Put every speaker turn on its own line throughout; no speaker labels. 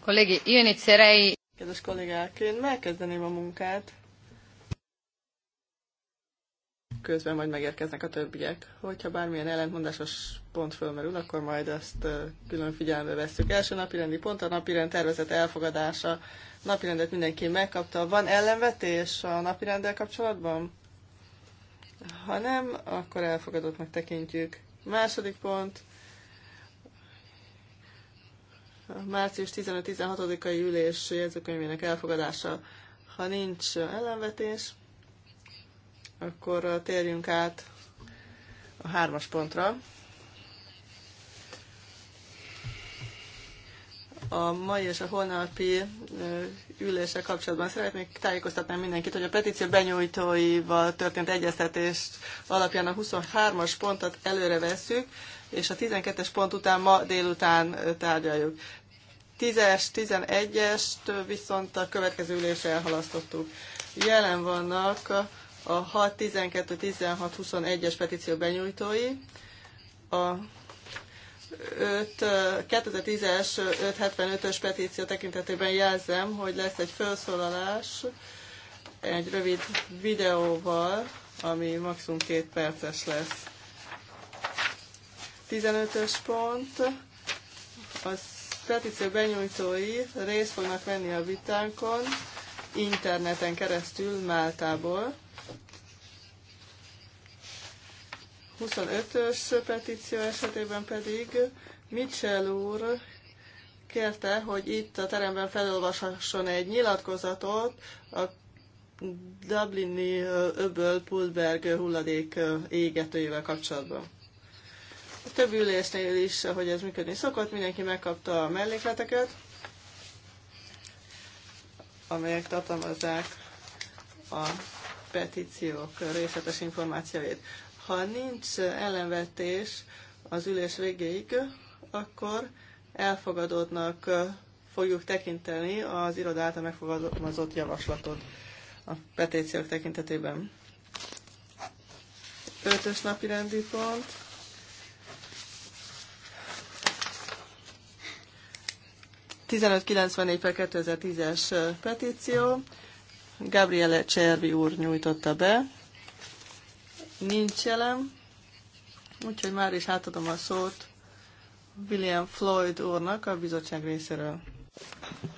Kollégi, itt szerei. Kedves kollégák, én megkezdeném a munkát. Közben majd megérkeznek a többiek. Hogyha bármilyen ellentmondásos pont fölmerül, akkor majd ezt külön figyelembe veszük. Első napirendi pont a napirend tervezet elfogadása. Napirendet mindenki megkapta. Van ellenvetés a napirenddel kapcsolatban? Ha nem, akkor elfogadottnak tekintjük. Második pont, március 15-16-ai ülés jegyzőkönyvének elfogadása. Ha nincs ellenvetés, akkor térjünk át a hármas pontra. A mai és a holnapi ülése kapcsolatban szeretnék tájékoztatni mindenkit, hogy a petíció benyújtóival történt egyeztetést alapján a 23-as pontot előre veszük, és a 12-es pont után ma délután tárgyaljuk. 10-es, 11-est viszont a következő ülésre elhalasztottuk. Jelen vannak a 6, 12, 16, 21-es petíció benyújtói, a 2010-es 575-ös petíció tekintetében jelzem, hogy lesz egy felszólalás egy rövid videóval, ami maximum két perces lesz. 15-ös pont, az petíció benyújtói részt fognak venni a vitánkon interneten keresztül Máltából. 25-ös petíció esetében pedig Mitchell úr kérte, hogy itt a teremben felolvashasson egy nyilatkozatot a Dublini öböl Pultberg hulladék égetőjével kapcsolatban. A többi ülésnél is, hogy ez működni szokott, mindenki megkapta a mellékleteket, amelyek tartalmazzák a petíciók részletes információit. Ha nincs ellenvetés az ülés végéig, akkor elfogadottnak fogjuk tekinteni az iroda által megfogalmazott javaslatot a petíciók tekintetében. Ötös napi rendi pont. 1594 per 2010-es petíció. Gabriele Cservi úr nyújtotta be. Nincs jelen, úgyhogy már is átadom a szót William Floyd úrnak a bizottság részéről.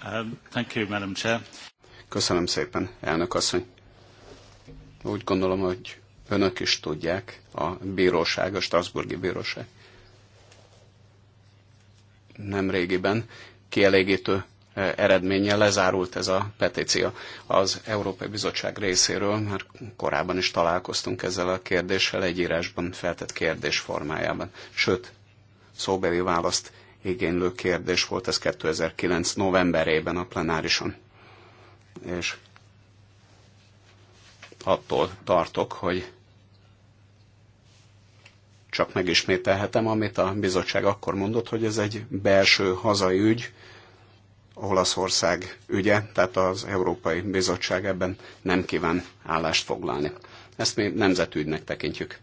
Uh, thank you, Madam Chair.
Köszönöm szépen, elnök asszony. Úgy gondolom, hogy önök is tudják, a bíróság, a Strasburgi Bíróság nem régiben kielégítő eh, eredménnyel lezárult ez a petíció. Az Európai Bizottság részéről mert korábban is találkoztunk ezzel a kérdéssel egy írásban feltett kérdés formájában. Sőt, szóbeli választ igénylő kérdés volt ez 2009. novemberében a plenárison. És attól tartok, hogy csak megismételhetem, amit a bizottság akkor mondott, hogy ez egy belső hazai ügy, Olaszország ügye, tehát az Európai Bizottság ebben nem kíván állást foglalni. Ezt mi nemzetügynek tekintjük.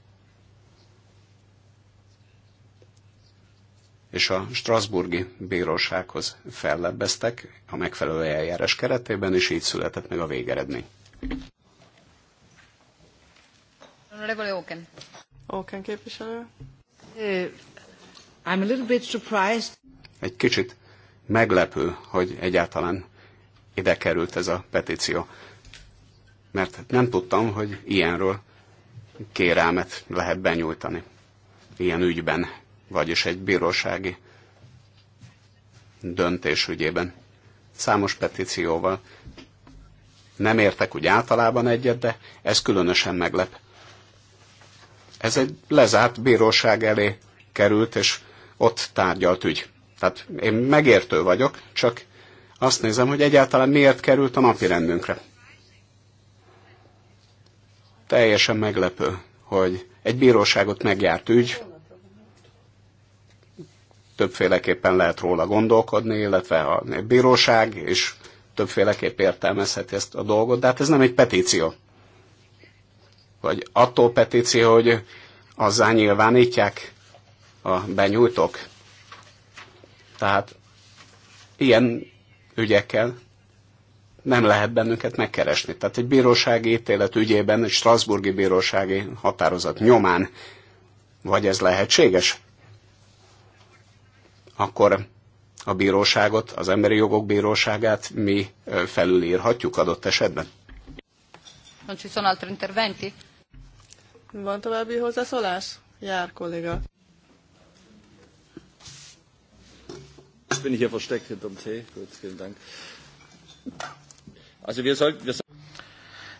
És a Strasburgi Bírósághoz fellebbeztek a megfelelő eljárás keretében, és így született meg a végeredmény.
Oken képviselő. Uh, I'm a little bit surprised.
Egy kicsit meglepő, hogy egyáltalán ide került ez a petíció. Mert nem tudtam, hogy ilyenről kérelmet lehet benyújtani. Ilyen ügyben, vagyis egy bírósági döntés ügyében. Számos petícióval nem értek úgy általában egyet, de ez különösen meglep. Ez egy lezárt bíróság elé került, és ott tárgyalt ügy. Tehát én megértő vagyok, csak azt nézem, hogy egyáltalán miért került a napi rendünkre. Teljesen meglepő, hogy egy bíróságot megjárt ügy, többféleképpen lehet róla gondolkodni, illetve a bíróság, és többféleképp értelmezheti ezt a dolgot, de hát ez nem egy petíció vagy attól petíció, hogy azzá nyilvánítják a benyújtók. Tehát ilyen ügyekkel nem lehet bennünket megkeresni. Tehát egy bírósági ítélet ügyében, egy Strasburgi bírósági határozat nyomán, vagy ez lehetséges, akkor a bíróságot, az emberi jogok bíróságát mi felülírhatjuk adott esetben.
Non ci sono altri interventi? Van további hozzászólás? Jár, kolléga.
Ich bin hier versteckt hinterm Tee. Gut, vielen Dank. Also wir sollten, wir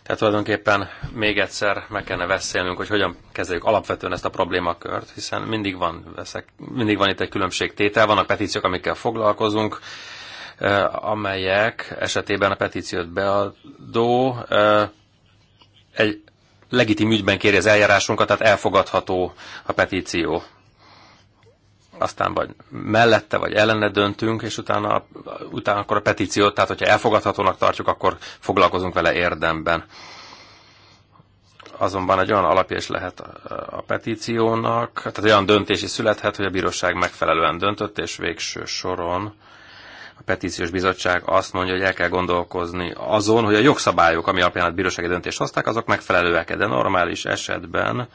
tehát tulajdonképpen még egyszer meg kellene beszélnünk, hogy hogyan kezeljük alapvetően ezt a problémakört, hiszen mindig van, veszek, mindig van itt egy különbségtétel, vannak petíciók, amikkel foglalkozunk, eh, amelyek esetében a petíciót beadó eh, egy legitim ügyben kéri az eljárásunkat, tehát elfogadható a petíció. Aztán vagy mellette, vagy ellene döntünk, és utána, utána akkor a petíciót, tehát hogyha elfogadhatónak tartjuk, akkor foglalkozunk vele érdemben. Azonban egy olyan alapja is lehet a petíciónak, tehát olyan döntés is születhet, hogy a bíróság megfelelően döntött, és végső soron a petíciós bizottság azt mondja, hogy el kell gondolkozni azon, hogy a jogszabályok, ami alapján a bírósági döntést hozták, azok megfelelőek, de normális esetben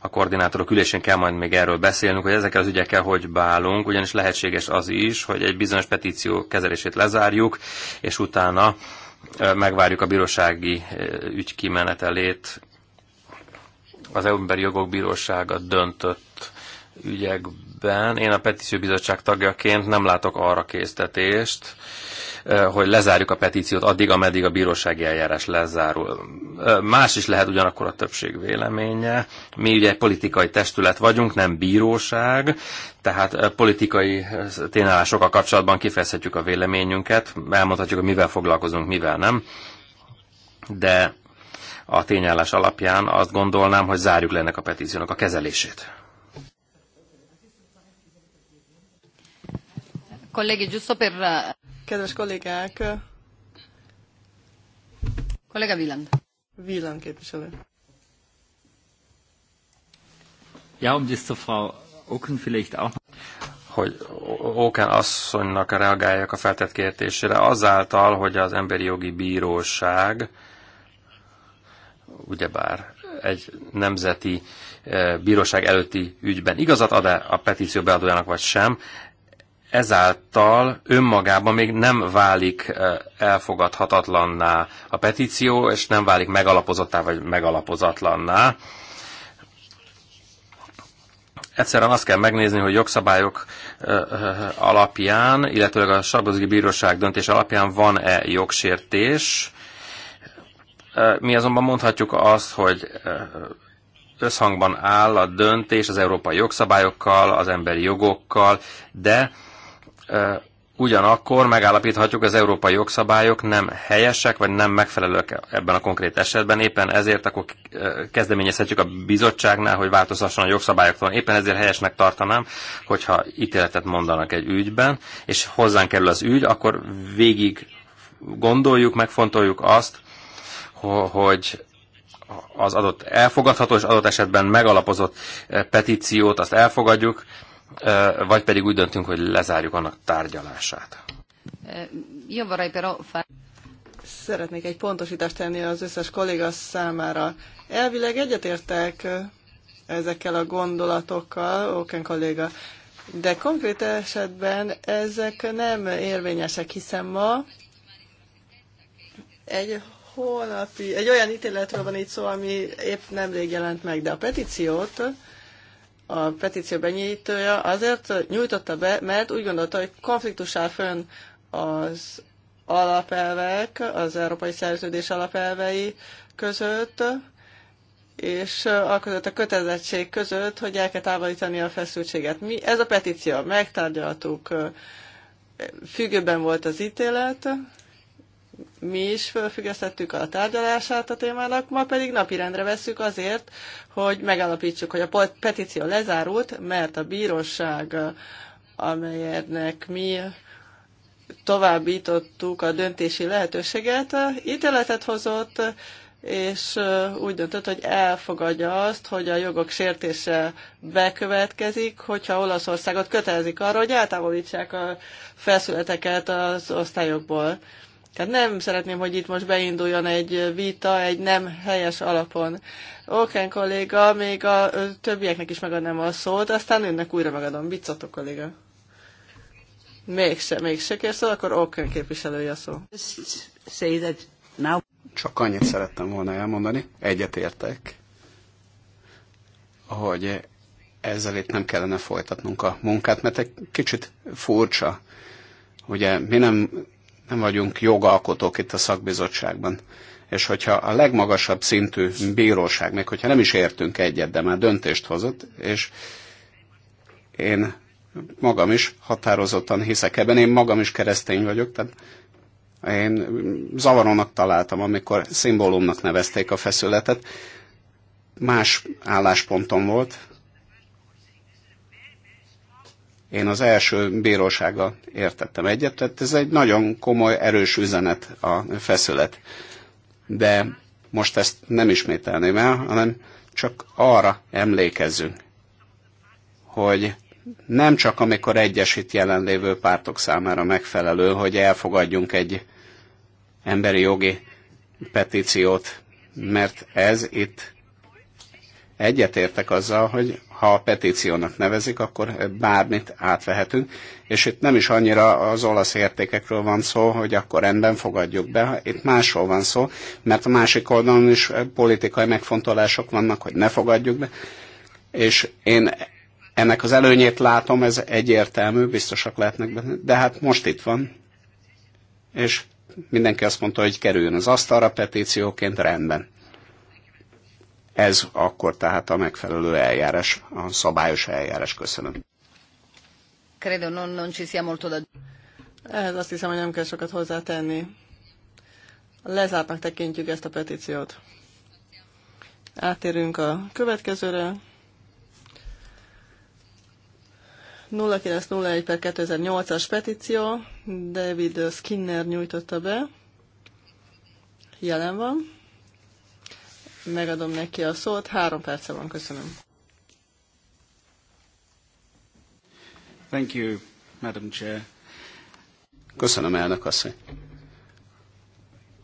a koordinátorok ülésén kell majd még erről beszélnünk, hogy ezekkel az ügyekkel hogy bálunk, ugyanis lehetséges az is, hogy egy bizonyos petíció kezelését lezárjuk, és utána megvárjuk a bírósági ügy kimenetelét. Az Emberi Jogok Bírósága döntött ügyekben. Én a petícióbizottság tagjaként nem látok arra késztetést, hogy lezárjuk a petíciót addig, ameddig a bírósági eljárás lezárul. Más is lehet ugyanakkor a többség véleménye. Mi ugye egy politikai testület vagyunk, nem bíróság, tehát politikai tényállásokkal kapcsolatban kifejezhetjük a véleményünket, elmondhatjuk, hogy mivel foglalkozunk, mivel nem, de a tényállás alapján azt gondolnám, hogy zárjuk le ennek a petíciónak a kezelését.
Colleghi, giusto per... Eh, Kedves kollégák! Kollega Wieland. Wieland képviselő.
Ja, um dies zu Frau Oken vielleicht auch hogy Ókán asszonynak reagáljak a feltett kérdésére azáltal, hogy az Emberi Jogi Bíróság ugyebár egy nemzeti eh, bíróság előtti ügyben igazat ad-e a petíció beadójának vagy sem, ezáltal önmagában még nem válik eh, elfogadhatatlanná a petíció, és nem válik megalapozottá vagy megalapozatlanná. Egyszerűen azt kell megnézni, hogy jogszabályok eh, eh, alapján, illetőleg a Sarkozügyi Bíróság döntés alapján van-e jogsértés. Mi azonban mondhatjuk azt, hogy összhangban áll a döntés az európai jogszabályokkal, az emberi jogokkal, de Ugyanakkor megállapíthatjuk, az európai jogszabályok nem helyesek, vagy nem megfelelőek ebben a konkrét esetben. Éppen ezért akkor kezdeményezhetjük a bizottságnál, hogy változhasson a jogszabályoktól. Éppen ezért helyesnek tartanám, hogyha ítéletet mondanak egy ügyben, és hozzánk kerül az ügy, akkor végig gondoljuk, megfontoljuk azt, hogy az adott elfogadható és adott esetben megalapozott petíciót, azt elfogadjuk, vagy pedig úgy döntünk, hogy lezárjuk annak tárgyalását.
Szeretnék egy pontosítást tenni az összes kolléga számára. Elvileg egyetértek ezekkel a gondolatokkal, Oken kolléga, de konkrét esetben ezek nem érvényesek, hiszen ma egy holnapi, egy olyan ítéletről van itt szó, ami épp nemrég jelent meg, de a petíciót a petíció benyitója azért nyújtotta be, mert úgy gondolta, hogy konfliktus áll fönn az alapelvek, az Európai Szerződés alapelvei között, és a között a kötelezettség között, hogy el kell távolítani a feszültséget. Mi, ez a petíció, megtárgyaltuk, függőben volt az ítélet, mi is felfüggesztettük a tárgyalását a témának, ma pedig napirendre vesszük azért, hogy megállapítsuk, hogy a petíció lezárult, mert a bíróság, amelynek mi továbbítottuk a döntési lehetőséget, ítéletet hozott, és úgy döntött, hogy elfogadja azt, hogy a jogok sértése bekövetkezik, hogyha Olaszországot kötelezik arra, hogy eltávolítsák a felszületeket az osztályokból. Tehát nem szeretném, hogy itt most beinduljon egy vita egy nem helyes alapon. Oken kolléga, még a többieknek is megadnám a szót, aztán önnek újra megadom. Bicotto kolléga. Mégse, mégse kér szó, akkor Oken képviselője a szó.
Csak annyit szerettem volna elmondani, egyetértek, hogy ezzel itt nem kellene folytatnunk a munkát, mert egy kicsit furcsa. Ugye mi nem nem vagyunk jogalkotók itt a szakbizottságban. És hogyha a legmagasabb szintű bíróság, még hogyha nem is értünk egyet, de már döntést hozott, és én magam is határozottan hiszek ebben, én magam is keresztény vagyok, tehát én zavaronak találtam, amikor szimbólumnak nevezték a feszületet. Más álláspontom volt, én az első bírósága értettem egyet, tehát ez egy nagyon komoly, erős üzenet a feszület. De most ezt nem ismételném el, hanem csak arra emlékezzünk, hogy nem csak amikor egyes itt jelenlévő pártok számára megfelelő, hogy elfogadjunk egy emberi jogi petíciót, mert ez itt egyetértek azzal, hogy ha a petíciónak nevezik, akkor bármit átvehetünk, és itt nem is annyira az olasz értékekről van szó, hogy akkor rendben fogadjuk be, itt másról van szó, mert a másik oldalon is politikai megfontolások vannak, hogy ne fogadjuk be, és én ennek az előnyét látom, ez egyértelmű, biztosak lehetnek benne, de hát most itt van, és mindenki azt mondta, hogy kerüljön az asztalra petícióként, rendben. Ez akkor tehát a megfelelő eljárás, a szabályos eljárás. Köszönöm.
Credo non, non ci sia molto da... Ehhez azt hiszem, hogy nem kell sokat hozzátenni. Lezártnak tekintjük ezt a petíciót. Átérünk a következőre. 0901 per 2008-as petíció David Skinner nyújtotta be. Jelen van. Megadom neki a szót, három perce van, köszönöm.
Thank you, Madam Chair. Köszönöm, elnök asszony.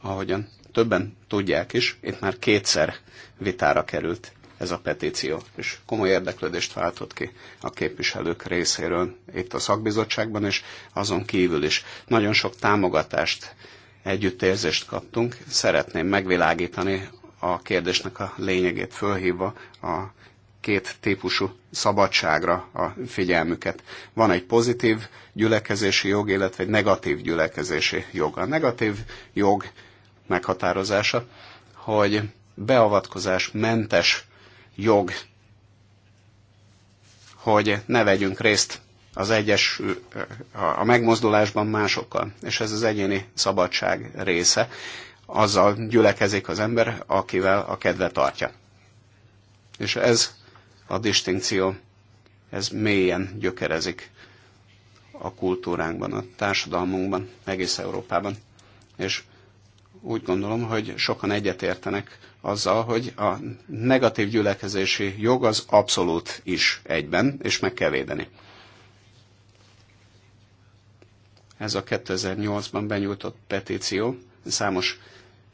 Ahogyan többen tudják is, itt már kétszer vitára került ez a petíció, és komoly érdeklődést váltott ki a képviselők részéről itt a szakbizottságban, és azon kívül is nagyon sok támogatást, együttérzést kaptunk. Szeretném megvilágítani a kérdésnek a lényegét fölhívva a két típusú szabadságra a figyelmüket. Van egy pozitív gyülekezési jog, illetve egy negatív gyülekezési jog. A negatív jog meghatározása, hogy beavatkozás mentes jog, hogy ne vegyünk részt az egyes, a megmozdulásban másokkal, és ez az egyéni szabadság része azzal gyülekezik az ember, akivel a kedve tartja. És ez a distinkció, ez mélyen gyökerezik a kultúránkban, a társadalmunkban, egész Európában. És úgy gondolom, hogy sokan egyetértenek azzal, hogy a negatív gyülekezési jog az abszolút is egyben, és meg kell védeni. Ez a 2008-ban benyújtott petíció számos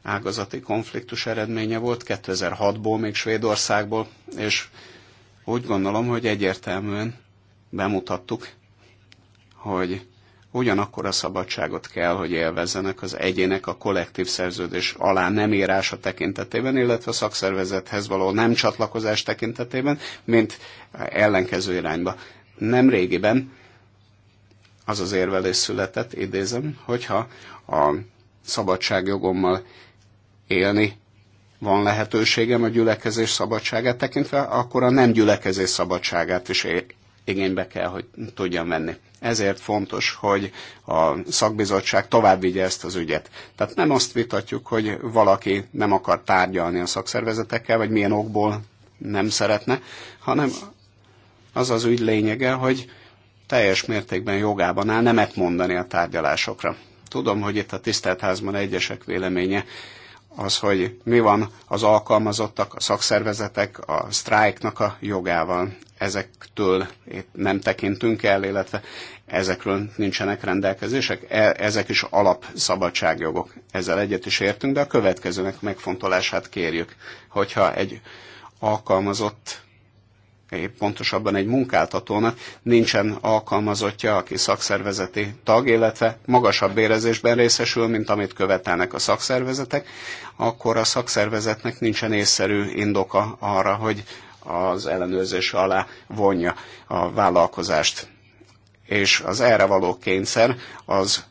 ágazati konfliktus eredménye volt, 2006-ból még Svédországból, és úgy gondolom, hogy egyértelműen bemutattuk, hogy ugyanakkor a szabadságot kell, hogy élvezzenek az egyének a kollektív szerződés alá nem írása tekintetében, illetve a szakszervezethez való nem csatlakozás tekintetében, mint ellenkező irányba. Nem régiben az az érvelés született, idézem, hogyha a szabadságjogommal élni van lehetőségem a gyülekezés szabadságát tekintve, akkor a nem gyülekezés szabadságát is igénybe kell, hogy tudjam venni. Ezért fontos, hogy a szakbizottság tovább vigye ezt az ügyet. Tehát nem azt vitatjuk, hogy valaki nem akar tárgyalni a szakszervezetekkel, vagy milyen okból nem szeretne, hanem az az ügy lényege, hogy teljes mértékben jogában áll nemet mondani a tárgyalásokra. Tudom, hogy itt a tiszteltházban egyesek véleménye az, hogy mi van az alkalmazottak, a szakszervezetek, a sztrájknak a jogával. Ezektől nem tekintünk el, illetve ezekről nincsenek rendelkezések. E, ezek is alapszabadságjogok. Ezzel egyet is értünk, de a következőnek megfontolását kérjük, hogyha egy alkalmazott pontosabban egy munkáltatónak nincsen alkalmazottja, aki szakszervezeti tag, illetve magasabb érezésben részesül, mint amit követelnek a szakszervezetek, akkor a szakszervezetnek nincsen észszerű indoka arra, hogy az ellenőrzés alá vonja a vállalkozást. És az erre való kényszer az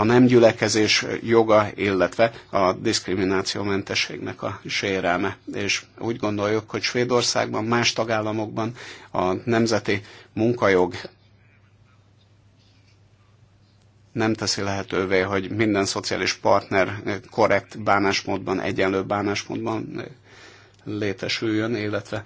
a nem gyülekezés joga, illetve a diszkriminációmentességnek a sérelme. És úgy gondoljuk, hogy Svédországban, más tagállamokban a nemzeti munkajog nem teszi lehetővé, hogy minden szociális partner korrekt bánásmódban, egyenlő bánásmódban létesüljön, illetve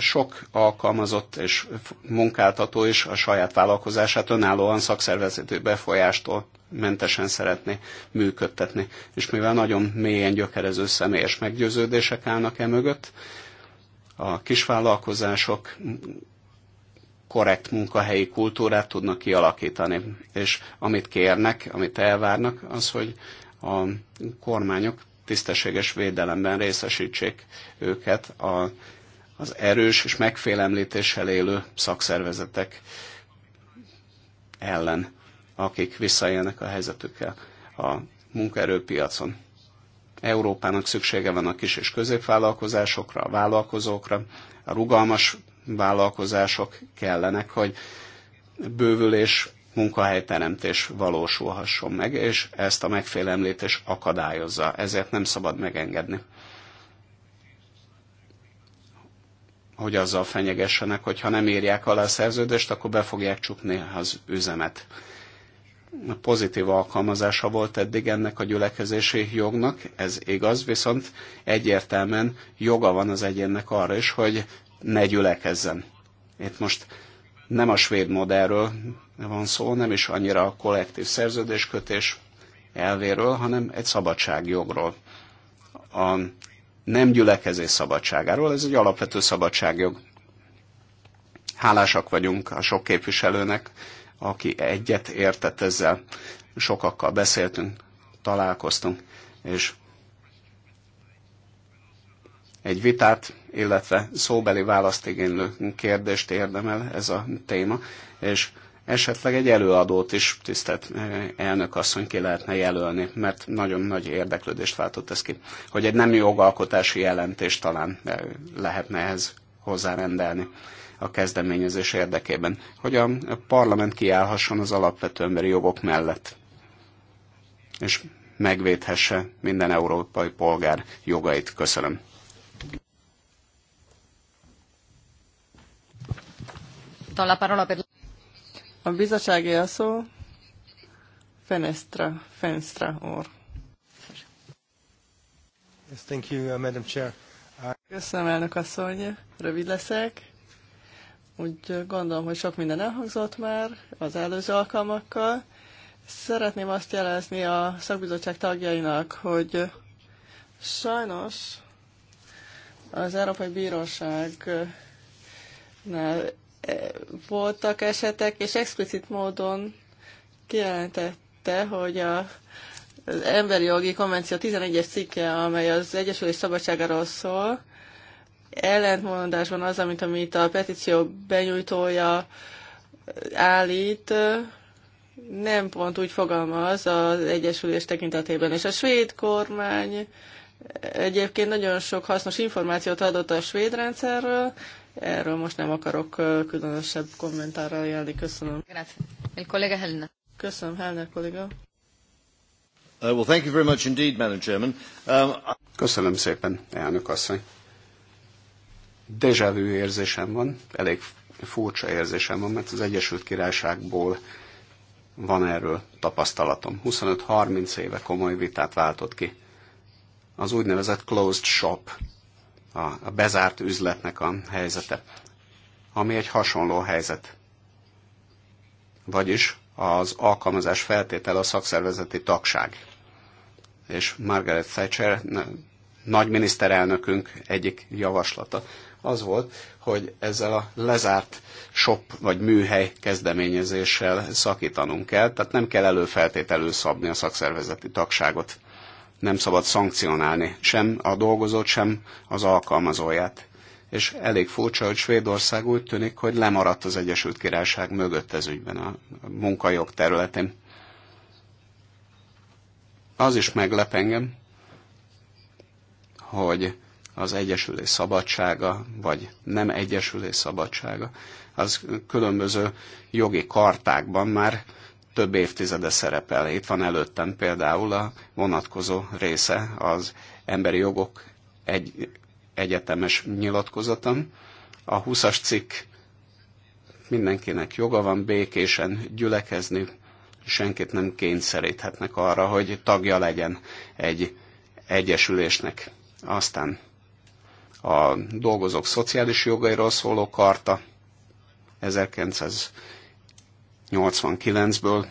sok alkalmazott és munkáltató is a saját vállalkozását önállóan szakszervezető befolyástól mentesen szeretné működtetni. És mivel nagyon mélyen gyökerező személyes meggyőződések állnak e mögött, a kisvállalkozások korrekt munkahelyi kultúrát tudnak kialakítani. És amit kérnek, amit elvárnak, az, hogy a kormányok tisztességes védelemben részesítsék őket a az erős és megfélemlítéssel élő szakszervezetek ellen, akik visszaélnek a helyzetükkel a munkaerőpiacon. Európának szüksége van a kis és középvállalkozásokra, a vállalkozókra, a rugalmas vállalkozások kellenek, hogy bővülés, munkahelyteremtés valósulhasson meg, és ezt a megfélemlítés akadályozza, ezért nem szabad megengedni. hogy azzal fenyegessenek, hogy ha nem írják alá a szerződést, akkor be fogják csukni az üzemet. Pozitív alkalmazása volt eddig ennek a gyülekezési jognak, ez igaz, viszont egyértelműen joga van az egyénnek arra is, hogy ne gyülekezzen. Itt most nem a svéd modellről van szó, nem is annyira a kollektív szerződéskötés elvéről, hanem egy szabadságjogról. A nem gyülekezés szabadságáról, ez egy alapvető szabadságjog. Hálásak vagyunk a sok képviselőnek, aki egyet értett ezzel. Sokakkal beszéltünk, találkoztunk, és egy vitát, illetve szóbeli választigénylő kérdést érdemel ez a téma, és esetleg egy előadót is, tisztelt eh, elnök asszony, ki lehetne jelölni, mert nagyon nagy érdeklődést váltott ez ki, hogy egy nem jogalkotási jelentést talán eh, lehetne ehhez hozzárendelni a kezdeményezés érdekében, hogy a parlament kiállhasson az alapvető emberi jogok mellett, és megvédhesse minden európai polgár jogait. Köszönöm.
A bizottság a szó. Fenestra, Fenestra or.
Yes, thank you, uh, Madam Chair.
Köszönöm, elnök asszony, rövid leszek. Úgy gondolom, hogy sok minden elhangzott már az előző alkalmakkal. Szeretném azt jelezni a szakbizottság tagjainak, hogy sajnos az Európai Bíróságnál voltak esetek, és explicit módon kijelentette, hogy a az Emberi Jogi Konvenció 11-es cikke, amely az Egyesülés szabadságáról szól, ellentmondásban az, amit, amit a petíció benyújtója állít, nem pont úgy fogalmaz az Egyesülés tekintetében. És a svéd kormány egyébként nagyon sok hasznos információt adott a svéd rendszerről, Erről most nem akarok különösebb kommentárral élni. Köszönöm. Grazie. El kollega Helena. Köszönöm, Hellner kollega. Uh,
well, thank you very much indeed, Madam Chairman. Um, I... Köszönöm szépen, elnök asszony. Dejavű érzésem van, elég furcsa érzésem van, mert az Egyesült Királyságból van erről tapasztalatom. 25-30 éve komoly vitát váltott ki. Az úgynevezett closed shop a bezárt üzletnek a helyzete, ami egy hasonló helyzet. Vagyis az alkalmazás feltétele a szakszervezeti tagság. És Margaret Thatcher, nagy miniszterelnökünk egyik javaslata az volt, hogy ezzel a lezárt shop vagy műhely kezdeményezéssel szakítanunk kell, tehát nem kell előfeltételül szabni a szakszervezeti tagságot nem szabad szankcionálni sem a dolgozót, sem az alkalmazóját. És elég furcsa, hogy Svédország úgy tűnik, hogy lemaradt az Egyesült Királyság mögött ez ügyben a munkajog területén. Az is meglep engem, hogy az egyesülés szabadsága, vagy nem egyesülés szabadsága, az különböző jogi kartákban már több évtizede szerepel. Itt van előttem például a vonatkozó része az emberi jogok egy, egyetemes nyilatkozatom. A 20-as cikk mindenkinek joga van békésen gyülekezni, senkit nem kényszeríthetnek arra, hogy tagja legyen egy egyesülésnek. Aztán a dolgozók szociális jogairól szóló karta 1900 89-ből,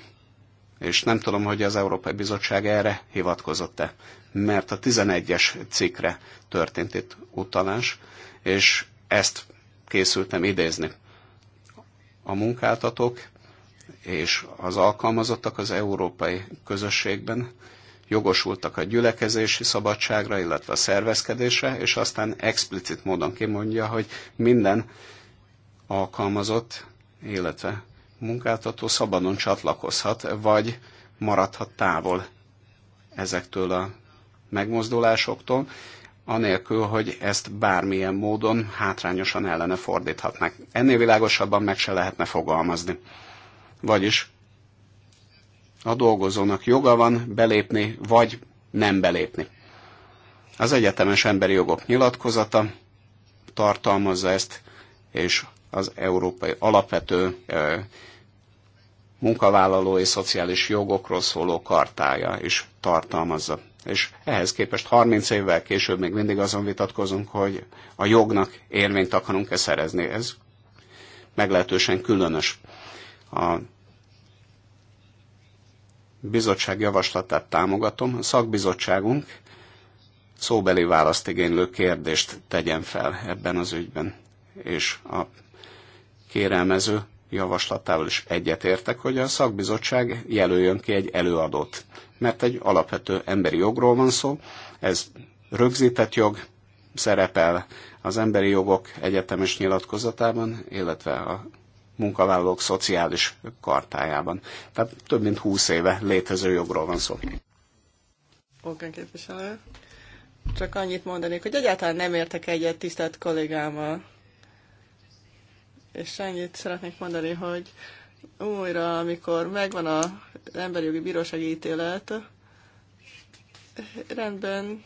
és nem tudom, hogy az Európai Bizottság erre hivatkozott-e, mert a 11-es cikkre történt itt utalás, és ezt készültem idézni. A munkáltatók és az alkalmazottak az európai közösségben jogosultak a gyülekezési szabadságra, illetve a szervezkedésre, és aztán explicit módon kimondja, hogy minden alkalmazott, illetve munkáltató szabadon csatlakozhat, vagy maradhat távol ezektől a megmozdulásoktól, anélkül, hogy ezt bármilyen módon hátrányosan ellene fordíthatnak. Ennél világosabban meg se lehetne fogalmazni. Vagyis a dolgozónak joga van belépni, vagy nem belépni. Az Egyetemes Emberi Jogok nyilatkozata tartalmazza ezt, és az európai alapvető munkavállalói szociális jogokról szóló kartája is tartalmazza. És ehhez képest 30 évvel később még mindig azon vitatkozunk, hogy a jognak érvényt akarunk-e szerezni. Ez meglehetősen különös. A bizottság javaslatát támogatom, a szakbizottságunk szóbeli választigénylő kérdést tegyen fel ebben az ügyben, és a kérelmező javaslatával is egyetértek, hogy a szakbizottság jelöljön ki egy előadót. Mert egy alapvető emberi jogról van szó, ez rögzített jog, szerepel az emberi jogok egyetemes nyilatkozatában, illetve a munkavállalók szociális kartájában. Tehát több mint 20 éve létező jogról van szó.
Oké, képviselő. Csak annyit mondanék, hogy egyáltalán nem értek egyet tisztelt kollégámmal és ennyit szeretnék mondani, hogy újra, amikor megvan az emberi jogi bírósági ítélet, rendben,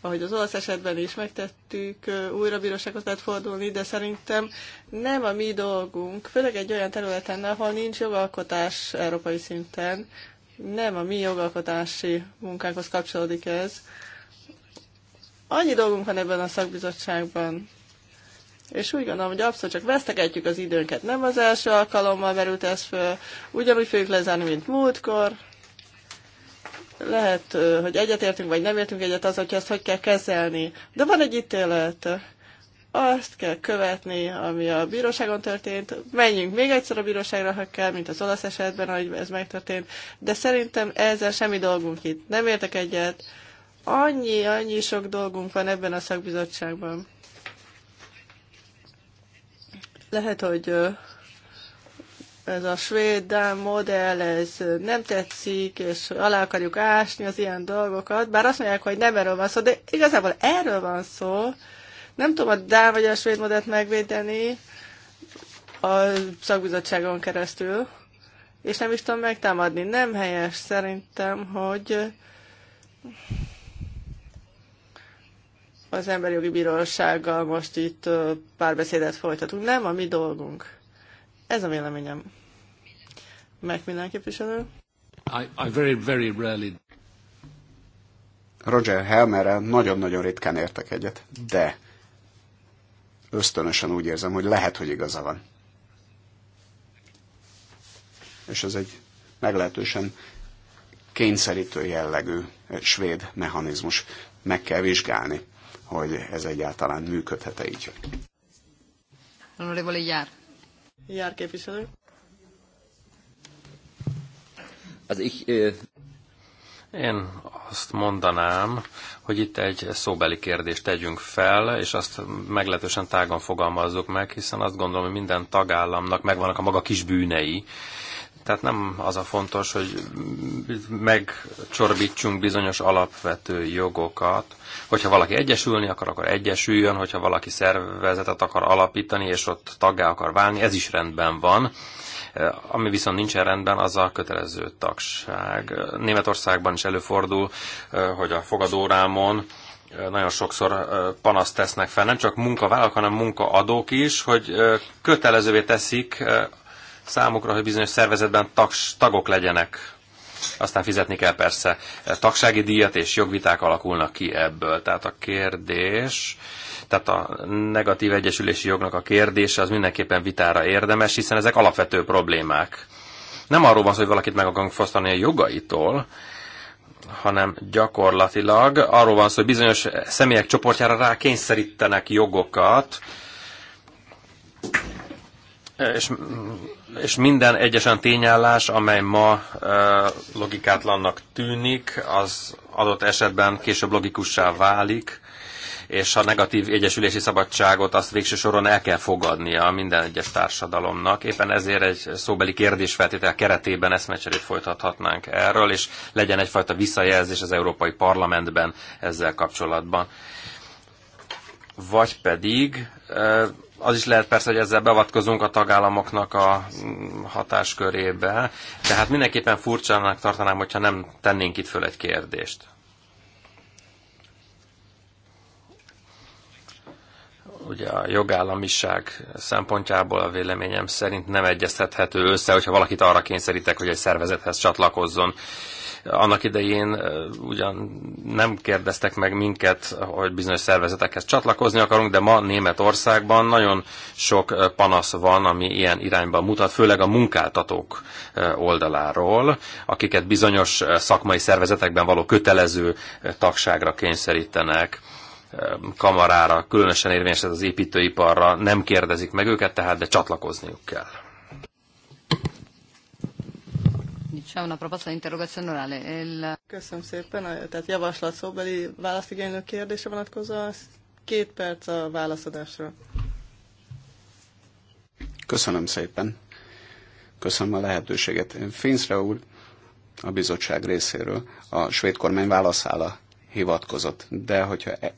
ahogy az olasz esetben is megtettük, újra bírósághoz lehet fordulni, de szerintem nem a mi dolgunk, főleg egy olyan területen, ahol nincs jogalkotás európai szinten, nem a mi jogalkotási munkánkhoz kapcsolódik ez. Annyi dolgunk van ebben a szakbizottságban, és úgy gondolom, hogy abszolút csak vesztegetjük az időnket. Nem az első alkalommal merült ez föl, ugyanúgy fogjuk lezárni, mint múltkor. Lehet, hogy egyetértünk, vagy nem értünk egyet az, hogy ezt hogy kell kezelni. De van egy ítélet. Azt kell követni, ami a bíróságon történt. Menjünk még egyszer a bíróságra, ha kell, mint az olasz esetben, ahogy ez megtörtént. De szerintem ezzel semmi dolgunk itt. Nem értek egyet. Annyi, annyi sok dolgunk van ebben a szakbizottságban lehet, hogy ez a svéd modell, ez nem tetszik, és alá akarjuk ásni az ilyen dolgokat, bár azt mondják, hogy nem erről van szó, de igazából erről van szó. Nem tudom a Dán vagy a svéd modellt megvédeni a szakbizottságon keresztül, és nem is tudom megtámadni. Nem helyes szerintem, hogy az emberi jogi bírósággal most itt párbeszédet folytatunk. Nem a mi dolgunk. Ez a véleményem. Meg minden képviselő?
I, I very, very rarely... Roger Helmerrel nagyon-nagyon ritkán értek egyet, de ösztönösen úgy érzem, hogy lehet, hogy igaza van. És ez egy meglehetősen kényszerítő jellegű svéd mechanizmus. Meg kell vizsgálni hogy ez egyáltalán működhet-e így.
Honorable Jár. Jár képviselő.
Az ich, én azt mondanám, hogy itt egy szóbeli kérdést tegyünk fel, és azt meglehetősen tágan fogalmazzuk meg, hiszen azt gondolom, hogy minden tagállamnak megvannak a maga kis bűnei, tehát nem az a fontos, hogy megcsorbítsunk bizonyos alapvető jogokat. Hogyha valaki egyesülni akar, akkor egyesüljön, hogyha valaki szervezetet akar alapítani, és ott taggá akar válni, ez is rendben van. Ami viszont nincsen rendben, az a kötelező tagság. Németországban is előfordul, hogy a fogadórámon nagyon sokszor panaszt tesznek fel, nem csak munkavállalók, hanem munkaadók is, hogy kötelezővé teszik számukra, hogy bizonyos szervezetben tags, tagok legyenek. Aztán fizetni kell persze tagsági díjat, és jogviták alakulnak ki ebből. Tehát a kérdés, tehát a negatív egyesülési jognak a kérdése az mindenképpen vitára érdemes, hiszen ezek alapvető problémák. Nem arról van szó, hogy valakit meg akarunk fosztani a jogaitól, hanem gyakorlatilag arról van szó, hogy bizonyos személyek csoportjára rá kényszerítenek jogokat, és, és minden egyes olyan tényállás, amely ma logikátlannak tűnik, az adott esetben később logikussá válik, és a negatív egyesülési szabadságot azt végső soron el kell fogadnia minden egyes társadalomnak. Éppen ezért egy szóbeli kérdésfeltétel keretében eszmecserét folytathatnánk erről, és legyen egyfajta visszajelzés az Európai Parlamentben ezzel kapcsolatban. Vagy pedig az is lehet persze, hogy ezzel beavatkozunk a tagállamoknak a mm, hatáskörébe, de hát mindenképpen furcsának tartanám, hogyha nem tennénk itt föl egy kérdést. ugye a jogállamiság szempontjából a véleményem szerint nem egyeztethető össze, hogyha valakit arra kényszerítek, hogy egy szervezethez csatlakozzon. Annak idején ugyan nem kérdeztek meg minket, hogy bizonyos szervezetekhez csatlakozni akarunk, de ma Németországban nagyon sok panasz van, ami ilyen irányba mutat, főleg a munkáltatók oldaláról, akiket bizonyos szakmai szervezetekben való kötelező tagságra kényszerítenek kamarára, különösen érvényes ez az építőiparra, nem kérdezik meg őket, tehát de csatlakozniuk kell.
orale. Köszönöm szépen. Tehát javaslat szóbeli válaszigénylő kérdése vonatkozó. Két perc a válaszadásra.
Köszönöm szépen. Köszönöm a lehetőséget. Finszre úr a bizottság részéről a svéd kormány válaszára hivatkozott, de hogyha e,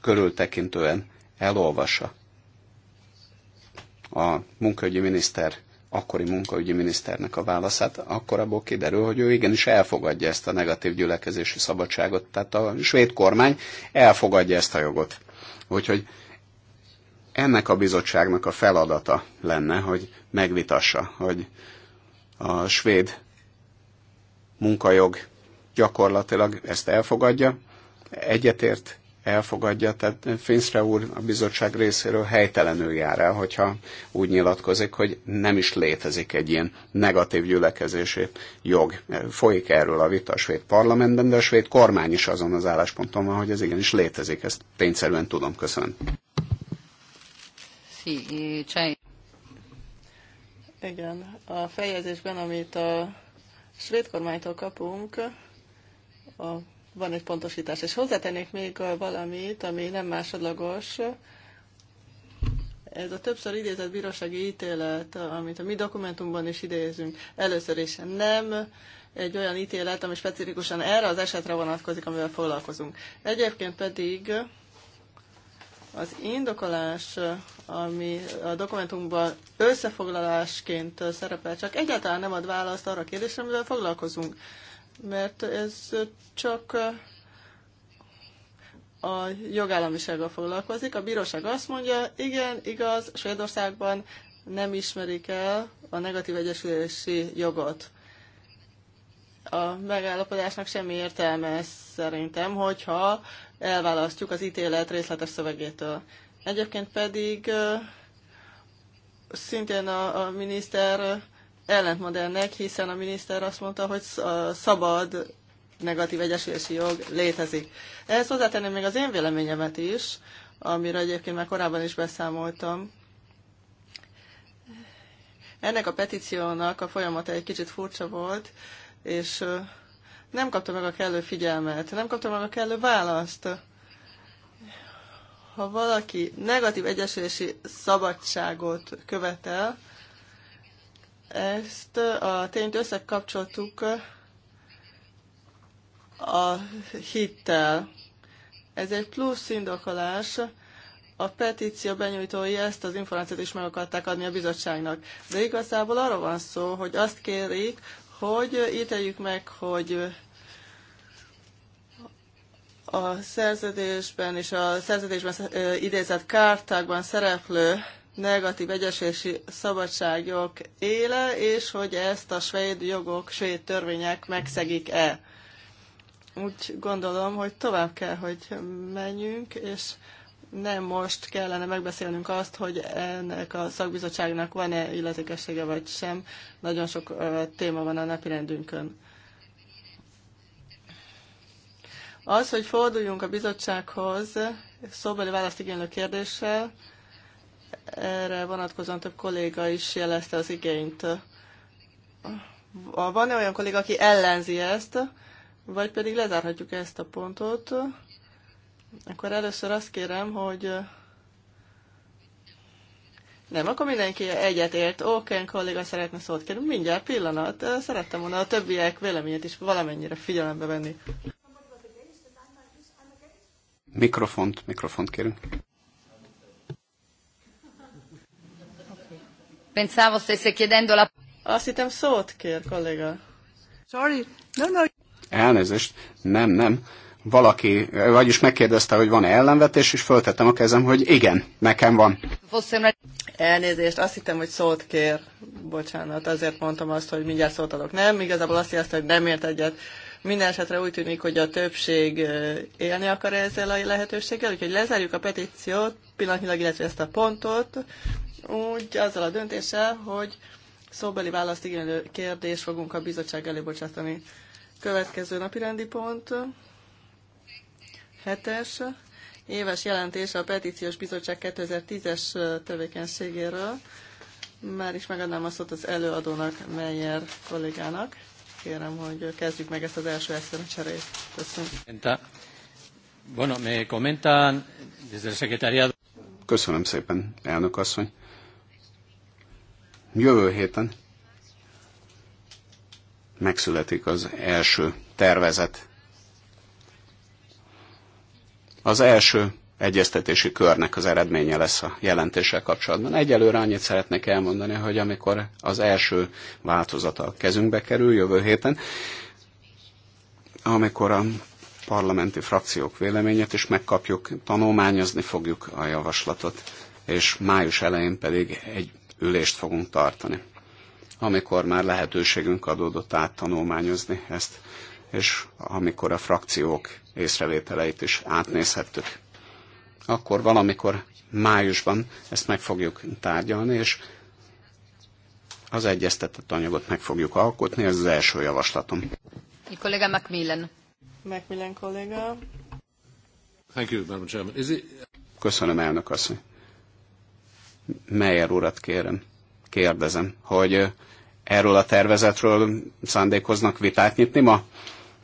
körültekintően elolvassa a munkaügyi miniszter akkori munkaügyi miniszternek a válaszát, akkor abból kiderül, hogy ő igenis elfogadja ezt a negatív gyülekezési szabadságot. Tehát a svéd kormány elfogadja ezt a jogot. Úgyhogy ennek a bizottságnak a feladata lenne, hogy megvitassa, hogy a svéd munkajog gyakorlatilag ezt elfogadja, egyetért elfogadja, tehát Finszre úr a bizottság részéről helytelenül jár el, hogyha úgy nyilatkozik, hogy nem is létezik egy ilyen negatív gyülekezési jog. Folyik erről a vita a svéd parlamentben, de a svéd kormány is azon az állásponton van, hogy ez igenis létezik, ezt tényszerűen tudom, köszönöm.
Eh, Igen, a fejezésben, amit a svéd kormánytól kapunk, a van egy pontosítás. És hozzátennék még valamit, ami nem másodlagos. Ez a többször idézett bírósági ítélet, amit a mi dokumentumban is idézünk, először is nem egy olyan ítélet, ami specifikusan erre az esetre vonatkozik, amivel foglalkozunk. Egyébként pedig az indokolás, ami a dokumentumban összefoglalásként szerepel, csak egyáltalán nem ad választ arra a kérdésre, amivel foglalkozunk mert ez csak a jogállamisággal foglalkozik. A bíróság azt mondja, igen, igaz, Svédországban nem ismerik el a negatív egyesülési jogot. A megállapodásnak semmi értelme szerintem, hogyha elválasztjuk az ítélet részletes szövegétől. Egyébként pedig szintén a, a miniszter ellentmond ennek, hiszen a miniszter azt mondta, hogy szabad negatív egyesülési jog létezik. Ehhez hozzátenném még az én véleményemet is, amiről egyébként már korábban is beszámoltam. Ennek a petíciónak a folyamata egy kicsit furcsa volt, és nem kapta meg a kellő figyelmet, nem kapta meg a kellő választ. Ha valaki negatív egyesülési szabadságot követel, ezt a tényt összekapcsoltuk a hittel. Ez egy plusz indokolás, a petíció benyújtói ezt az információt is meg akarták adni a bizottságnak. De igazából arról van szó, hogy azt kérik, hogy ítéljük meg, hogy a szerződésben és a szerződésben idézett kártákban szereplő negatív egyesési szabadságok éle, és hogy ezt a svéd jogok, svéd törvények megszegik-e. Úgy gondolom, hogy tovább kell, hogy menjünk, és nem most kellene megbeszélnünk azt, hogy ennek a szakbizottságnak van-e illetékessége vagy sem. Nagyon sok ö, téma van a napirendünkön. Az, hogy forduljunk a bizottsághoz szóbeli választ igénylő kérdéssel, erre vonatkozóan több kolléga is jelezte az igényt. Van-e olyan kolléga, aki ellenzi ezt, vagy pedig lezárhatjuk ezt a pontot? Akkor először azt kérem, hogy nem, akkor mindenki egyetért. Oké, kolléga szeretne szót kérni. Mindjárt pillanat. Szerettem volna a többiek véleményét is valamennyire figyelembe venni.
Mikrofont, mikrofont kérünk.
Pensavo stesse chiedendo la... Azt hittem szót kér, kolléga. Sorry. No, no.
Elnézést. Nem, nem. Valaki, vagyis megkérdezte, hogy van-e ellenvetés, és föltettem a kezem, hogy igen, nekem van.
Elnézést, azt hittem, hogy szót kér. Bocsánat, azért mondtam azt, hogy mindjárt szót adok. Nem, igazából azt jelenti, hogy nem ért egyet. Minden esetre úgy tűnik, hogy a többség élni akar ezzel a lehetőséggel, úgyhogy lezárjuk a petíciót, pillanatnyilag, illetve ezt a pontot, úgy azzal a döntéssel, hogy szóbeli választ igénylő kérdést fogunk a bizottság elé bocsátani. Következő napi rendi pont, hetes, éves jelentés a Petíciós Bizottság 2010-es tevékenységéről. Már is megadnám a szót az előadónak, Meyer kollégának. Kérem, hogy kezdjük meg ezt az első cserét.
Köszönöm. Köszönöm szépen, elnök asszony. Jövő héten megszületik az első tervezet. Az első egyeztetési körnek az eredménye lesz a jelentéssel kapcsolatban. Egyelőre annyit szeretnék elmondani, hogy amikor az első változata a kezünkbe kerül jövő héten, amikor a parlamenti frakciók véleményét is megkapjuk, tanulmányozni fogjuk a javaslatot, és május elején pedig egy ülést fogunk tartani, amikor már lehetőségünk adódott áttanulmányozni ezt, és amikor a frakciók észrevételeit is átnézhettük. Akkor valamikor májusban ezt meg fogjuk tárgyalni, és az egyeztetett anyagot meg fogjuk alkotni, ez az első javaslatom.
A kollega Macmillan. Macmillan kolléga.
Thank you, Madam Chairman. Is it... Köszönöm, elnök asszony. Meyer urat kérem, kérdezem, hogy erről a tervezetről szándékoznak vitát nyitni ma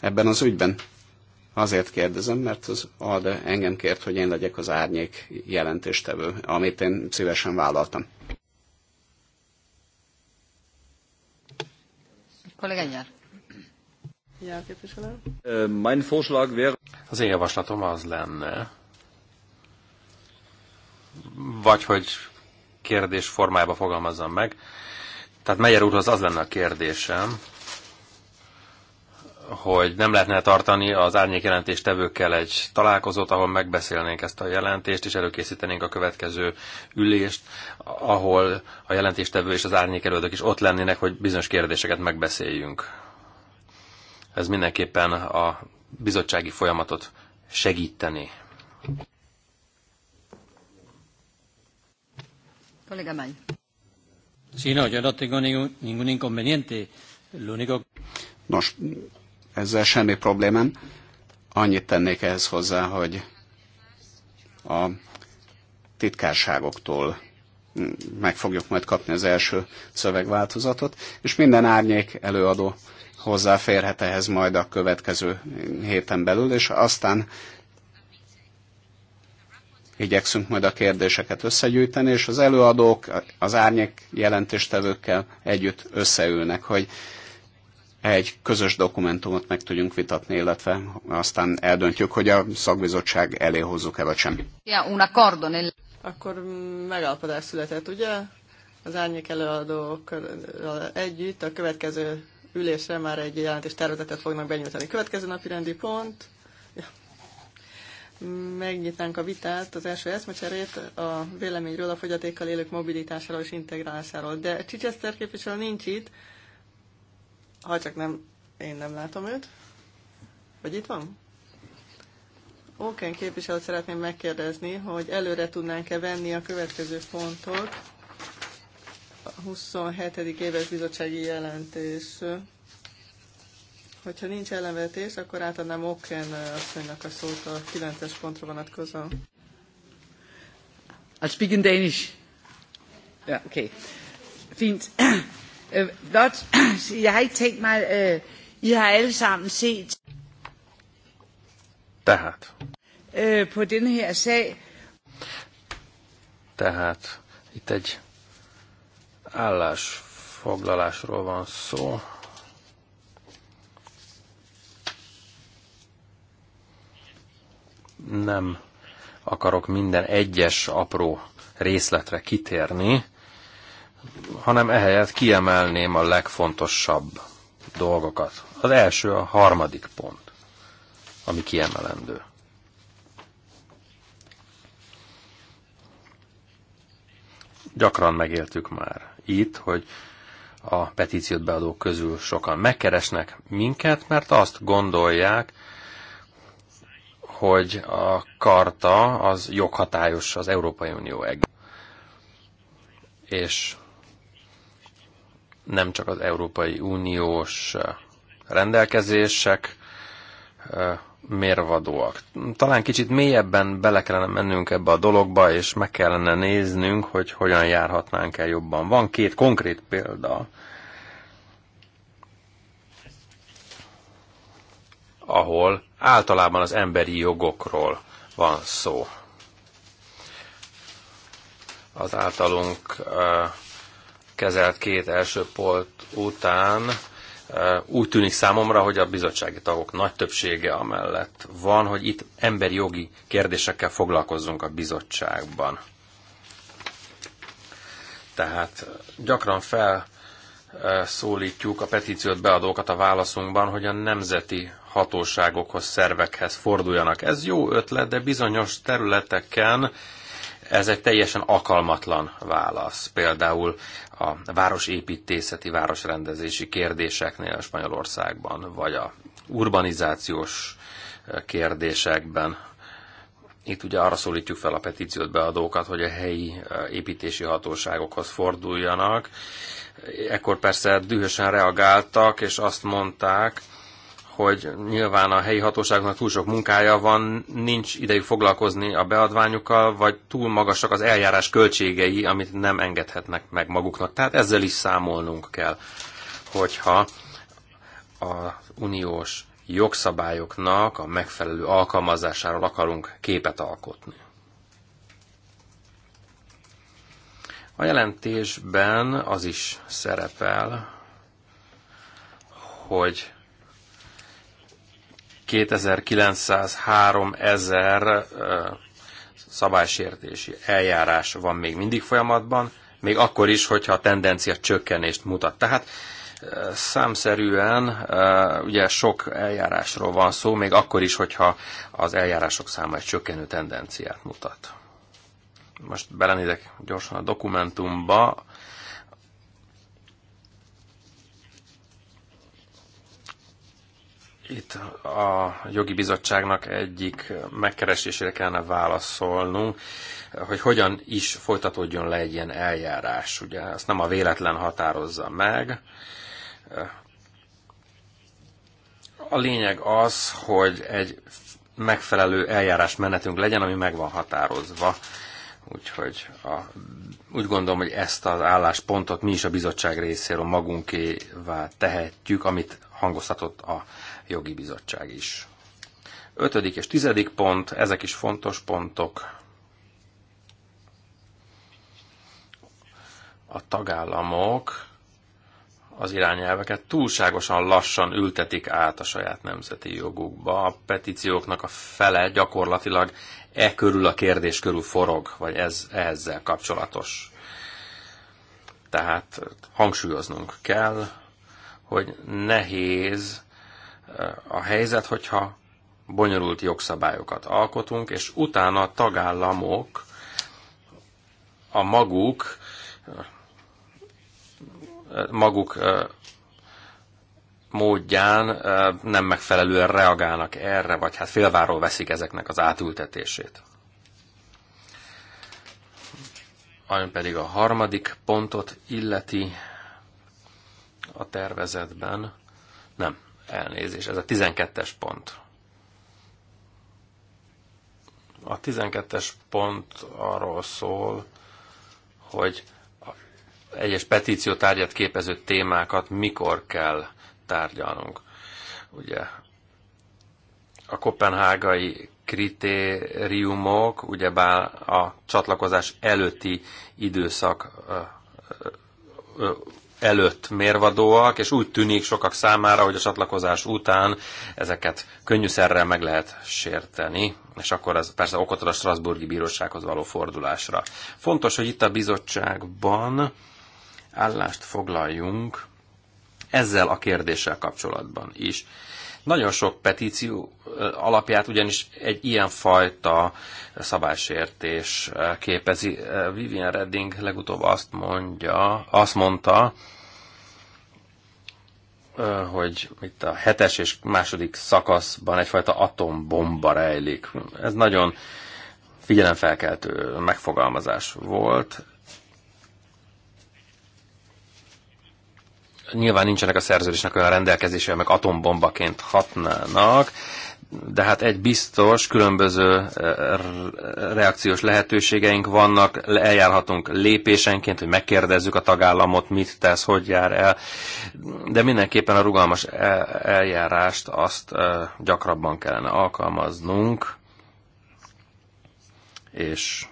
ebben az ügyben? Azért kérdezem, mert az ALDE engem kért, hogy én legyek az árnyék jelentéstevő, amit én szívesen vállaltam. Az
én javaslatom az lenne, vagy hogy kérdés formájába fogalmazzam meg. Tehát Meyer úrhoz az lenne a kérdésem, hogy nem lehetne tartani az árnyék jelentéstevőkkel egy találkozót, ahol megbeszélnénk ezt a jelentést, és előkészítenénk a következő ülést, ahol a jelentéstevő és az árnyék is ott lennének, hogy bizonyos kérdéseket megbeszéljünk. Ez mindenképpen a bizottsági folyamatot segíteni.
Kollega May. Sí, no, yo no tengo ningún, ningún inconveniente.
Lo único... Nos, ezzel semmi problémám. Annyit tennék ehhez hozzá, hogy a titkárságoktól meg fogjuk majd kapni az első szövegváltozatot, és minden árnyék előadó hozzáférhet ehhez majd a következő héten belül, és aztán igyekszünk majd a kérdéseket összegyűjteni, és az előadók az árnyék jelentéstevőkkel együtt összeülnek, hogy egy közös dokumentumot meg tudjunk vitatni, illetve aztán eldöntjük, hogy a szakbizottság elé hozzuk-e vagy sem.
Ja, una cordon. Akkor megállapodás született, ugye? Az árnyék előadókkal együtt a következő ülésre már egy jelentés tervezetet fognak benyújtani. Következő napi rendi pont megnyitnánk a vitát, az első eszmecserét a véleményről a fogyatékkal élők mobilitásáról és integrálásáról. De Csicseszter képviselő nincs itt, ha csak nem, én nem látom őt. Vagy itt van? Oké, képviselőt szeretném megkérdezni, hogy előre tudnánk-e venni a következő pontot, a 27. éves bizottsági jelentés Hogyha nincs ellenvetés, akkor átadnám Oken eh, asszonynak a szót a 9-es pontra vonatkozóan. I speak in Danish. Ja, okay. Fint. Blot, eh, jeg har ikke tænkt mig, eh, I har alle sammen set
Tehát.
på denne her sag.
Tehát itt egy állásfoglalásról van szó. nem akarok minden egyes apró részletre kitérni, hanem ehelyett kiemelném a legfontosabb dolgokat. Az első a harmadik pont, ami kiemelendő. Gyakran megéltük már itt, hogy a petíciót beadók közül sokan megkeresnek minket, mert azt gondolják, hogy a karta az joghatályos az Európai Unió egész. És nem csak az Európai Uniós rendelkezések mérvadóak. Talán kicsit mélyebben bele kellene mennünk ebbe a dologba, és meg kellene néznünk, hogy hogyan járhatnánk el jobban. Van két konkrét példa, ahol általában az emberi jogokról van szó. Az általunk kezelt két első polt után úgy tűnik számomra, hogy a bizottsági tagok nagy többsége amellett van, hogy itt emberi jogi kérdésekkel foglalkozzunk a bizottságban. Tehát gyakran felszólítjuk a petíciót beadókat a válaszunkban, hogy a nemzeti hatóságokhoz, szervekhez forduljanak. Ez jó ötlet, de bizonyos területeken ez egy teljesen akalmatlan válasz. Például a városépítészeti, városrendezési kérdéseknél a Spanyolországban, vagy a urbanizációs eh, kérdésekben. Itt ugye arra szólítjuk fel a petíciót beadókat, hogy a helyi eh, építési hatóságokhoz forduljanak. Ekkor persze dühösen reagáltak, és azt mondták, hogy nyilván a helyi hatóságnak túl sok munkája van, nincs idejük foglalkozni a beadványukkal, vagy túl magasak az eljárás költségei, amit nem engedhetnek meg maguknak. Tehát ezzel is számolnunk kell, hogyha a uniós jogszabályoknak a megfelelő alkalmazásáról akarunk képet alkotni. A jelentésben az is szerepel, hogy 2903 ezer szabálysértési eljárás van még mindig folyamatban, még akkor is, hogyha a tendencia csökkenést mutat. Tehát számszerűen ugye sok eljárásról van szó, még akkor is, hogyha az eljárások száma egy csökkenő tendenciát mutat. Most belenézek gyorsan a dokumentumba, Itt a jogi bizottságnak egyik megkeresésére kellene válaszolnunk, hogy hogyan is folytatódjon le egy ilyen eljárás. Ugye ezt nem a véletlen határozza meg. A lényeg az, hogy egy megfelelő eljárás menetünk legyen, ami meg van határozva. Úgyhogy a, úgy gondolom, hogy ezt az álláspontot mi is a bizottság részéről magunkévá tehetjük, amit hangoztatott a jogi bizottság is. Ötödik és tizedik pont, ezek is fontos pontok. A tagállamok az irányelveket túlságosan lassan ültetik át a saját nemzeti jogukba. A petícióknak a fele gyakorlatilag e körül a kérdés körül forog, vagy ez ezzel kapcsolatos. Tehát hangsúlyoznunk kell, hogy nehéz a helyzet, hogyha bonyolult jogszabályokat alkotunk, és utána a tagállamok a maguk maguk módján nem megfelelően reagálnak erre, vagy hát félváról veszik ezeknek az átültetését. Ami pedig a harmadik pontot illeti a tervezetben, nem, elnézés, ez a 12-es pont. A 12-es pont arról szól, hogy egyes petíció tárgyat képező témákat mikor kell tárgyalnunk. Ugye a kopenhágai kritériumok ugye, bár a csatlakozás előtti időszak előtt mérvadóak, és úgy tűnik sokak számára, hogy a csatlakozás után ezeket könnyűszerrel meg lehet sérteni, és akkor ez persze okot ad a Strasburgi Bírósághoz való fordulásra. Fontos, hogy itt a bizottságban állást foglaljunk ezzel a kérdéssel kapcsolatban is. Nagyon sok petíció alapját ugyanis egy fajta szabálysértés képezi. Vivian Redding legutóbb azt mondja, azt mondta, hogy itt a hetes és második szakaszban egyfajta atombomba rejlik. Ez nagyon figyelemfelkeltő megfogalmazás volt, nyilván nincsenek a szerződésnek olyan rendelkezése, meg atombombaként hatnának, de hát egy biztos, különböző eh, reakciós lehetőségeink vannak, eljárhatunk lépésenként, hogy megkérdezzük a tagállamot, mit tesz, hogy jár el, de mindenképpen a rugalmas e-, eljárást azt eh, gyakrabban kellene alkalmaznunk, és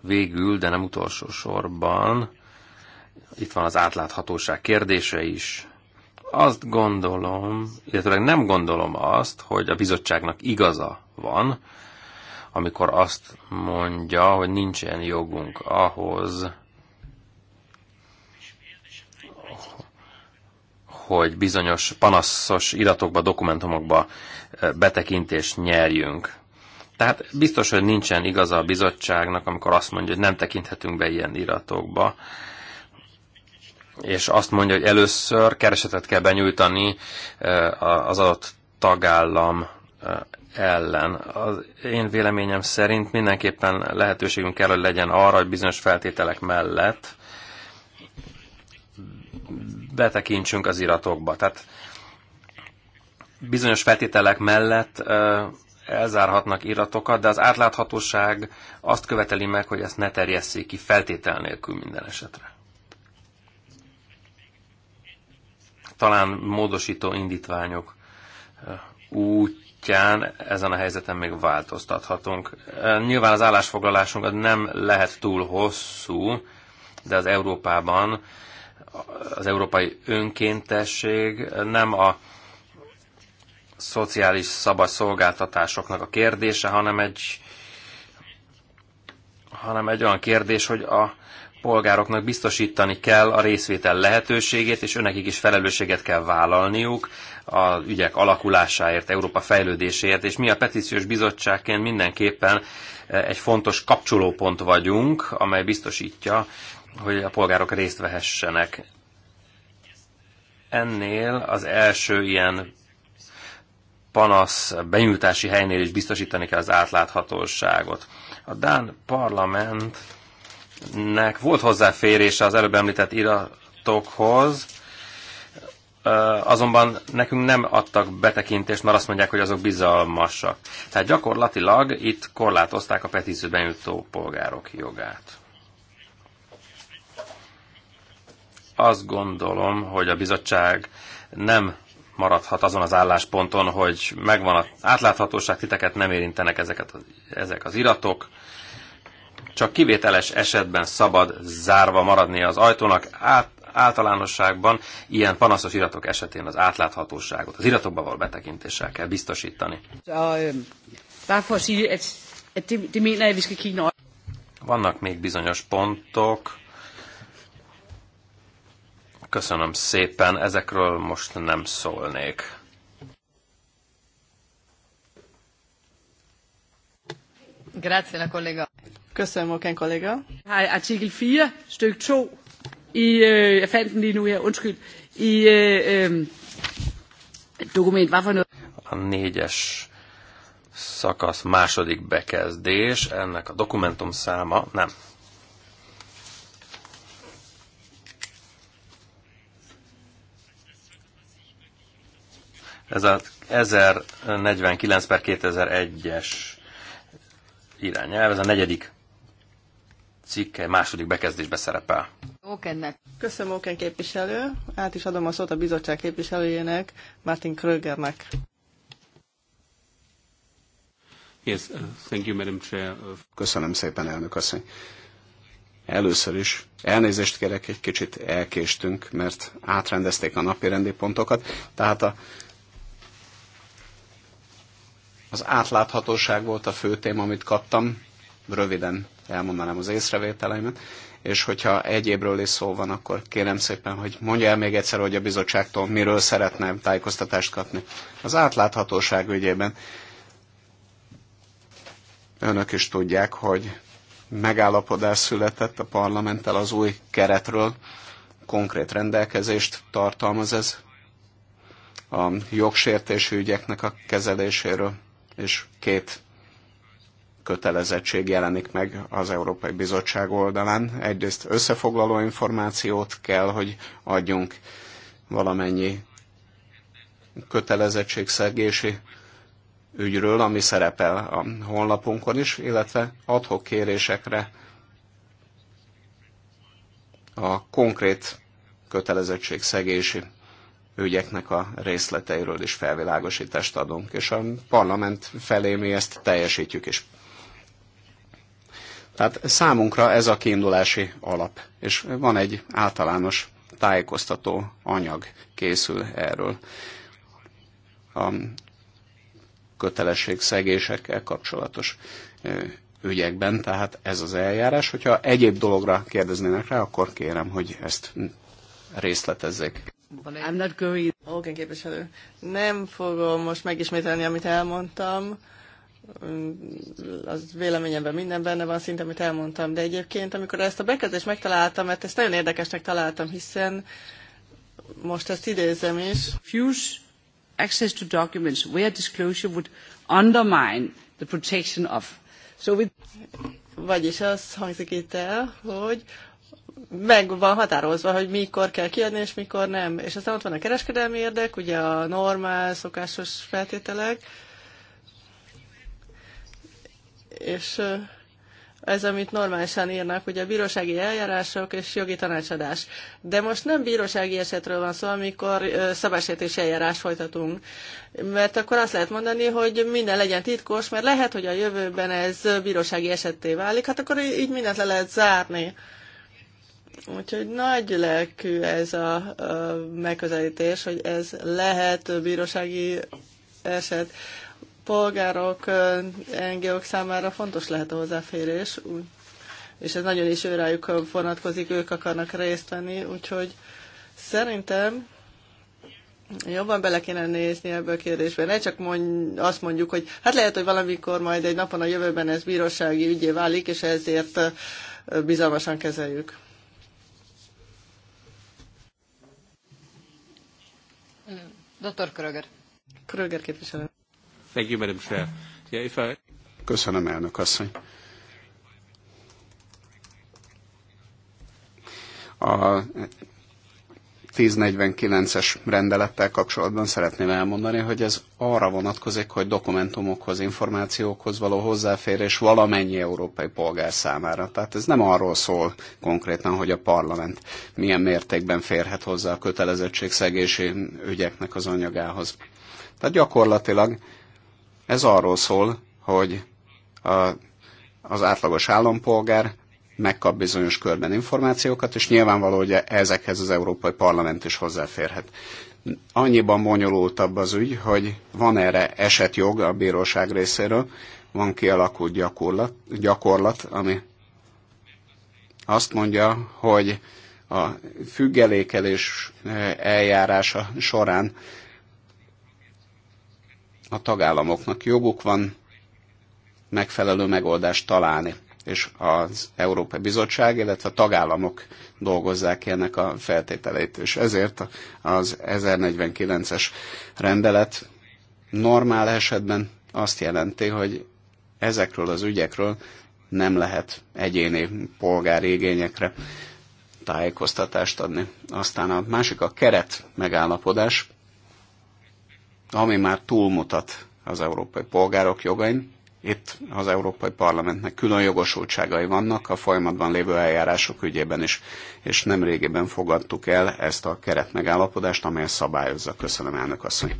végül, de nem utolsó sorban, itt van az átláthatóság kérdése is. Azt gondolom, illetve nem gondolom azt, hogy a bizottságnak igaza van, amikor azt mondja, hogy nincsen jogunk ahhoz, hogy bizonyos panaszos iratokba, dokumentumokba betekintést nyerjünk. Tehát biztos, hogy nincsen igaza a bizottságnak, amikor azt mondja, hogy nem tekinthetünk be ilyen iratokba és azt mondja, hogy először keresetet kell benyújtani az adott tagállam ellen. Az én véleményem szerint mindenképpen lehetőségünk kell, hogy legyen arra, hogy bizonyos feltételek mellett betekintsünk az iratokba. Tehát bizonyos feltételek mellett elzárhatnak iratokat, de az átláthatóság azt követeli meg, hogy ezt ne terjesszék ki feltétel nélkül minden esetre. talán módosító indítványok eh, útján ezen a helyzeten még változtathatunk. Eh, nyilván az állásfoglalásunk nem lehet túl hosszú, de az Európában az európai önkéntesség nem a szociális szabad szolgáltatásoknak a kérdése, hanem egy, hanem egy olyan kérdés, hogy a polgároknak biztosítani kell a részvétel lehetőségét, és önekik is felelősséget kell vállalniuk a ügyek alakulásáért, Európa fejlődéséért, és mi a petíciós bizottságként mindenképpen e, egy fontos kapcsolópont vagyunk, amely biztosítja, hogy a polgárok részt vehessenek. Ennél az első ilyen panasz benyújtási helynél is biztosítani kell az átláthatóságot. A Dán parlament nek volt hozzáférése az előbb említett iratokhoz, azonban nekünk nem adtak betekintést, mert azt mondják, hogy azok bizalmasak. Tehát gyakorlatilag itt korlátozták a petízőben jutó polgárok jogát. Azt gondolom, hogy a bizottság nem maradhat azon az állásponton, hogy megvan az átláthatóság, titeket nem érintenek ezeket, ezek az iratok, csak kivételes esetben szabad zárva maradni az ajtónak, át, általánosságban ilyen panaszos iratok esetén az átláthatóságot, az iratokba való betekintéssel kell biztosítani. Vannak még bizonyos pontok. Köszönöm szépen, ezekről most nem szólnék.
Grazie, la collega. Köszönöm, Oken kollega. Har artikel 4, stök 2, i, uh, jeg fandt den lige nu her, undskyld, i uh, um, dokument, hvad for noget?
A négyes szakasz második bekezdés, ennek a dokumentum száma nem. Ez a 1049 per 2001-es irányelv, ez a negyedik cikke második bekezdésbe szerepel.
Ókennek. Köszönöm Óken képviselő. Át is adom a szót a bizottság képviselőjének, Martin Krögernek.
Yes, uh, thank you, Madam Chair. Köszönöm szépen, elnök asszony. Először is elnézést kérek, egy kicsit elkéstünk, mert átrendezték a napi rendi pontokat, tehát a az átláthatóság volt a fő téma, amit kaptam, röviden elmondanám az észrevételeimet, és hogyha egyébről is szó van, akkor kérem szépen, hogy mondja el még egyszer, hogy a bizottságtól miről szeretne tájékoztatást kapni. Az átláthatóság ügyében önök is tudják, hogy megállapodás született a parlamenttel az új keretről, konkrét rendelkezést tartalmaz ez a jogsértési ügyeknek a kezeléséről, és két kötelezettség jelenik meg az Európai Bizottság oldalán. Egyrészt összefoglaló információt kell, hogy adjunk valamennyi kötelezettségszegési ügyről, ami szerepel a honlapunkon is, illetve adhok kérésekre a konkrét kötelezettségszegési ügyeknek a részleteiről is felvilágosítást adunk, és a parlament felé mi ezt teljesítjük is. Tehát számunkra ez a kiindulási alap, és van egy általános tájékoztató anyag készül erről. A kötelességszegésekkel kapcsolatos ügyekben, tehát ez az eljárás. Hogyha egyéb dologra kérdeznének rá, akkor kérem, hogy ezt részletezzék. I'm
not going... Hogan képviselő. Nem fogom most megismételni, amit elmondtam az véleményemben minden benne van, szinte amit elmondtam, de egyébként, amikor ezt a bekezdést megtaláltam, mert ezt nagyon érdekesnek találtam, hiszen most ezt idézem is. Fuse access to documents where disclosure would undermine the protection of. So with... Vagyis az hangzik itt el, hogy meg van határozva, hogy mikor kell kiadni, és mikor nem. És aztán ott van a kereskedelmi érdek, ugye a normál, szokásos feltételek, és ez, amit normálisan írnak, ugye bírósági eljárások és jogi tanácsadás. De most nem bírósági esetről van szó, amikor szabálysértési eljárás folytatunk. Mert akkor azt lehet mondani, hogy minden legyen titkos, mert lehet, hogy a jövőben ez bírósági esetté válik, hát akkor így mindent le lehet zárni. Úgyhogy nagy lelkű ez a, megközelítés, hogy ez lehet bírósági eset polgárok, NGO-k számára fontos lehet a hozzáférés, és ez nagyon is őrájuk vonatkozik, ők akarnak részt venni, úgyhogy szerintem jobban bele kéne nézni ebből a kérdésbe. Ne csak mondj, azt mondjuk, hogy hát lehet, hogy valamikor majd egy napon a jövőben ez bírósági ügyé válik, és ezért bizalmasan kezeljük. Dr. Kröger. Kröger képviselő.
Thank you, Madam Chair. Yeah, if I... Köszönöm, elnök asszony. A 1049-es rendelettel kapcsolatban szeretném elmondani, hogy ez arra vonatkozik, hogy dokumentumokhoz, információkhoz való hozzáférés valamennyi európai polgár számára. Tehát ez nem arról szól konkrétan, hogy a parlament milyen mértékben férhet hozzá a kötelezettségszegési ügyeknek az anyagához. Tehát gyakorlatilag ez arról szól, hogy a, az átlagos állampolgár megkap bizonyos körben információkat, és nyilvánvaló, hogy ezekhez az Európai Parlament is hozzáférhet. Annyiban bonyolultabb az ügy, hogy van erre jog a bíróság részéről, van kialakult gyakorlat, gyakorlat ami azt mondja, hogy a függelékelés eh, eljárása során a tagállamoknak joguk van megfelelő megoldást találni, és az Európai Bizottság, illetve a tagállamok dolgozzák ennek a feltételeit, és ezért az 1049-es rendelet normál esetben azt jelenti, hogy ezekről az ügyekről nem lehet egyéni polgári igényekre tájékoztatást adni. Aztán a másik a keret megállapodás, ami már túlmutat az európai polgárok jogain. Itt az Európai Parlamentnek külön jogosultságai vannak a folyamatban lévő eljárások ügyében is, és nem régében fogadtuk el ezt a keretmegállapodást, amely szabályozza. Köszönöm, elnök asszony.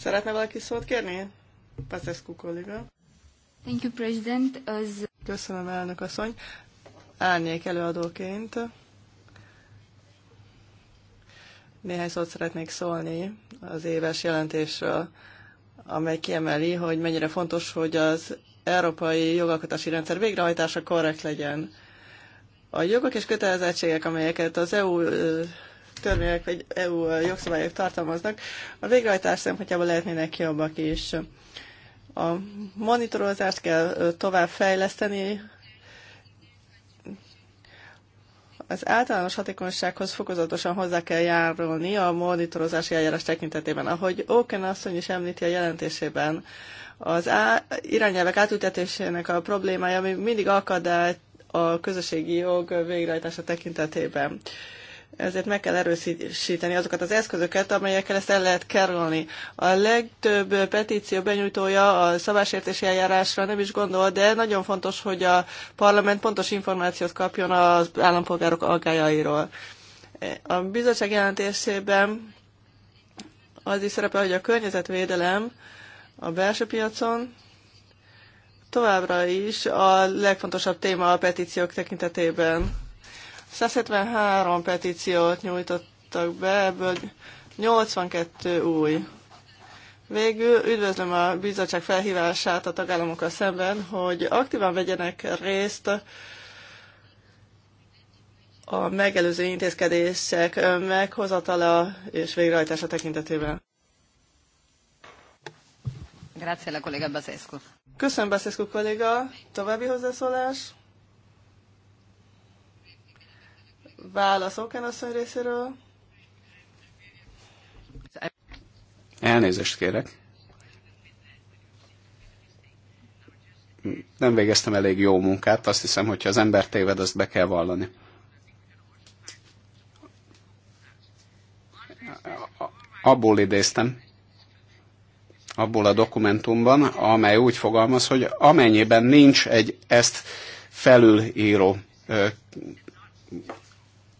Szeretne valaki szót kérni? Pazescu kolléga. Thank you, President. Köszönöm, elnök asszony. Árnyék előadóként néhány szót szeretnék szólni az éves jelentésről, amely kiemeli, hogy mennyire fontos, hogy az európai jogalkotási rendszer végrehajtása korrekt legyen. A jogok és kötelezettségek, amelyeket az EU törvények vagy EU jogszabályok tartalmaznak, a végrehajtás szempontjából lehetnének jobbak is. A monitorozást kell tovább fejleszteni, Az általános hatékonysághoz fokozatosan hozzá kell járulni a monitorozási eljárás tekintetében. Ahogy Oken asszony is említi a jelentésében, az á, irányelvek átültetésének a problémája még mindig akadály a közösségi jog végrehajtása tekintetében. Uh, ezért meg kell erősíteni azokat az eszközöket, amelyekkel ezt el lehet kerülni. A legtöbb petíció benyújtója a szabásértési eljárásra nem is gondol, de nagyon fontos, hogy a parlament pontos információt kapjon az állampolgárok aggájairól. A bizottság jelentésében az is szerepel, hogy a környezetvédelem a belső piacon továbbra is a legfontosabb téma a petíciók tekintetében 173 petíciót nyújtottak be, ebből 82 új. Végül üdvözlöm a bizottság felhívását a tagállamokkal szemben, hogy aktívan vegyenek részt a megelőző intézkedések meghozatala és végrehajtása tekintetében. Grazie la collega Basescu. Köszönöm, Basescu kolléga. További hozzászólás? Válasz Okán asszony részéről.
Elnézést kérek. Nem végeztem elég jó munkát, azt hiszem, hogyha az ember téved, azt be kell vallani. Abból idéztem, abból a dokumentumban, amely úgy fogalmaz, hogy amennyiben nincs egy ezt felülíró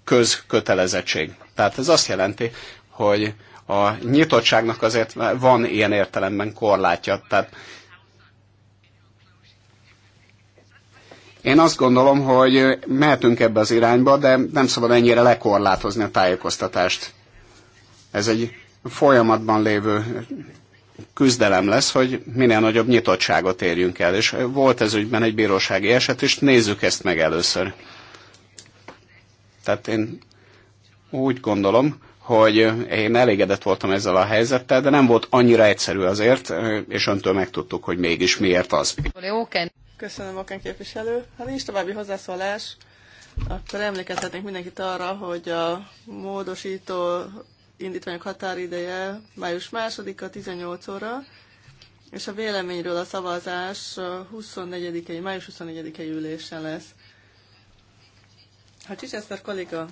közkötelezettség. Tehát ez azt jelenti, hogy a nyitottságnak azért van ilyen értelemben korlátja. Tehát Én azt gondolom, hogy mehetünk ebbe az irányba, de nem szabad ennyire lekorlátozni a tájékoztatást. Ez egy folyamatban lévő küzdelem lesz, hogy minél nagyobb nyitottságot érjünk el. És volt ez ügyben egy bírósági eset, és nézzük ezt meg először. Tehát én úgy gondolom, hogy én elégedett voltam ezzel a helyzettel, de nem volt annyira egyszerű azért, és öntől megtudtuk, hogy mégis miért az.
Köszönöm, Oken képviselő. Ha nincs további hozzászólás, akkor emlékezhetnénk mindenkit arra, hogy a módosító indítványok határideje május 2-a 18 óra, és a véleményről a szavazás 24 május 24-i ülésen lesz. Ha Csicseszter kolléga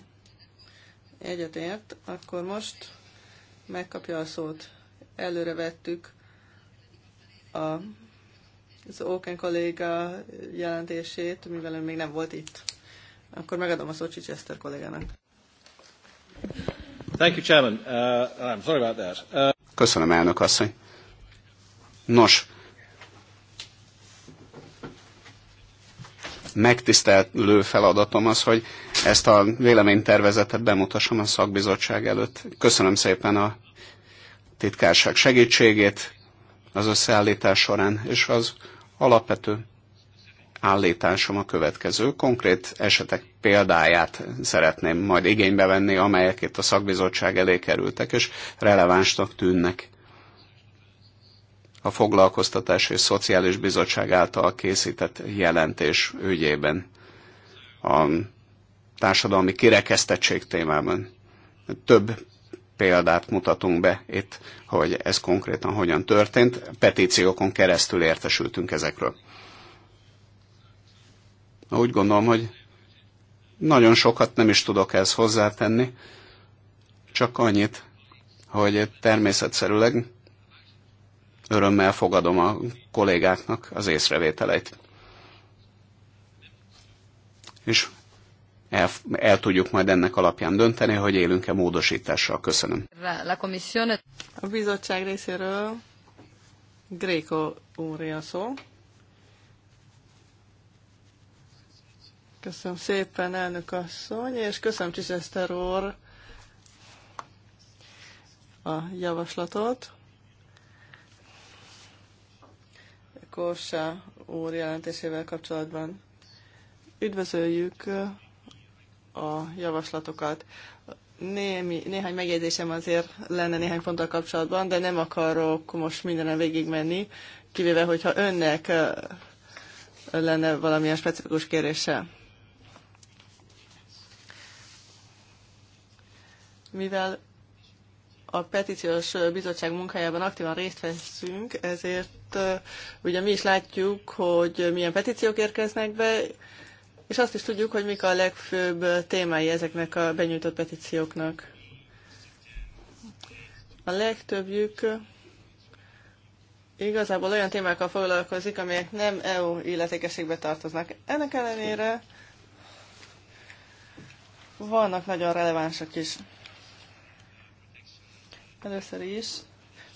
egyetért, akkor most megkapja a szót. Előre vettük a, az Oaken kolléga jelentését, mivel ő még nem volt itt. Akkor megadom a szót Csicseszter
kollégának. Thank you, Chairman. Uh, I'm sorry about that. Uh... Köszönöm, elnök asszony. Nos, megtisztelő feladatom az, hogy ezt a véleménytervezetet bemutassam a szakbizottság előtt. Köszönöm szépen a titkárság segítségét az összeállítás során, és az alapvető állításom a következő. Konkrét esetek példáját szeretném majd igénybe venni, amelyek itt a szakbizottság elé kerültek, és relevánsnak tűnnek a Foglalkoztatás és Szociális Bizottság által készített jelentés ügyében. A társadalmi kirekesztettség témában. Több példát mutatunk be itt, hogy ez konkrétan hogyan történt. Petíciókon keresztül értesültünk ezekről. Úgy gondolom, hogy nagyon sokat nem is tudok ehhez hozzátenni, csak annyit, hogy természetszerűleg örömmel fogadom a kollégáknak az észrevételeit. És el, el tudjuk majd ennek alapján dönteni, hogy élünk-e módosítással. Köszönöm.
A bizottság részéről Gréko úrja szó. Köszönöm szépen, elnök asszony, és köszönöm Csizeszter úr a javaslatot. Korsa úr jelentésével kapcsolatban üdvözöljük a javaslatokat. Némi, néhány megjegyzésem azért lenne néhány ponttal kapcsolatban, de nem akarok most mindenen végigmenni, kivéve, hogyha önnek lenne valamilyen specifikus kérése. Mivel a petíciós bizottság munkájában aktívan részt veszünk, ezért ugye mi is látjuk, hogy milyen petíciók érkeznek be, és azt is tudjuk, hogy mik a legfőbb témái ezeknek a benyújtott petícióknak. A legtöbbjük igazából olyan témákkal foglalkozik, amelyek nem EU illetékességbe tartoznak. Ennek ellenére vannak nagyon relevánsak is. Először is,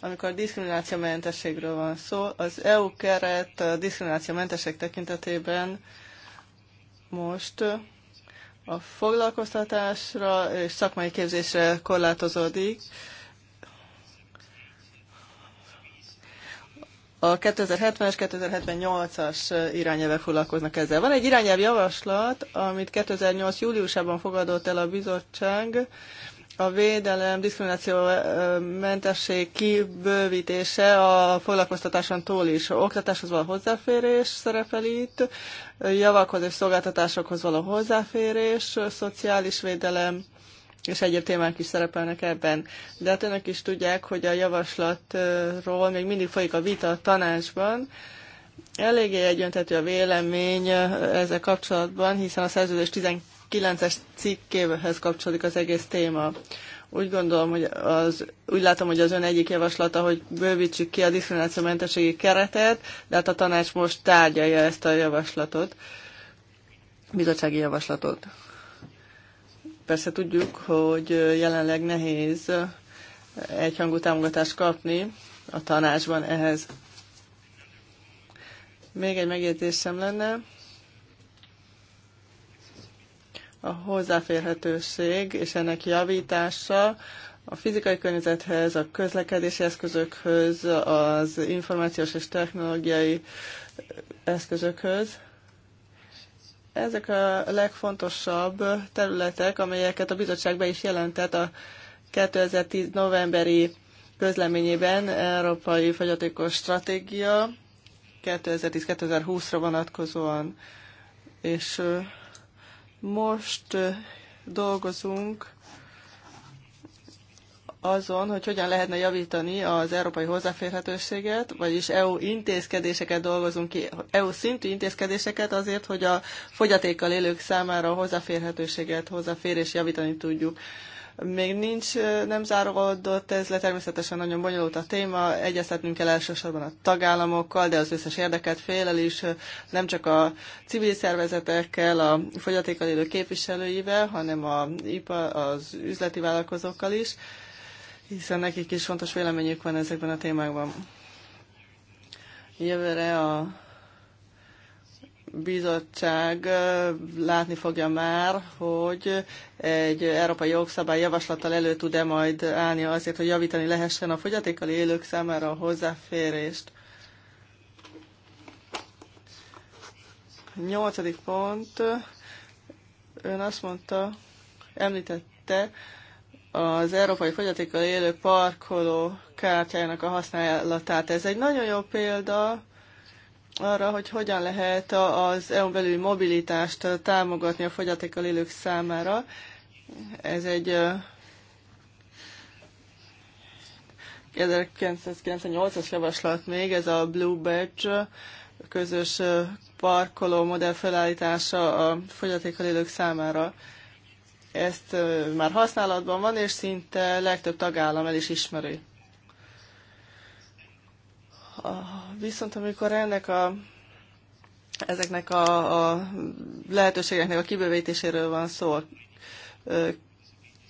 amikor diszkriminációmentességről van szó, az EU keret diszkriminációmentesség tekintetében most a foglalkoztatásra és szakmai képzésre korlátozódik. A 2070-es, 2078-as irányelvek foglalkoznak ezzel. Van egy javaslat, amit 2008. júliusában fogadott el a bizottság, a védelem, diszkriminációmentesség kibővítése a foglalkoztatáson túl is. Oktatáshoz való hozzáférés szerepel itt, javakhoz és szolgáltatásokhoz való hozzáférés, szociális védelem, és egyéb témák is szerepelnek ebben. De hát önök is tudják, hogy a javaslatról még mindig folyik a vita a tanácsban, Eléggé egyöntető a vélemény ezzel kapcsolatban, hiszen a szerződés 12 9-es cikkéhez kapcsolódik az egész téma. Úgy gondolom, hogy az, úgy látom, hogy az ön egyik javaslata, hogy bővítsük ki a diszkriminációmentességi keretet, de hát a tanács most tárgyalja ezt a javaslatot, bizottsági javaslatot. Persze tudjuk, hogy jelenleg nehéz egyhangú támogatást kapni a tanácsban ehhez. Még egy megjegyzésem lenne a hozzáférhetőség és ennek javítása a fizikai környezethez, a közlekedési eszközökhöz, az információs és technológiai eszközökhöz. Ezek a legfontosabb területek, amelyeket a bizottság be is jelentett a 2010 novemberi közleményében Európai Fogyatékos Stratégia 2010-2020-ra vonatkozóan, és most dolgozunk azon, hogy hogyan lehetne javítani az európai hozzáférhetőséget, vagyis EU intézkedéseket dolgozunk ki, EU szintű intézkedéseket azért, hogy a fogyatékkal élők számára a hozzáférhetőséget, hozzáférés javítani tudjuk. Még nincs, nem záródott ez le, természetesen nagyon bonyolult a téma, egyeztetnünk kell elsősorban a tagállamokkal, de az összes érdeket félel is, nem csak a civil szervezetekkel, a fogyatékkal élő képviselőivel, hanem a, az üzleti vállalkozókkal is, hiszen nekik is fontos véleményük van ezekben a témákban. Jövőre a bizottság látni fogja már, hogy egy európai jogszabály javaslattal elő tud-e majd állni azért, hogy javítani lehessen a fogyatékkal élők számára a hozzáférést. Nyolcadik pont. Ön azt mondta, említette, az Európai Fogyatékkal Élő Parkoló kártyájának a használatát. Ez egy nagyon jó példa, arra, hogy hogyan lehet az EU-n belüli mobilitást támogatni a fogyatékkal élők számára. Ez egy 1998-as javaslat még, ez a Blue Badge közös parkoló modell felállítása a fogyatékkal élők számára. Ezt már használatban van, és szinte legtöbb tagállam el is ismeri. Viszont amikor ennek a ezeknek a, a lehetőségeknek a kibővítéséről van szó,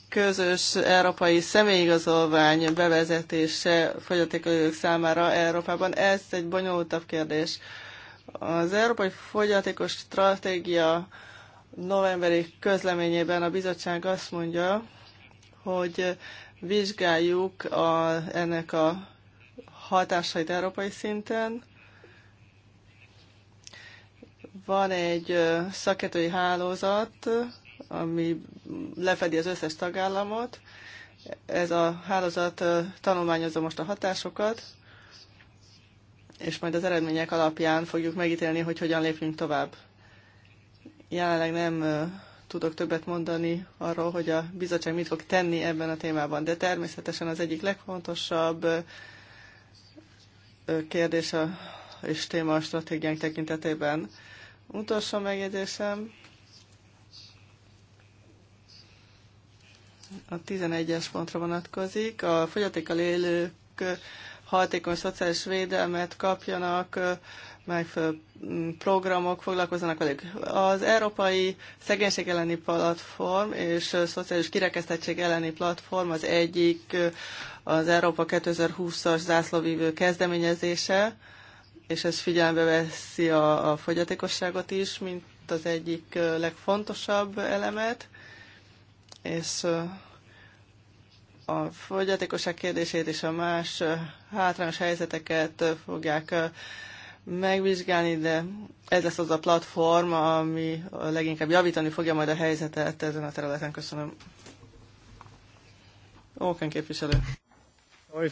közös európai személyigazolvány bevezetése fogyatékosok számára Európában, ez egy bonyolultabb kérdés. Az Európai Fogyatékos Stratégia novemberi közleményében a bizottság azt mondja, hogy vizsgáljuk a, ennek a hatásait európai szinten. Van egy szakértői hálózat, ami lefedi az összes tagállamot. Ez a hálózat tanulmányozza most a hatásokat, és majd az eredmények alapján fogjuk megítélni, hogy hogyan lépjünk tovább. Jelenleg nem tudok többet mondani arról, hogy a bizottság mit fog tenni ebben a témában, de természetesen az egyik legfontosabb kérdés a, és téma a stratégiánk tekintetében. Utolsó megjegyzésem. A 11-es pontra vonatkozik. A fogyatékkal élők hatékony szociális védelmet kapjanak, meg programok foglalkozzanak velük. Az Európai Szegénység elleni platform és Szociális Kirekesztettség elleni platform az egyik az Európa 2020-as zászlóvívő kezdeményezése, és ez figyelembe veszi a, a fogyatékosságot is, mint az egyik legfontosabb elemet, és a fogyatékosság kérdését és a más hátrányos helyzeteket fogják megvizsgálni, de ez lesz az a platform, ami leginkább javítani fogja majd a helyzetet ezen a területen. Köszönöm. Óken képviselő. Sorry,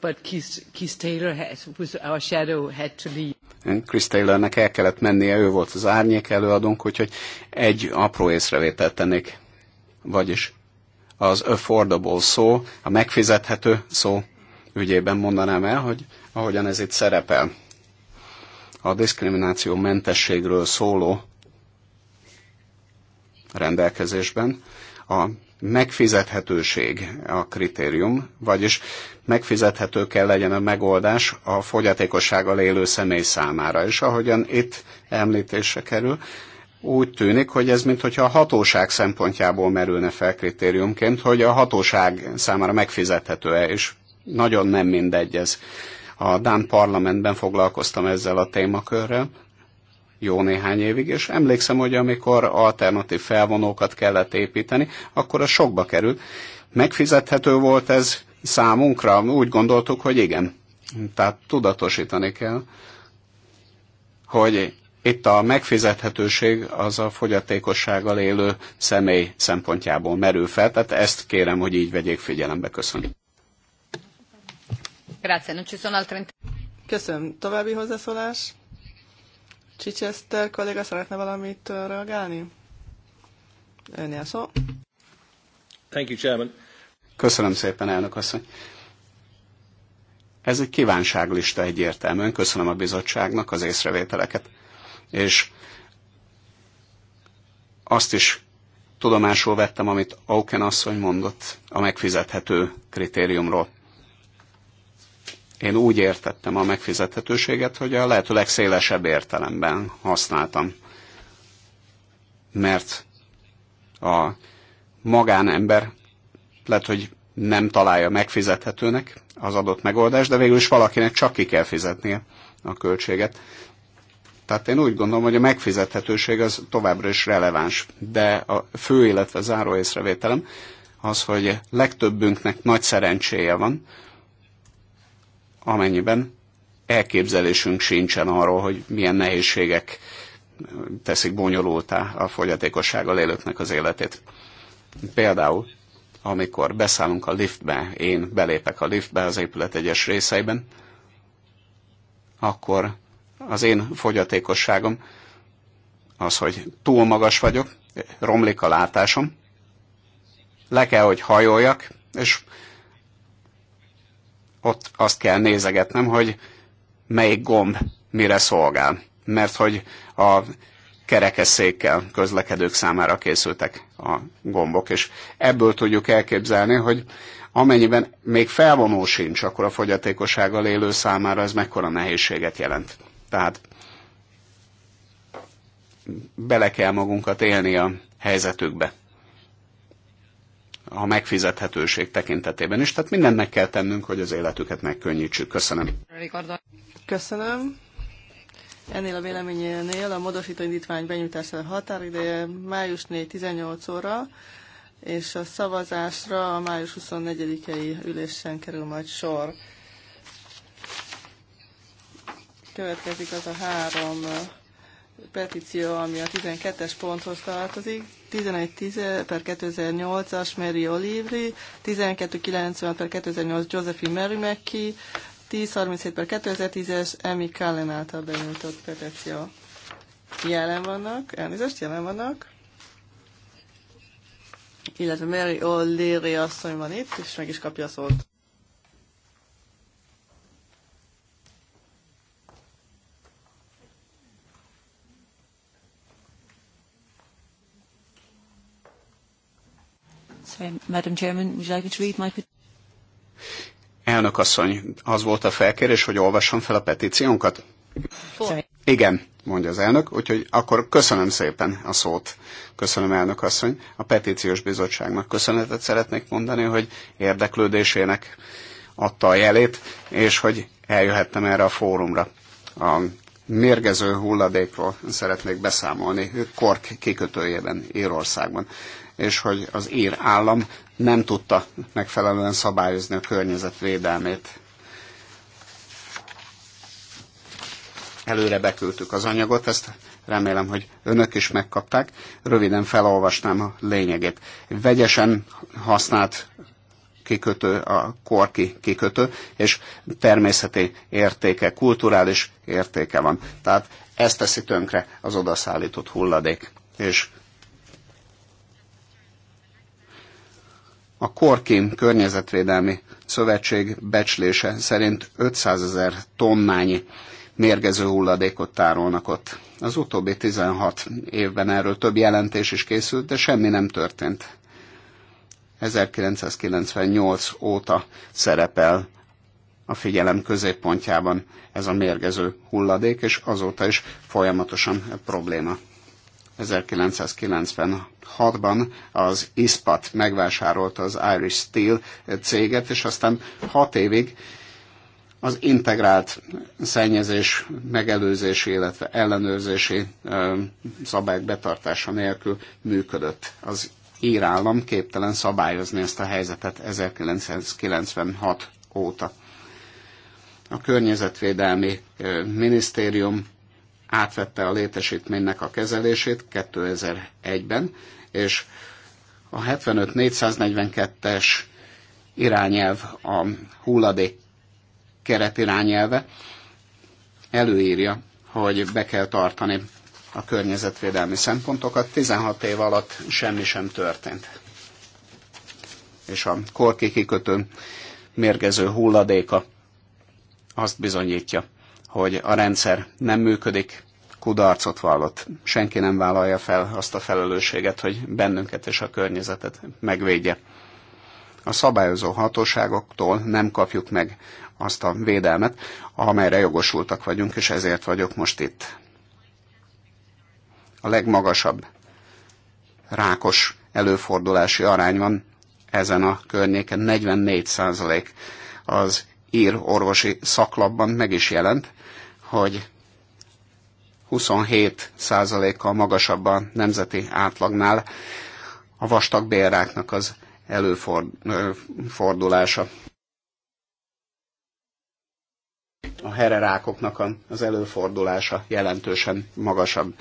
but Keith Taylor was our shadow, had to leave.
Chris Taylornek el kellett mennie, ő volt az árnyék előadónk, úgyhogy egy apró észrevételt tennék. Vagyis az affordable szó, a megfizethető szó ügyében mondanám el, hogy ahogyan ez itt szerepel, a diszkrimináció mentességről szóló rendelkezésben a megfizethetőség a kritérium, vagyis megfizethető kell legyen a megoldás a fogyatékossággal élő személy számára. És ahogyan itt említésre kerül, úgy tűnik, hogy ez mintha a hatóság szempontjából merülne fel kritériumként, hogy a hatóság számára megfizethető-e, és nagyon nem mindegy ez. A Dán parlamentben foglalkoztam ezzel a témakörrel, jó néhány évig, és emlékszem, hogy amikor alternatív felvonókat kellett építeni, akkor a sokba került. Megfizethető volt ez számunkra? Úgy gondoltuk, hogy igen. Tehát tudatosítani kell, hogy itt a megfizethetőség az a fogyatékossággal élő személy szempontjából merül fel, tehát ezt kérem, hogy így vegyék figyelembe. Köszönöm.
Grazie, non ci sono Köszönöm. További hozzászólás? Chichester kolléga szeretne valamit reagálni? Önnél szó.
Thank you, Chairman.
Köszönöm szépen, elnök asszony. Ez egy kívánságlista egyértelműen. Köszönöm a bizottságnak az észrevételeket. És azt is tudomásul vettem, amit Auken asszony mondott a megfizethető kritériumról. Én úgy értettem a megfizethetőséget, hogy a lehető legszélesebb értelemben használtam. Mert a magánember lehet, hogy nem találja megfizethetőnek az adott megoldást, de végül is valakinek csak ki kell fizetnie a költséget. Tehát én úgy gondolom, hogy a megfizethetőség az továbbra is releváns, de a fő, illetve záró észrevételem az, hogy legtöbbünknek nagy szerencséje van, amennyiben elképzelésünk sincsen arról, hogy milyen nehézségek teszik bonyolultá a fogyatékossággal élőknek az életét. Például, amikor beszállunk a liftbe, én belépek a liftbe az épület egyes részeiben, akkor az én fogyatékosságom az, hogy túl magas vagyok, romlik a látásom, le kell, hogy hajoljak, és ott azt kell nézegetnem, hogy melyik gomb mire szolgál. Mert hogy a kerekesszékkel közlekedők számára készültek a gombok, és ebből tudjuk elképzelni, hogy amennyiben még felvonó sincs, akkor a fogyatékossággal élő számára ez mekkora nehézséget jelent. Tehát bele kell magunkat élni a helyzetükbe a megfizethetőség tekintetében is. Tehát mindent meg kell tennünk, hogy az életüket megkönnyítsük. Köszönöm.
Köszönöm. Ennél a véleményénél a módosító indítvány benyújtása határideje május 4-18 óra, és a szavazásra a május 24-i ülésen kerül majd sor. Következik az a három petíció, ami a 12-es ponthoz tartozik, 1110 per 2008-as Mary Olivri, 1290 per 2008 Josephine Mary McKee, 1037 per 2010-es Emmy Cullen által benyújtott petíció. Jelen vannak, elnézést, jelen vannak. Illetve Mary O'Leary asszony van itt, és meg is kapja a szót. Madam Chairman, would you like me to read my
Elnök asszony, az volt a felkérés, hogy olvassam fel a petíciónkat? Sorry. Igen, mondja az elnök, úgyhogy akkor köszönöm szépen a szót. Köszönöm elnök asszony. A petíciós bizottságnak köszönetet szeretnék mondani, hogy érdeklődésének adta a jelét, és hogy eljöhettem erre a fórumra. A mérgező hulladékról szeretnék beszámolni Kork kikötőjében, Írországban és hogy az ír állam nem tudta megfelelően szabályozni a környezetvédelmét. Előre beküldtük az anyagot, ezt remélem, hogy önök is megkapták. Röviden felolvasnám a lényegét. vegyesen használt kikötő, a korki kikötő, és természeti értéke, kulturális értéke van. Tehát ezt teszi tönkre az odaszállított hulladék, és A Korkim Környezetvédelmi Szövetség becslése szerint 500 ezer tonnányi mérgező hulladékot tárolnak ott. Az utóbbi 16 évben erről több jelentés is készült, de semmi nem történt. 1998 óta szerepel a figyelem középpontjában ez a mérgező hulladék, és azóta is folyamatosan probléma 1996-ban az ISPAT megvásárolta az Irish Steel céget, és aztán hat évig az integrált szennyezés megelőzési, illetve ellenőrzési szabályok betartása nélkül működött. Az ír állam képtelen szabályozni ezt a helyzetet 1996 óta. A környezetvédelmi minisztérium átvette a létesítménynek a kezelését 2001-ben, és a 75-442-es irányelv, a hulladék keretirányelve előírja, hogy be kell tartani a környezetvédelmi szempontokat. 16 év alatt semmi sem történt. És a korki kikötő mérgező hulladéka azt bizonyítja, hogy a rendszer nem működik, kudarcot vallott. Senki nem vállalja fel azt a felelősséget, hogy bennünket és a környezetet megvédje. A szabályozó hatóságoktól nem kapjuk meg azt a védelmet, amelyre jogosultak vagyunk, és ezért vagyok most itt. A legmagasabb rákos előfordulási arány van ezen a környéken, 44 százalék az ír orvosi szaklapban meg is jelent, hogy 27%-kal magasabb a nemzeti átlagnál a vastag bélráknak az előfordulása. A hererákoknak az előfordulása jelentősen magasabb.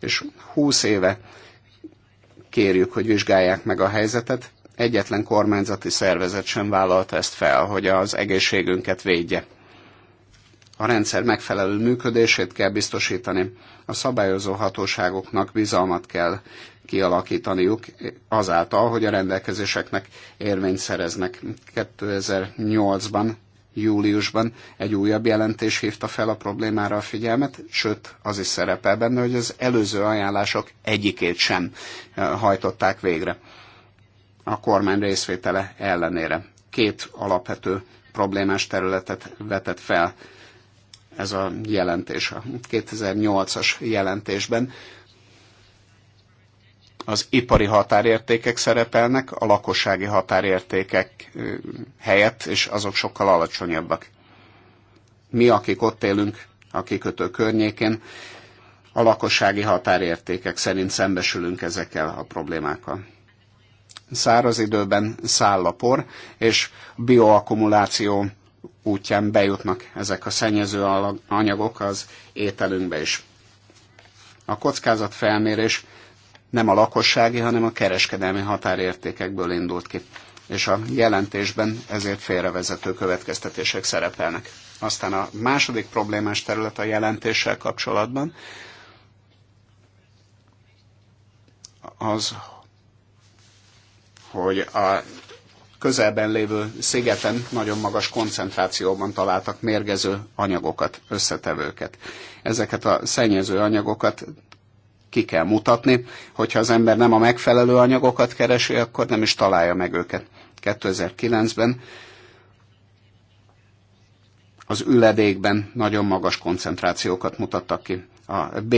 És 20 éve kérjük, hogy vizsgálják meg a helyzetet. Egyetlen kormányzati szervezet sem vállalta ezt fel, hogy az egészségünket védje a rendszer megfelelő működését kell biztosítani. A szabályozó hatóságoknak bizalmat kell kialakítaniuk azáltal, hogy a rendelkezéseknek érvényt szereznek. 2008-ban júliusban egy újabb jelentés hívta fel a problémára a figyelmet, sőt, az is szerepel benne, hogy az előző ajánlások egyikét sem eh, hajtották végre a kormány részvétele ellenére. Két alapvető problémás területet vetett fel ez a jelentés, a 2008-as jelentésben az ipari határértékek szerepelnek, a lakossági határértékek helyett, és azok sokkal alacsonyabbak. Mi, akik ott élünk, a kikötő környékén, a lakossági határértékek szerint szembesülünk ezekkel a problémákkal. Száraz időben száll a por, és bioakkumuláció útján bejutnak ezek a szennyező anyagok az ételünkbe is. A kockázat felmérés nem a lakossági, hanem a kereskedelmi határértékekből indult ki, és a jelentésben ezért félrevezető következtetések szerepelnek. Aztán a második problémás terület a jelentéssel kapcsolatban az, hogy a közelben lévő szigeten nagyon magas koncentrációban találtak mérgező anyagokat, összetevőket. Ezeket a szennyező anyagokat ki kell mutatni, hogyha az ember nem a megfelelő anyagokat keresi, akkor nem is találja meg őket. 2009-ben az üledékben nagyon magas koncentrációkat mutattak ki. A B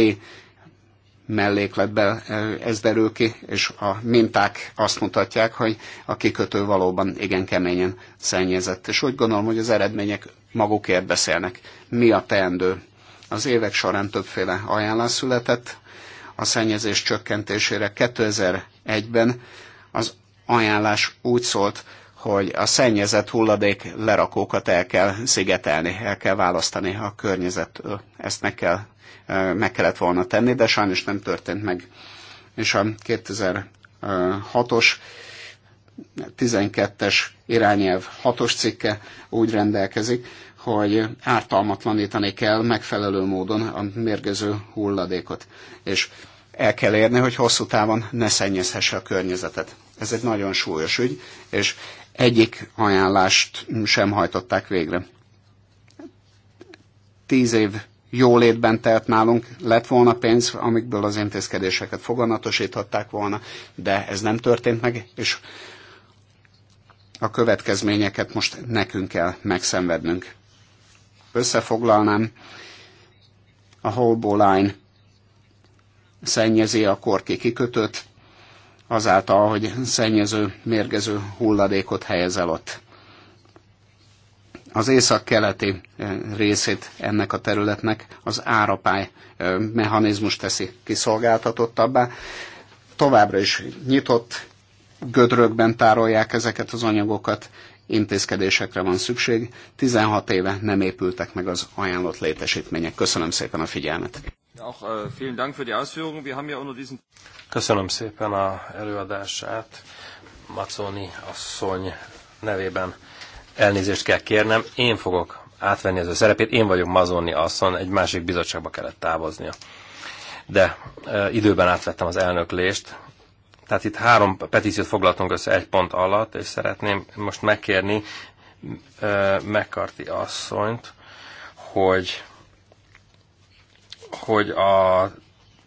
mellékletbe ez derül ki, és a minták azt mutatják, hogy a kikötő valóban igen keményen szennyezett. És úgy gondolom, hogy az eredmények magukért beszélnek. Mi a teendő? Az évek során többféle ajánlás született a szennyezés csökkentésére. 2001-ben az ajánlás úgy szólt, hogy a szennyezett hulladék lerakókat el kell szigetelni, el kell választani a környezettől. Ezt meg kell meg kellett volna tenni, de sajnos nem történt meg. És a 2006-os 12-es irányelv 6-os cikke úgy rendelkezik, hogy ártalmatlanítani kell megfelelő módon a mérgező hulladékot. És el kell érni, hogy hosszú távon ne szennyezhesse a környezetet. Ez egy nagyon súlyos ügy, és egyik ajánlást sem hajtották végre. Tíz év jólétben telt nálunk, lett volna pénz, amikből az intézkedéseket foganatosíthatták volna, de ez nem történt meg, és a következményeket most nekünk kell megszenvednünk. Összefoglalnám, a Holbo Line szennyezi a korki kikötőt, azáltal, hogy szennyező, mérgező hulladékot helyez el ott az észak-keleti eh, részét ennek a területnek az árapály eh, mechanizmus teszi kiszolgáltatottabbá. Továbbra is nyitott gödrökben tárolják ezeket az anyagokat, intézkedésekre van szükség. 16 éve nem épültek meg az ajánlott létesítmények. Köszönöm szépen a figyelmet.
Äh,
Köszönöm szépen a
előadását. Macóni asszony nevében Elnézést kell kérnem, én fogok átvenni az ő szerepét, én vagyok Mazoni asszon, egy másik bizottságba kellett távoznia. De e, időben átvettem az elnöklést, tehát itt három petíciót foglaltunk össze egy pont alatt, és szeretném most megkérni e, McCarthy asszonyt, hogy, hogy a,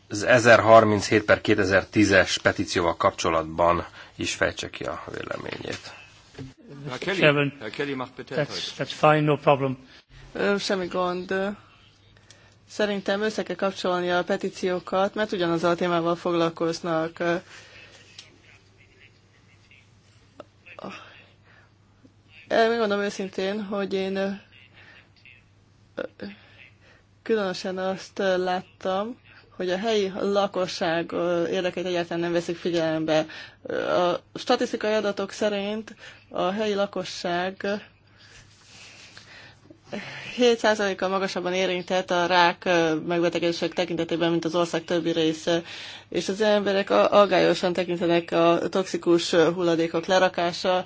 az 1037 per 2010-es petícióval kapcsolatban is fejtse ki
a véleményét.
Herr Kelly, Chairman. Herr Kelly macht That's,
that's fine, no problem.
semmi gond. Szerintem össze kell kapcsolni a petíciókat, mert ugyanazzal a témával foglalkoznak. Megmondom őszintén, hogy én különösen azt láttam, hogy a helyi lakosság érdekeit egyáltalán nem veszik figyelembe. A statisztikai adatok szerint a helyi lakosság 7%-kal magasabban érintett a rák megbetegedések tekintetében, mint az ország többi része, és az emberek aggályosan tekintenek a toxikus hulladékok lerakása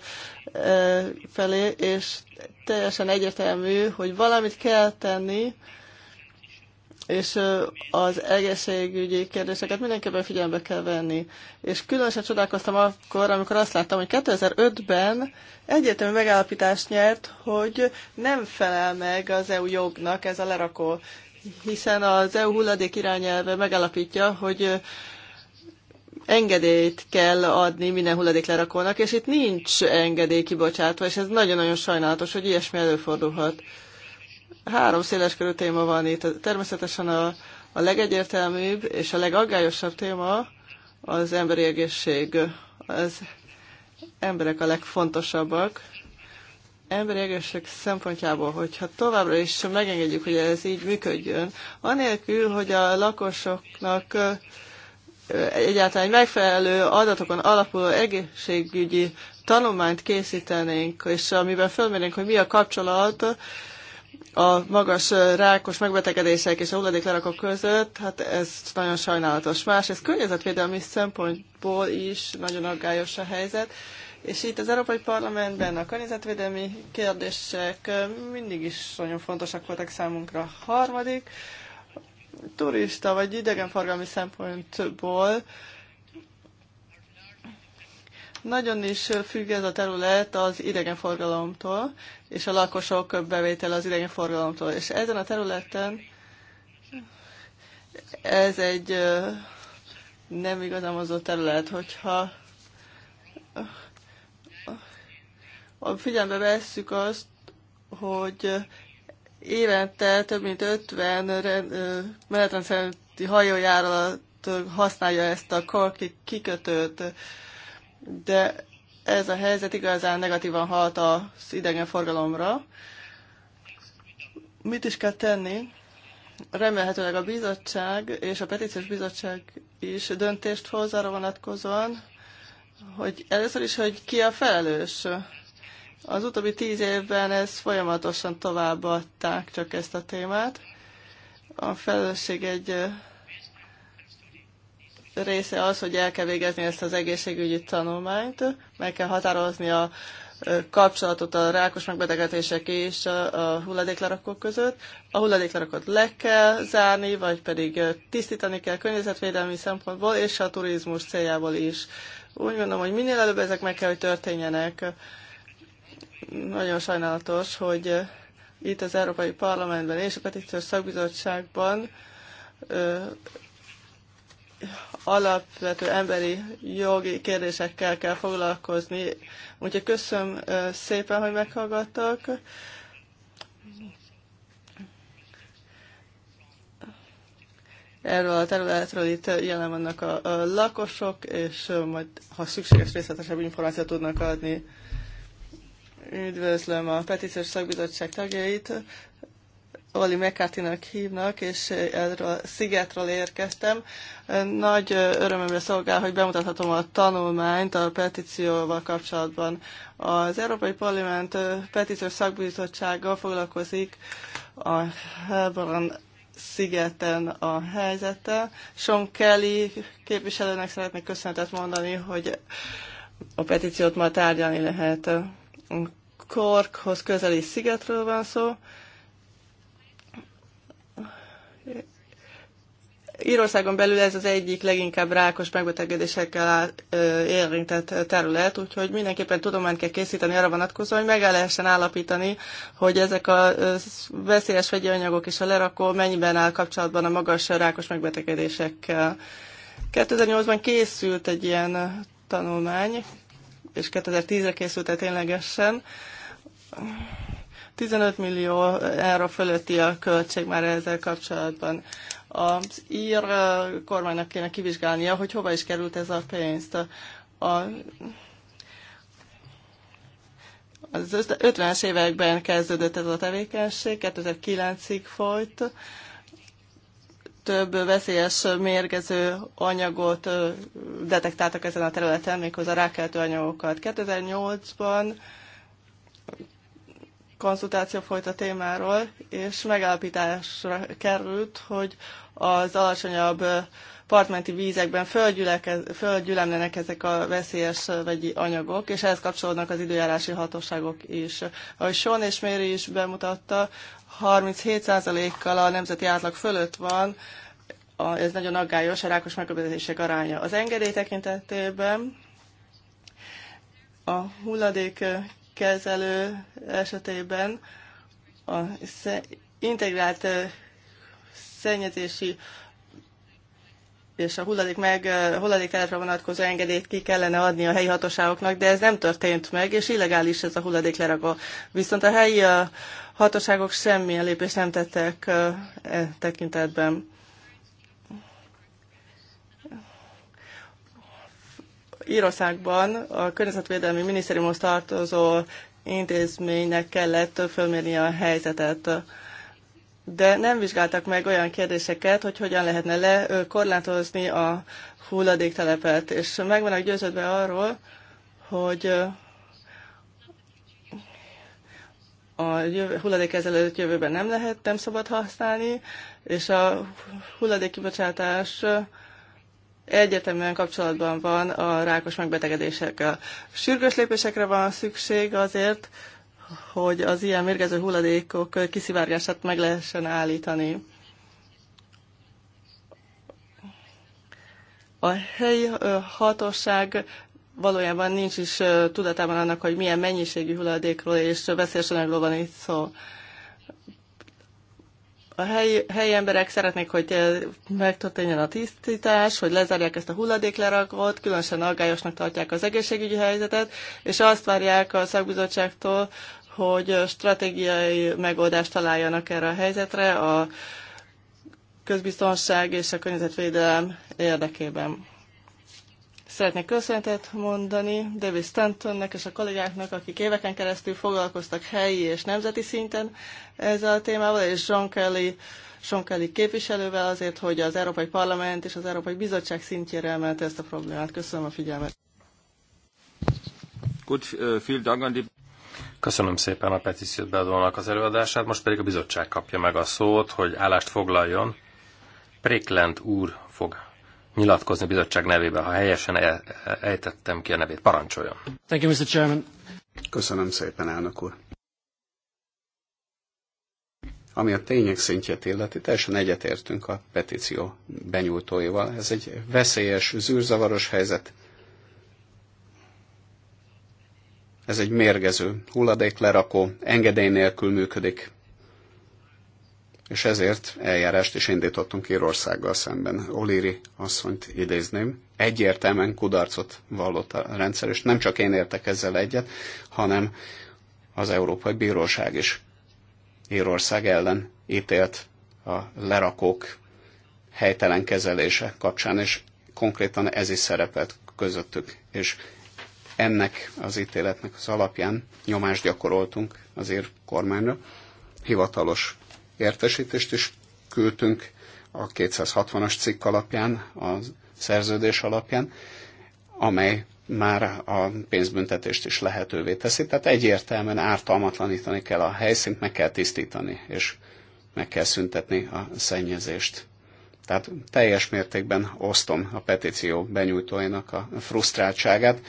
felé, és teljesen egyértelmű, hogy valamit kell tenni, és az egészségügyi kérdéseket mindenképpen figyelembe kell venni. És különösen csodálkoztam akkor, amikor azt láttam, hogy 2005-ben egyértelmű megállapítást nyert, hogy nem felel meg az EU jognak ez a lerakó, hiszen az EU hulladék irányelve megállapítja, hogy engedélyt kell adni minden hulladéklerakónak, és itt nincs engedély kibocsátva, és ez nagyon-nagyon sajnálatos, hogy ilyesmi előfordulhat. Három széleskörű téma van itt. Természetesen a, a legegyértelműbb és a legaggályosabb téma az emberi egészség. Az emberek a legfontosabbak. Emberi egészség szempontjából, hogyha továbbra is megengedjük, hogy ez így működjön, anélkül, hogy a lakosoknak egyáltalán egy megfelelő adatokon alapuló egészségügyi tanulmányt készítenénk, és amiben fölmérnénk, hogy mi a kapcsolat a magas rákos megbetegedések és a hulladéklerakok között, hát ez nagyon sajnálatos. Másrészt környezetvédelmi szempontból is nagyon aggályos a helyzet, és itt az Európai Parlamentben a környezetvédelmi kérdések mindig is nagyon fontosak voltak számunkra. Harmadik, turista vagy idegenforgalmi szempontból nagyon is függ ez a terület az idegenforgalomtól, és a lakosok bevétele az idegenforgalomtól. És ezen a területen ez egy nem igazán mozó terület, hogyha a figyelembe vesszük azt, hogy évente több mint 50 menetrendszerűti hajójárat használja ezt a korki kikötőt, de ez a helyzet igazán negatívan hat az idegenforgalomra. Mit is kell tenni? Remélhetőleg a bizottság és a petíciós bizottság is döntést hoz arra vonatkozóan, hogy először is, hogy ki a felelős. Az utóbbi tíz évben ez folyamatosan továbbadták csak ezt a témát. A felelősség egy része az, hogy el kell végezni ezt az egészségügyi tanulmányt, meg kell határozni a kapcsolatot a rákos megbetegedések és a hulladéklarakok között. A hulladéklarakot le kell zárni, vagy pedig tisztítani kell környezetvédelmi szempontból és a turizmus céljából is. Úgy gondolom, hogy minél előbb ezek meg kell, hogy történjenek. Nagyon sajnálatos, hogy itt az Európai Parlamentben és a Petíciós Szakbizottságban alapvető emberi jogi kérdésekkel kell foglalkozni. Úgyhogy köszönöm szépen, hogy meghallgattak. Erről a területről itt jelen vannak a, a lakosok, és majd, ha szükséges, részletesebb információt tudnak adni. Üdvözlöm a petíciós szakbizottság tagjait. Oli mccarthy hívnak, és erről a szigetről érkeztem. Nagy örömömre szolgál, hogy bemutathatom a tanulmányt a petícióval kapcsolatban. Az Európai Parlament Petíciós Szakbizottsága foglalkozik a Helbaran szigeten a helyzettel. Sean Kelly képviselőnek szeretnék köszönetet mondani, hogy a petíciót ma tárgyalni lehet. Korkhoz közeli szigetről van szó, Írországon belül ez az egyik leginkább rákos megbetegedésekkel érintett terület, úgyhogy mindenképpen tudományt kell készíteni arra vonatkozóan, hogy meg lehessen állapítani, hogy ezek a veszélyes vegyi anyagok és a lerakó mennyiben áll kapcsolatban a magas rákos megbetegedésekkel. 2008-ban készült egy ilyen tanulmány, és 2010-re készült el ténylegesen 15 millió euró fölötti a költség már ezzel kapcsolatban. Az ír kormánynak kéne kivizsgálnia, hogy hova is került ez a pénzt. A, az 50-es években kezdődött ez a tevékenység, 2009-ig folyt, több veszélyes mérgező anyagot detektáltak ezen a területen, méghozzá rákeltő anyagokat. 2008-ban konzultáció folyt a témáról, és megállapításra került, hogy az alacsonyabb partmenti vízekben földgyülemlenek ezek a veszélyes vegyi anyagok, és ehhez kapcsolódnak az időjárási hatóságok is. Ahogy Sean és Méri is bemutatta, 37%-kal a nemzeti átlag fölött van, a, ez nagyon aggályos, a rákos megkövetések aránya. Az engedély tekintetében a hulladék kezelő esetében a integrált szennyezési és a hulladék meg, hulladék vonatkozó engedélyt ki kellene adni a helyi hatóságoknak, de ez nem történt meg, és illegális ez a hulladéklerakó. Viszont a helyi hatóságok semmilyen lépést nem tettek e tekintetben. Írországban a környezetvédelmi minisztériumhoz tartozó intézménynek kellett fölmérni a helyzetet. De nem vizsgáltak meg olyan kérdéseket, hogy hogyan lehetne lekorlátozni a hulladéktelepet. És meg vannak győződve arról, hogy a hulladékkezelőt jövőben nem lehet, nem szabad használni, és a hulladékkibocsátás egyetemben kapcsolatban van a rákos megbetegedésekkel. Sürgős lépésekre van szükség azért, hogy az ilyen mérgező hulladékok kiszivárgását meg lehessen állítani. A helyi hatóság valójában nincs is tudatában annak, hogy milyen mennyiségű hulladékról és veszélyes anyagról van itt szó. A helyi, helyi emberek szeretnék, hogy eh, megtörténjen a tisztítás, hogy lezárják ezt a hulladéklerakót, különösen aggályosnak tartják az egészségügyi helyzetet, és azt várják a szakbizottságtól, hogy stratégiai megoldást találjanak erre a helyzetre a közbiztonság és a környezetvédelem érdekében. Szeretnék köszönetet mondani David Stantonnek és a kollégáknak, akik éveken keresztül foglalkoztak helyi és nemzeti szinten ezzel a témával, és John Kelly, John Kelly képviselővel azért, hogy az Európai Parlament és az Európai Bizottság szintjére emelte ezt a problémát. Köszönöm a figyelmet.
Äh, Köszönöm szépen a petíciót beadónak az előadását, most pedig a bizottság kapja meg a szót, hogy állást foglaljon. Prikland úr fog nyilatkozni bizottság nevében, ha helyesen el, ejtettem ki a nevét. Parancsoljon.
Thank you, Mr. Chairman. Köszönöm szépen, elnök úr. Ami a tények szintjét illeti, teljesen egyetértünk a petíció benyújtóival. Ez egy veszélyes, zűrzavaros helyzet. Ez egy mérgező, hulladéklerakó, engedély nélkül működik, és ezért eljárást is indítottunk Írországgal szemben. Oliri asszonyt idézném, egyértelműen kudarcot vallott a rendszer, és nem csak én értek ezzel egyet, hanem az Európai Bíróság is Írország ellen ítélt a lerakók helytelen kezelése kapcsán, és konkrétan ez is szerepelt közöttük, és ennek az ítéletnek az alapján nyomást gyakoroltunk az ír kormányra, hivatalos értesítést is küldtünk a 260-as cikk alapján, a szerződés alapján, amely már a pénzbüntetést is lehetővé teszi. Tehát egyértelműen ártalmatlanítani kell a helyszínt, meg kell tisztítani, és meg kell szüntetni a szennyezést. Tehát teljes mértékben osztom a petíció benyújtóinak a frusztráltságát,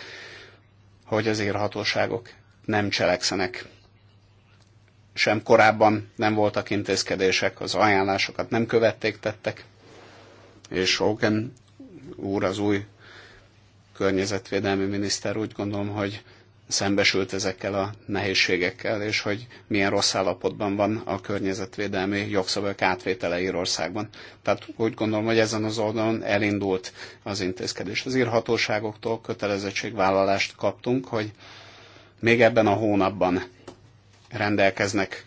hogy az írhatóságok nem cselekszenek sem korábban nem voltak intézkedések, az ajánlásokat nem követték tettek, és Hogan úr, az új környezetvédelmi miniszter úgy gondolom, hogy szembesült ezekkel a nehézségekkel, és hogy milyen rossz állapotban van a környezetvédelmi jogszabályok átvétele Írországban. Tehát úgy gondolom, hogy ezen az oldalon elindult az intézkedés. Az írhatóságoktól kötelezettségvállalást kaptunk, hogy még ebben a hónapban rendelkeznek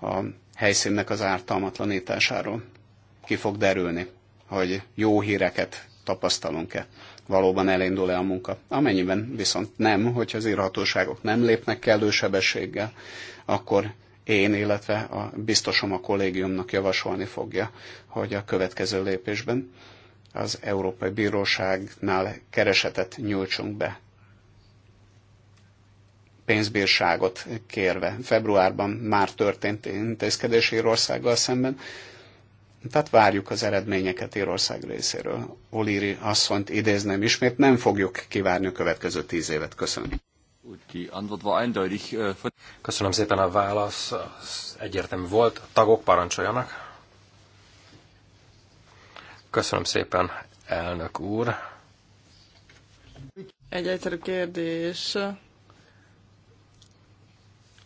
a helyszínnek az ártalmatlanításáról. Ki fog derülni, hogy jó híreket tapasztalunk-e, valóban elindul-e a munka. Amennyiben viszont nem, hogyha az írhatóságok nem lépnek kellő sebességgel, akkor én, illetve a biztosom a kollégiumnak javasolni fogja, hogy a következő lépésben az Európai Bíróságnál keresetet nyújtsunk be pénzbírságot kérve. Februárban már történt intézkedés Írországgal szemben. Tehát várjuk az eredményeket Írország részéről. Olíri asszonyt idézném ismét, nem fogjuk kivárni a következő tíz évet. Köszönöm.
Köszönöm szépen a válasz, az egyértelmű volt. A tagok parancsoljanak. Köszönöm szépen, elnök úr.
Egy egyszerű kérdés.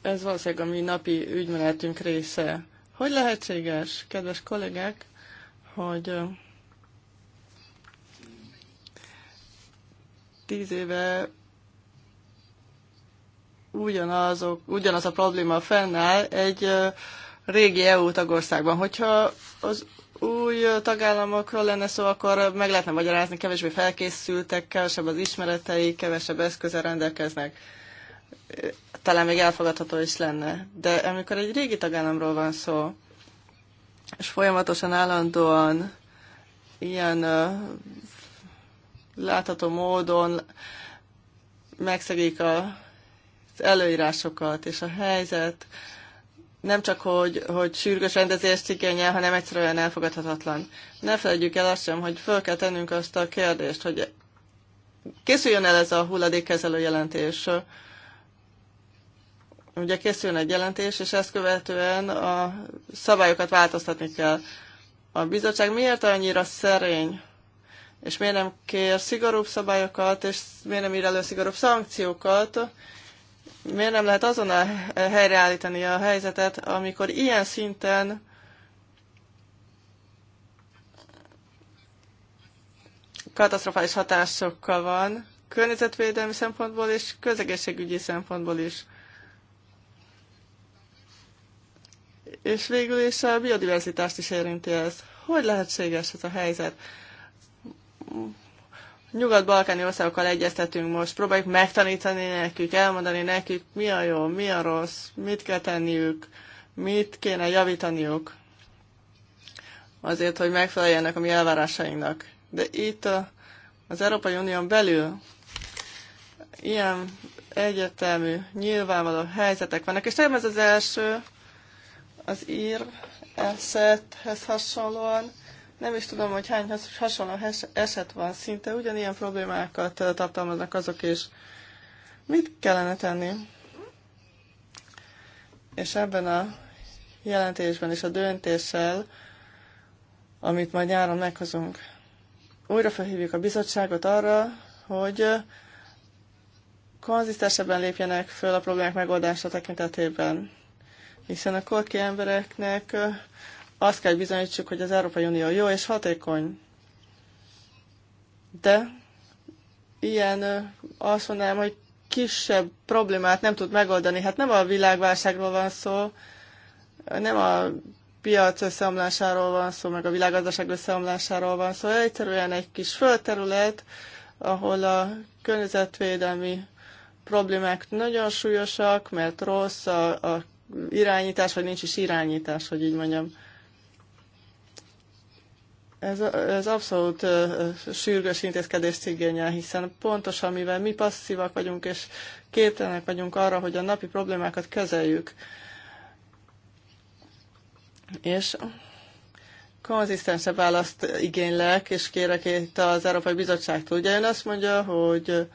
Ez valószínűleg a mi napi ügymenetünk része. Hogy lehetséges, kedves kollégák, hogy tíz éve ugyanazok, ugyanaz a probléma fennáll egy régi EU tagországban. Hogyha az új tagállamokról lenne szó, akkor meg lehetne magyarázni, kevésbé felkészültek, kevesebb az ismeretei, kevesebb eszköze rendelkeznek talán még elfogadható is lenne. De amikor egy régi tagállamról van szó, és folyamatosan állandóan ilyen látható módon megszegik a, az előírásokat, és a helyzet nem csak, hogy, hogy sürgős rendezést igényel, hanem egyszerűen elfogadhatatlan. Ne felejtjük el azt sem, hogy föl kell tennünk azt a kérdést, hogy készüljön el ez a hulladékkezelő jelentés, ugye készül egy jelentés, és ezt követően a szabályokat változtatni kell. A bizottság miért annyira szerény, és miért nem kér szigorúbb szabályokat, és miért nem ír elő szigorúbb szankciókat, miért nem lehet azonnal helyreállítani a helyzetet, amikor ilyen szinten katasztrofális hatásokkal van, környezetvédelmi szempontból és közegészségügyi szempontból is. És végül is a biodiverzitást is érinti ez. Hogy lehetséges ez a helyzet? Nyugat-balkáni országokkal egyeztetünk most, próbáljuk megtanítani nekik, elmondani nekik, mi a jó, mi a rossz, mit kell tenniük, mit kéne javítaniuk azért, hogy megfeleljenek a mi elvárásainknak. De itt a, az Európai Unión belül ilyen egyetemű, nyilvánvaló helyzetek vannak, és nem ez az első, az ír esethez hasonlóan, nem is tudom, hogy hány hasonló eset van, szinte ugyanilyen problémákat tartalmaznak azok is. Mit kellene tenni? És ebben a jelentésben és a döntéssel, amit majd nyáron meghozunk, újra felhívjuk a bizottságot arra, hogy konzisztensebben lépjenek föl a problémák megoldása tekintetében hiszen a korki embereknek azt kell bizonyítsuk, hogy az Európai Unió jó és hatékony. De ilyen azt mondanám, hogy kisebb problémát nem tud megoldani. Hát nem a világválságról van szó, nem a piac összeomlásáról van szó, meg a világgazdaság összeomlásáról van szó. Egyszerűen egy kis földterület, ahol a környezetvédelmi problémák nagyon súlyosak, mert rossz a, a irányítás, vagy nincs is irányítás, hogy így mondjam. Ez, ez abszolút ö, sürgős intézkedést igényel, hiszen pontosan mivel mi passzívak vagyunk, és képtelenek vagyunk arra, hogy a napi problémákat kezeljük, és konzisztensebb választ igénylek, és kérek itt az Európai Bizottságtól. Ugye ön azt mondja, hogy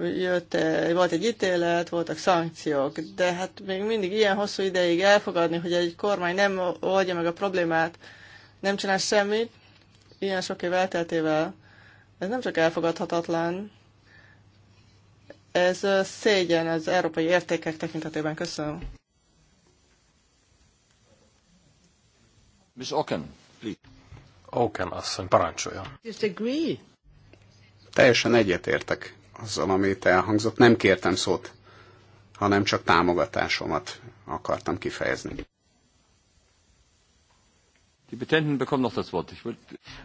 jött, e, volt egy ítélet, voltak szankciók, de hát még mindig ilyen hosszú ideig elfogadni, hogy egy kormány nem oldja meg a problémát, nem csinál semmit, ilyen sok év elteltével, ez nem csak elfogadhatatlan, ez szégyen az európai értékek tekintetében. Köszönöm.
Miss Oken, please. Oken asszony,
parancsoljon.
Disagree.
Teljesen egyetértek azzal, amit elhangzott. Nem kértem szót, hanem csak támogatásomat akartam kifejezni.
Die Petenten bekommen noch das Wort. Ich will...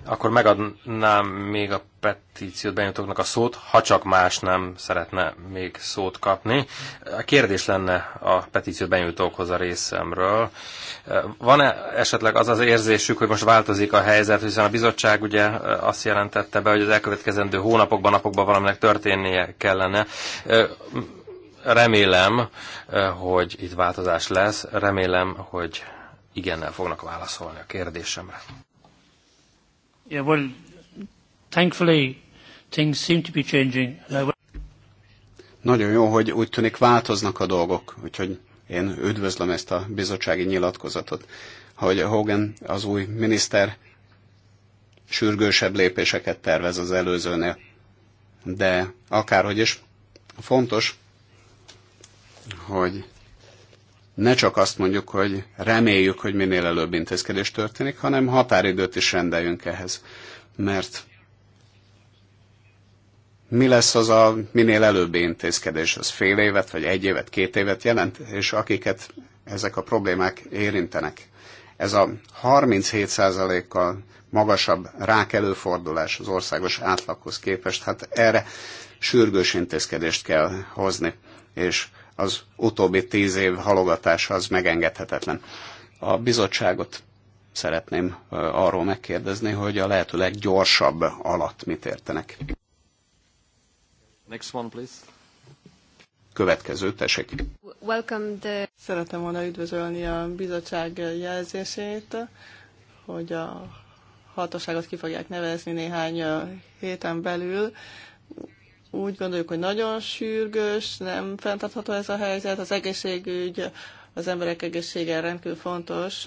Akkor megadnám még a petíciót benyújtóknak a szót, ha csak más nem szeretne még szót kapni. A kérdés lenne a petíciót benyújtókhoz a részemről. Van-e esetleg az az érzésük, hogy most változik a helyzet, hiszen a bizottság ugye azt jelentette be, hogy az elkövetkezendő hónapokban, napokban valaminek történnie kellene remélem, hogy itt változás lesz, remélem, hogy igennel fognak válaszolni a kérdésemre.
Yeah, well, thankfully things seem to be changing. Nagyon jó, hogy úgy tűnik változnak a dolgok, úgyhogy én üdvözlöm ezt a bizottsági nyilatkozatot, hogy Hogan az új miniszter sürgősebb lépéseket tervez az előzőnél. De akárhogy is, fontos, hogy ne csak azt mondjuk, hogy reméljük, hogy minél előbb intézkedés történik, hanem határidőt is rendeljünk ehhez. Mert mi lesz az a minél előbbi intézkedés? Az fél évet, vagy egy évet, két évet jelent, és akiket ezek a problémák érintenek. Ez a 37%-kal magasabb rák előfordulás az országos átlaghoz képest, hát erre sürgős intézkedést kell hozni, és az utóbbi tíz év halogatása az megengedhetetlen. A bizottságot szeretném arról megkérdezni, hogy a lehető leggyorsabb alatt mit értenek.
Next one, please.
Következő, tessék.
Welcome the... Szeretem volna üdvözölni a bizottság jelzését, hogy a hatóságot ki fogják nevezni néhány héten belül úgy gondoljuk, hogy nagyon sürgős, nem fenntartható ez a helyzet, az egészségügy, az emberek egészsége rendkívül fontos,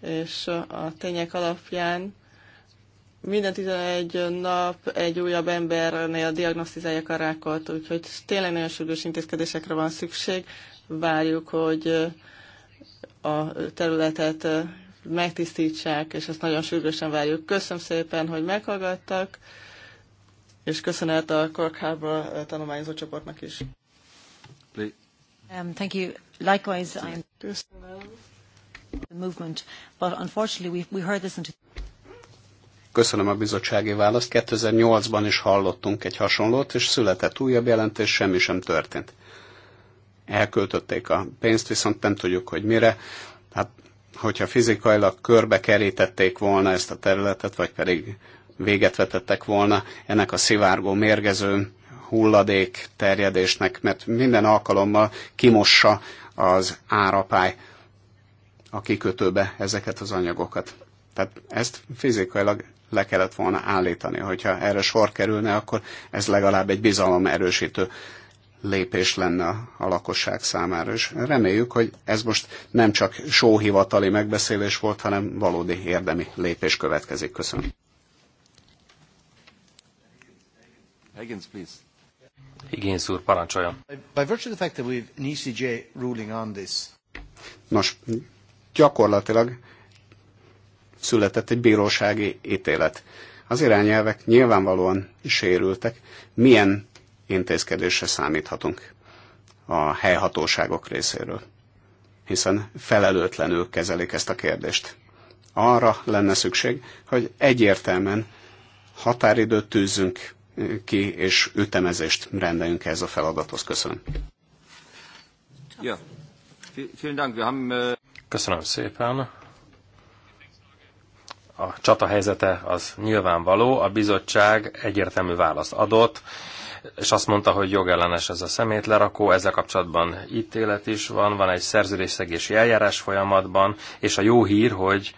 és a tények alapján minden 11 nap egy újabb embernél diagnosztizálják a rákot, úgyhogy tényleg nagyon sürgős intézkedésekre van szükség. Várjuk, hogy a területet megtisztítsák, és ezt nagyon sürgősen várjuk. Köszönöm szépen, hogy meghallgattak és köszönet a Cork Harbor eh, tanulmányozó csoportnak is. Um, thank you. Likewise, I'm the movement, but unfortunately we, we heard this in
Köszönöm a bizottsági választ. 2008-ban is hallottunk egy hasonlót, és született újabb jelentés, semmi sem történt. Elköltötték a pénzt, viszont nem tudjuk, hogy mire. Hát, hogyha fizikailag körbe kerítették volna ezt a területet, vagy pedig véget vetettek volna ennek a szivárgó mérgező hulladék terjedésnek, mert minden alkalommal kimossa az árapály a kikötőbe ezeket az anyagokat. Tehát ezt fizikailag le kellett volna állítani. Hogyha erre sor kerülne, akkor ez legalább egy bizalom erősítő lépés lenne a lakosság számára. És reméljük, hogy ez most nem csak sóhivatali megbeszélés volt, hanem valódi érdemi lépés következik. Köszönöm. Higgins, please.
Higgins úr, parancsolja.
By virtue of the fact that have an ECJ ruling on this. Nos, gyakorlatilag született egy bírósági ítélet. Az irányelvek nyilvánvalóan sérültek. Milyen intézkedésre számíthatunk a helyhatóságok részéről? Hiszen felelőtlenül kezelik ezt a kérdést. Arra lenne szükség, hogy egyértelműen határidőt tűzzünk ki és ütemezést rendeljünk ez a feladathoz. Köszönöm.
Ja. Äh, Köszönöm szépen. A csata helyzete az nyilvánvaló, a bizottság egyértelmű választ adott, és azt mondta, hogy jogellenes ez a szemétlerakó, ezzel kapcsolatban ítélet is van, van egy szerződésszegési eljárás folyamatban, és a jó hír, hogy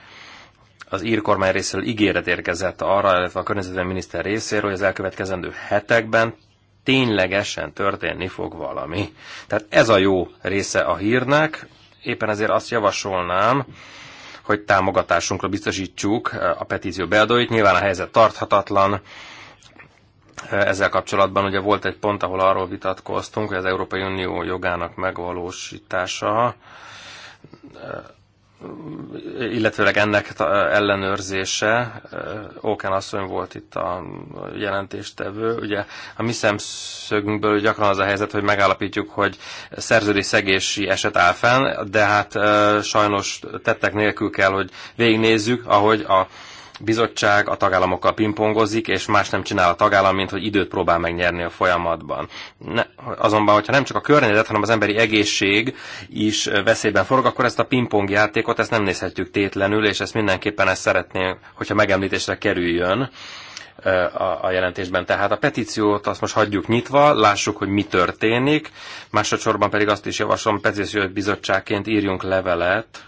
az ír kormány részéről ígéret érkezett arra, illetve a környezetben miniszter részéről, hogy az elkövetkezendő hetekben ténylegesen történni fog valami. Tehát ez a jó része a hírnek, éppen ezért azt javasolnám, hogy támogatásunkra biztosítsuk a petíció beadóit. Nyilván a helyzet tarthatatlan, ezzel kapcsolatban ugye volt egy pont, ahol arról vitatkoztunk, hogy az Európai Unió jogának megvalósítása illetőleg ennek ellenőrzése, Óken asszony volt itt a jelentéstevő, ugye a mi szemszögünkből gyakran az a helyzet, hogy megállapítjuk, hogy szerződi szegési eset áll fenn, de hát sajnos tettek nélkül kell, hogy végignézzük, ahogy a bizottság a tagállamokkal pingpongozik, és más nem csinál a tagállam, mint hogy időt próbál megnyerni a folyamatban. Ne, azonban, hogyha nem csak a környezet, hanem az emberi egészség is veszélyben forog, akkor ezt a pingpong játékot ezt nem nézhetjük tétlenül, és ezt mindenképpen ezt szeretném, hogyha megemlítésre kerüljön a, jelentésben. Tehát a petíciót azt most hagyjuk nyitva, lássuk, hogy mi történik. Másodszorban pedig azt is javaslom, petíciós bizottságként írjunk levelet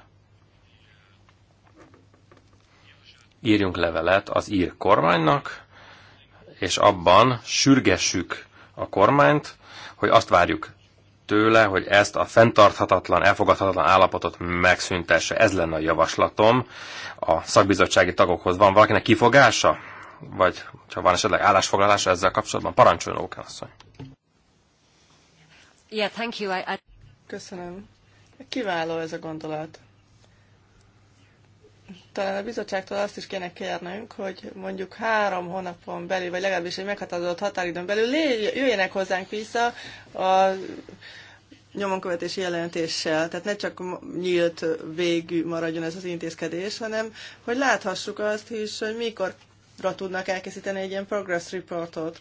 írjunk levelet az ír kormánynak, és abban sürgessük a kormányt, hogy azt várjuk tőle, hogy ezt a fenntarthatatlan, elfogadhatatlan állapotot megszüntesse. Ez lenne a javaslatom. A szakbizottsági tagokhoz van valakinek kifogása? Vagy ha van esetleg állásfoglalása ezzel kapcsolatban? Parancsoljon, Ókán asszony.
Yeah, thank you. I, I... Köszönöm. Kiváló ez a gondolat talán a bizottságtól azt is kéne kérnünk, hogy mondjuk három hónapon belül, vagy legalábbis egy meghatározott határidőn belül jöjjenek hozzánk vissza a nyomonkövetési jelentéssel. Tehát ne csak nyílt végű maradjon ez az intézkedés, hanem hogy láthassuk azt is, hogy mikor tudnak elkészíteni egy ilyen progress reportot.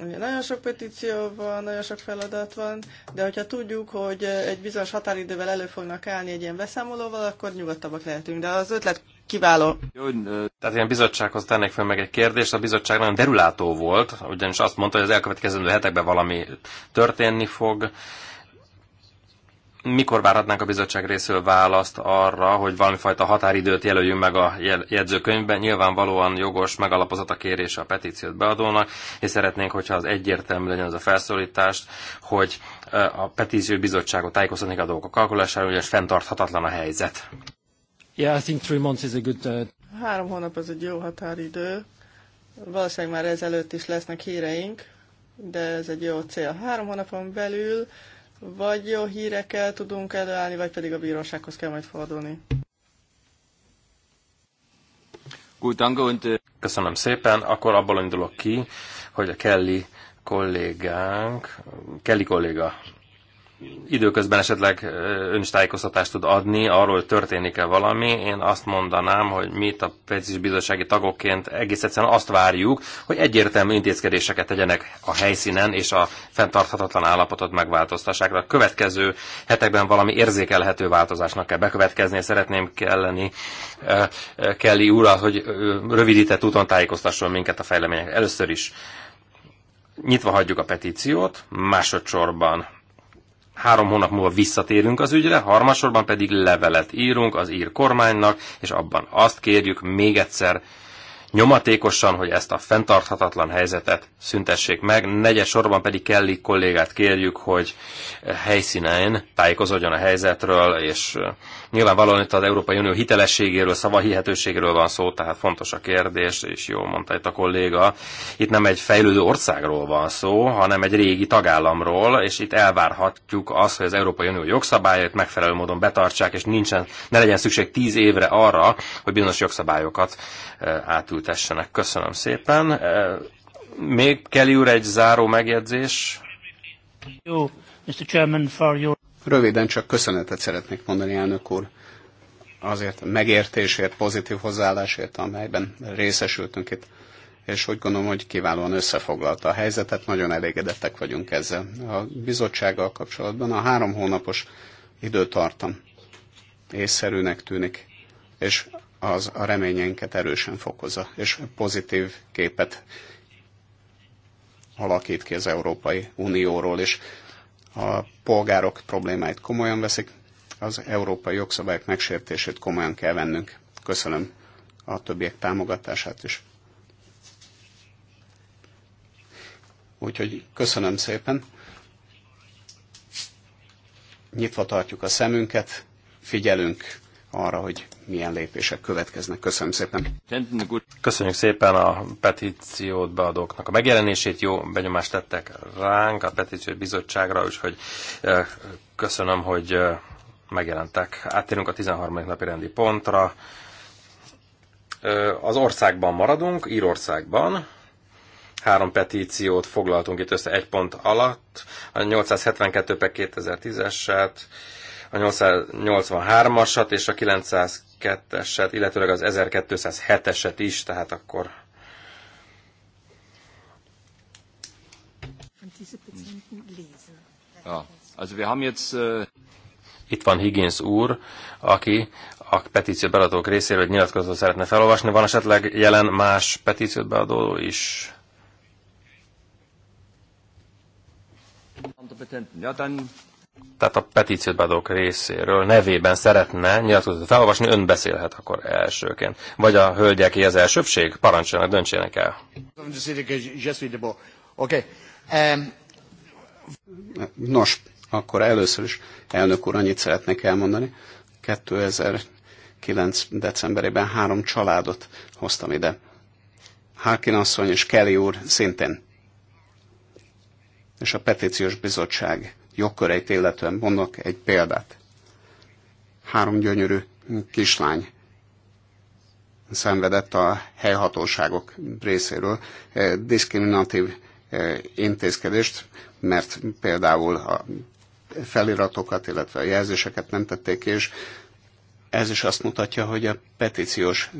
Ugye nagyon sok petíció van, nagyon sok feladat van, de hogyha tudjuk, hogy egy bizonyos határidővel elő fognak állni egy ilyen beszámolóval, akkor nyugodtabbak lehetünk. De az ötlet
kiváló. Jó, Tehát ilyen bizottsághoz tennék fel meg egy kérdést. A bizottság nagyon derülátó volt, ugyanis azt mondta, hogy az elkövetkezendő hetekben valami történni fog mikor várhatnánk a bizottság részéről választ arra, hogy valamifajta határidőt jelöljünk meg a jegyzőkönyvben? Nyilvánvalóan jogos, megalapozott a kérése a petíciót beadónak, és szeretnénk, hogyha az egyértelmű legyen az a felszólítást, hogy a petíció bizottságot tájékoztatni a dolgok kalkulásáról, és fenntarthatatlan a helyzet. Yeah, I think three months is a good, uh...
Három hónap az egy jó határidő. Valószínűleg már ezelőtt is lesznek híreink, de ez egy jó cél. Három hónapon belül vagy jó hírekkel tudunk előállni, vagy pedig a bírósághoz kell majd fordulni.
Äh, Köszönöm szépen. Akkor abból indulok ki, hogy a Kelly kollégánk, Kelly kolléga időközben esetleg ön is tájékoztatást tud adni arról, hogy történik-e valami. Én azt mondanám, hogy mi itt a petíciós bizottsági tagokként egész egyszerűen azt várjuk, hogy egyértelmű intézkedéseket tegyenek a helyszínen, és a fenntarthatatlan állapotot megváltoztassák. a következő hetekben valami érzékelhető változásnak kell bekövetkezni. Szeretném kelleni Kelly urat, hogy rövidített úton tájékoztasson minket a fejlemények. Először is nyitva hagyjuk a petíciót, másodszorban Három hónap múlva visszatérünk az ügyre, harmasorban pedig levelet írunk az ír kormánynak, és abban azt kérjük még egyszer, nyomatékosan, hogy ezt a fenntarthatatlan helyzetet szüntessék meg. Negyes sorban pedig Kelly kollégát kérjük, hogy helyszínen tájékozódjon a helyzetről, és nyilvánvalóan itt az Európai Unió hitelességéről, szavahihetőségéről van szó, tehát fontos a kérdés, és jó mondta itt a kolléga. Itt nem egy fejlődő országról van szó, hanem egy régi tagállamról, és itt elvárhatjuk azt, hogy az Európai Unió jogszabályait megfelelő módon betartsák, és nincsen, ne legyen szükség tíz évre arra, hogy bizonyos jogszabályokat átül ültessenek. Köszönöm szépen. E, még Kelly úr egy záró megjegyzés.
Jó, Mr. Chairman, for your... Röviden csak köszönetet szeretnék mondani, elnök úr, azért megértésért, pozitív hozzáállásért, amelyben részesültünk itt és úgy gondolom, hogy kiválóan összefoglalta a helyzetet, nagyon elégedettek vagyunk ezzel. A bizottsággal kapcsolatban a három hónapos időtartam észszerűnek tűnik, és az a reményeinket erősen fokozza, és pozitív képet alakít ki az Európai Unióról, és a polgárok problémáit komolyan veszik, az európai jogszabályok megsértését komolyan kell vennünk. Köszönöm a többiek támogatását is. Úgyhogy köszönöm szépen. Nyitva tartjuk a szemünket, figyelünk arra, hogy milyen lépések következnek. Köszönöm szépen.
Köszönjük szépen a
petíciót
beadóknak a megjelenését. Jó benyomást tettek ránk a petíció bizottságra, úgyhogy eh, köszönöm, hogy eh, megjelentek. Áttérünk a 13. napi rendi pontra. Eh, az országban maradunk, Írországban. Három petíciót foglaltunk itt össze egy pont alatt. A 872 per 2010-eset, a 883-asat és a 902-eset, illetőleg az 1207-eset is, tehát akkor Ja. Also wir haben jetzt, uh... Itt van Higgins úr, aki a petíció beadók részéről egy nyilatkozatot szeretne felolvasni. Van esetleg jelen más petíciót beadó is? Ja, dann tehát a petíciót beadók részéről nevében szeretne nyilatkozatot felolvasni, ön beszélhet akkor elsőként. Vagy a hölgyeké az elsőbség? Parancsoljanak, döntsének el.
Um, Nos, akkor először is elnök úr annyit szeretnék elmondani. 2009. decemberében három családot hoztam ide. Harkin asszony és Kelly úr szintén. És a petíciós bizottság jogköreit illetően mondok egy példát. Három gyönyörű kislány szenvedett a helyhatóságok részéről eh, diszkriminatív eh, intézkedést, mert például a feliratokat, illetve a jelzéseket nem tették, és ez is azt mutatja, hogy a petíciós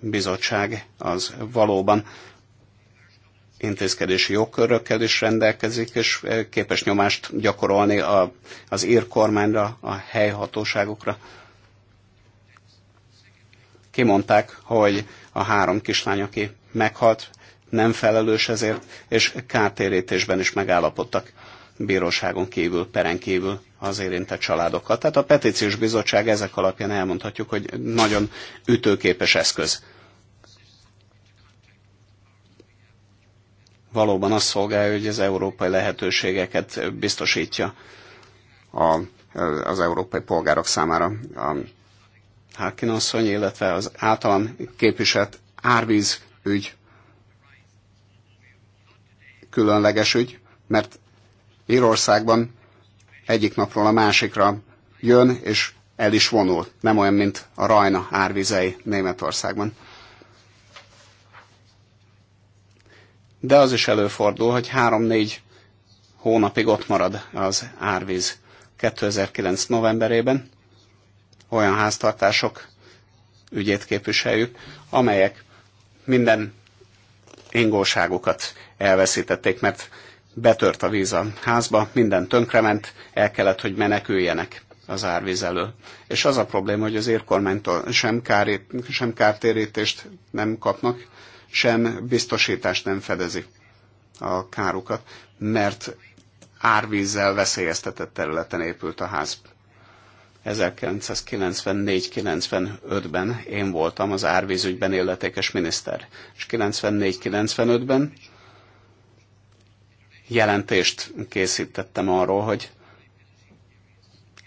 bizottság az valóban intézkedési jogkörökkel is rendelkezik, és eh, képes nyomást gyakorolni a, az ír kormányra, a helyhatóságokra. Kimondták, hogy a három kislány, aki meghalt, nem felelős ezért, és kártérítésben is megállapodtak bíróságon kívül, peren kívül az érintett családokat. Tehát a petíciós bizottság ezek alapján elmondhatjuk, hogy nagyon ütőképes eszköz valóban azt szolgálja, hogy az európai lehetőségeket biztosítja a, az európai polgárok számára. A Harkin asszony, illetve az általam képviselt árvíz ügy különleges ügy, mert Írországban egyik napról a másikra jön, és el is vonul. Nem olyan, mint a Rajna árvizei Németországban. de az is előfordul, hogy három-négy hónapig ott marad az árvíz. 2009. novemberében olyan háztartások ügyét képviseljük, amelyek minden ingóságukat elveszítették, mert betört a víz a házba, minden tönkrement, el kellett, hogy meneküljenek az árvíz elől. És az a probléma, hogy az érkormánytól sem, kárít, sem kártérítést nem kapnak, sem biztosítást nem fedezi a kárukat, mert árvízzel veszélyeztetett területen épült a ház. 1994-95-ben én voltam az árvízügyben illetékes miniszter, és 94-95-ben jelentést készítettem arról, hogy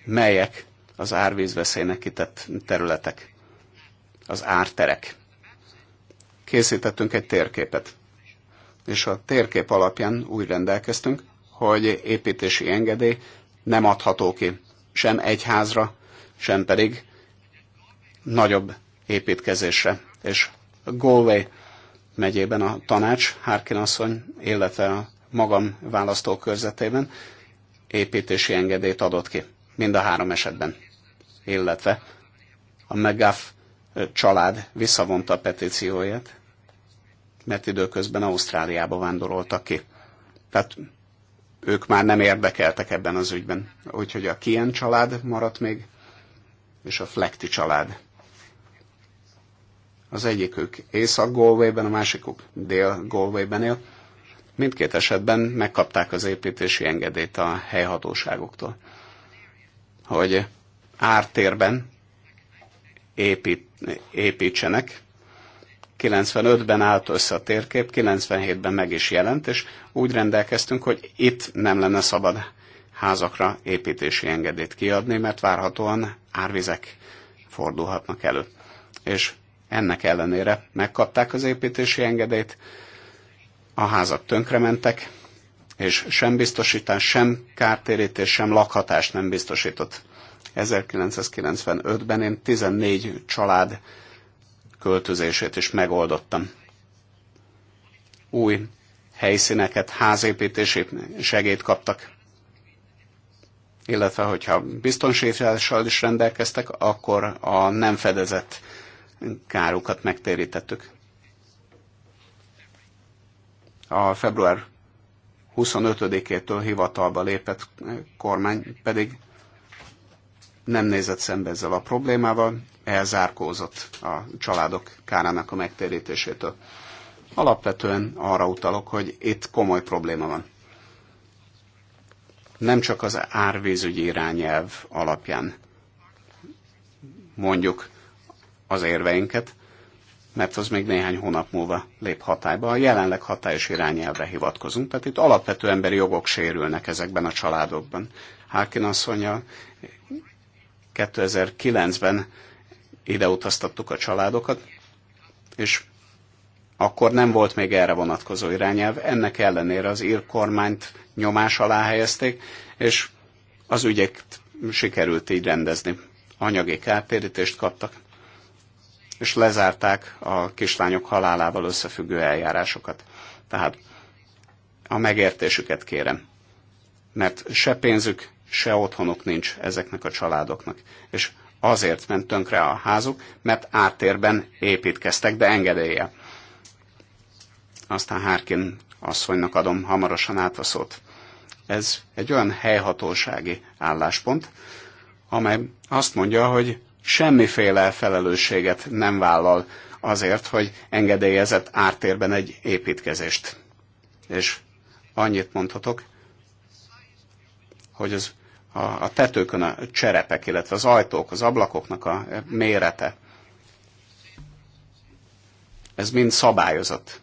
melyek az árvízveszélynek kitett területek, az árterek készítettünk egy térképet. És a térkép alapján úgy rendelkeztünk, hogy építési engedély nem adható ki sem egy házra, sem pedig nagyobb építkezésre. És Galway megyében a tanács, Harkin asszony, illetve a magam választókörzetében építési engedélyt adott ki. Mind a három esetben. Illetve a McGuff család visszavonta a petícióját, mert időközben Ausztráliába vándoroltak ki. Tehát ők már nem érdekeltek ebben az ügyben. Úgyhogy a Kien család maradt még, és a Flekti család. Az egyikük Észak-Galwayben, a másikuk Dél-Galwayben él. Mindkét esetben megkapták az építési engedélyt a helyhatóságoktól, hogy ártérben épít, építsenek. 95-ben állt össze a térkép, 97-ben meg is jelent, és úgy rendelkeztünk, hogy itt nem lenne szabad házakra építési engedélyt kiadni, mert várhatóan árvizek fordulhatnak elő. És ennek ellenére megkapták az építési engedélyt, a házak tönkrementek, és sem biztosítás, sem kártérítés, sem lakhatást nem biztosított 1995-ben én 14 család költözését is megoldottam. Új helyszíneket, házépítési segét kaptak, illetve hogyha biztonságossal is rendelkeztek, akkor a nem fedezett kárukat megtérítettük. A február 25-től hivatalba lépett kormány pedig nem nézett szembe ezzel a problémával, elzárkózott a családok kárának a megtérítésétől. Alapvetően arra utalok, hogy itt komoly probléma van. Nem csak az árvízügyi irányelv alapján mondjuk az érveinket, mert az még néhány hónap múlva lép hatályba. A jelenleg hatályos irányelvre hivatkozunk, tehát itt alapvető emberi jogok sérülnek ezekben a családokban. Hákin asszonya 2009-ben ide utaztattuk a családokat, és akkor nem volt még erre vonatkozó irányelv, ennek ellenére az ír kormányt nyomás alá helyezték, és az ügyek sikerült így rendezni. Anyagi kártérítést kaptak, és lezárták a kislányok halálával összefüggő eljárásokat. Tehát a megértésüket kérem, mert se pénzük, se otthonuk nincs ezeknek a családoknak. És azért ment tönkre a házuk, mert ártérben építkeztek, de engedélye. Aztán Hárkin asszonynak adom hamarosan át a szót. Ez egy olyan helyhatósági álláspont, amely azt mondja, hogy semmiféle felelősséget nem vállal azért, hogy engedélyezett ártérben egy építkezést. És annyit mondhatok, hogy az, a, a tetőkön a cserepek, illetve az ajtók, az ablakoknak a mérete, ez mind szabályozott.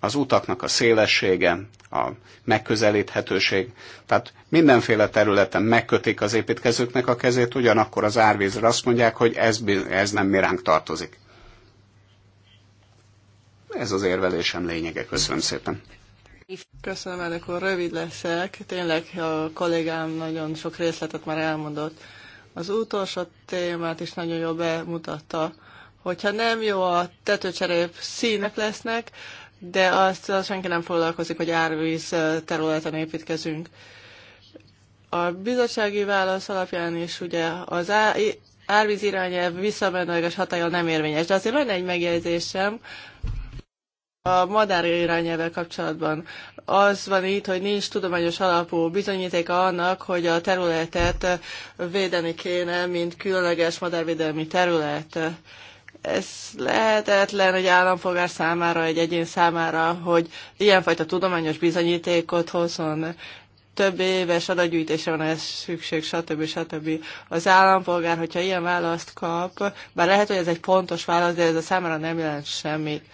Az utaknak a szélessége, a megközelíthetőség, tehát mindenféle területen megkötik az építkezőknek a kezét, ugyanakkor az árvízre azt mondják, hogy ez, ez nem mi ránk tartozik. Ez az érvelésem lényege. Köszönöm szépen.
Köszönöm, elnök úr, rövid leszek. Tényleg a kollégám nagyon sok részletet már elmondott. Az utolsó témát is nagyon jól bemutatta, hogyha nem jó a tetőcserép színek lesznek, de azt, azt senki nem foglalkozik, hogy árvíz területen építkezünk. A bizottsági válasz alapján is ugye az árvíz irányelv visszamenőleges hatája nem érvényes, de azért lenne egy megjegyzésem, a madár irányelvel kapcsolatban. Az van itt, hogy nincs tudományos alapú bizonyítéka annak, hogy a területet védeni kéne, mint különleges madárvédelmi terület. Ez lehetetlen egy állampolgár számára, egy egyén számára, hogy ilyenfajta tudományos bizonyítékot hozzon több éves adatgyűjtésre van ez szükség, stb. stb. Az állampolgár, hogyha ilyen választ kap, bár lehet, hogy ez egy pontos válasz, de ez a számára nem jelent semmit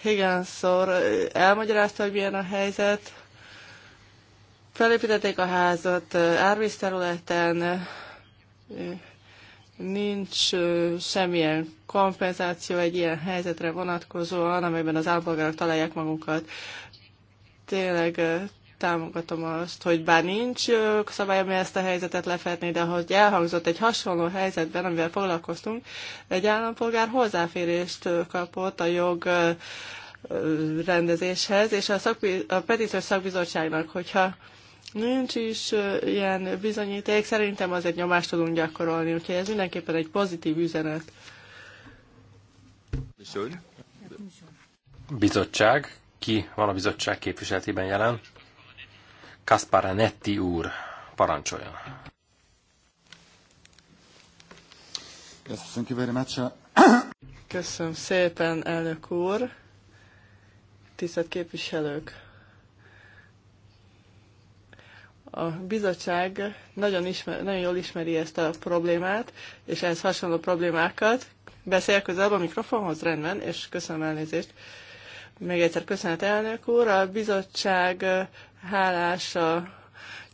Higginszor elmagyarázta, hogy milyen a helyzet. Felépítették a házat árvíz területen, nincs semmilyen kompenzáció egy ilyen helyzetre vonatkozóan, amelyben az állampolgárok találják magukat. Tényleg támogatom azt, hogy bár nincs szabály, ami ezt a helyzetet lefetné, de ahogy elhangzott egy hasonló helyzetben, amivel foglalkoztunk, egy állampolgár hozzáférést kapott a jog rendezéshez, és a, szakbiz- a petíciós szakbizottságnak, hogyha nincs is ilyen bizonyíték, szerintem azért nyomást tudunk gyakorolni, úgyhogy ez mindenképpen egy pozitív üzenet.
Bizottság, ki van a bizottság képviseletében jelen? Kasparanetti úr, parancsoljon.
Köszönöm szépen, elnök úr. Tisztelt képviselők! a bizottság nagyon, ismer, nagyon jól ismeri ezt a problémát, és ehhez hasonló problémákat. Beszél közelebb a mikrofonhoz, rendben, és köszönöm elnézést. Még egyszer köszönet elnök úr, a bizottság hálás a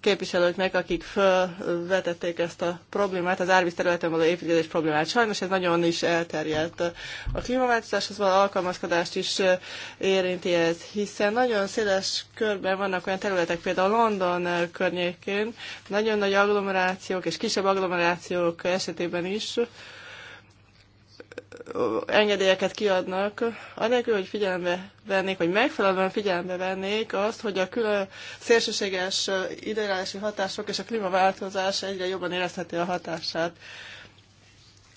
képviselőknek, akik felvetették ezt a problémát, az árvíz területen való építkezés problémát. Sajnos ez nagyon is elterjedt. A klímaváltozáshoz való alkalmazkodást is érinti ez, hiszen nagyon széles körben vannak olyan területek, például London környékén, nagyon nagy agglomerációk és kisebb agglomerációk esetében is, engedélyeket kiadnak, anélkül, hogy figyelembe vennék, vagy megfelelően figyelembe vennék azt, hogy a külön szélsőséges időjárási hatások és a klímaváltozás egyre jobban érezheti a hatását.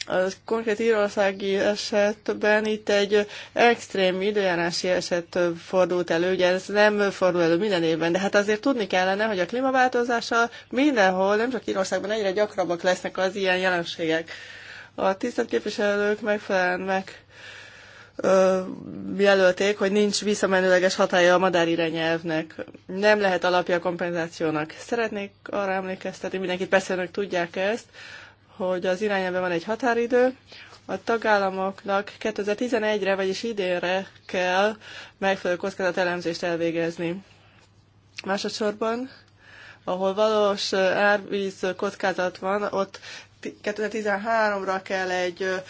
A konkrét írországi esetben itt egy extrém időjárási eset fordult elő, ugye ez nem fordul elő minden évben, de hát azért tudni kellene, hogy a klímaváltozással mindenhol, nem csak Írországban egyre gyakrabbak lesznek az ilyen jelenségek a tisztelt képviselők megfelelően meg jelölték, hogy nincs visszamenőleges hatája a madár irányelvnek. Nem lehet alapja a kompenzációnak. Szeretnék arra emlékeztetni, mindenkit persze önök tudják ezt, hogy az irányelve van egy határidő, a tagállamoknak 2011-re, vagyis idénre kell megfelelő elemzést elvégezni. Másodszorban, ahol valós árvíz kockázat van, ott 2013-ra kell egy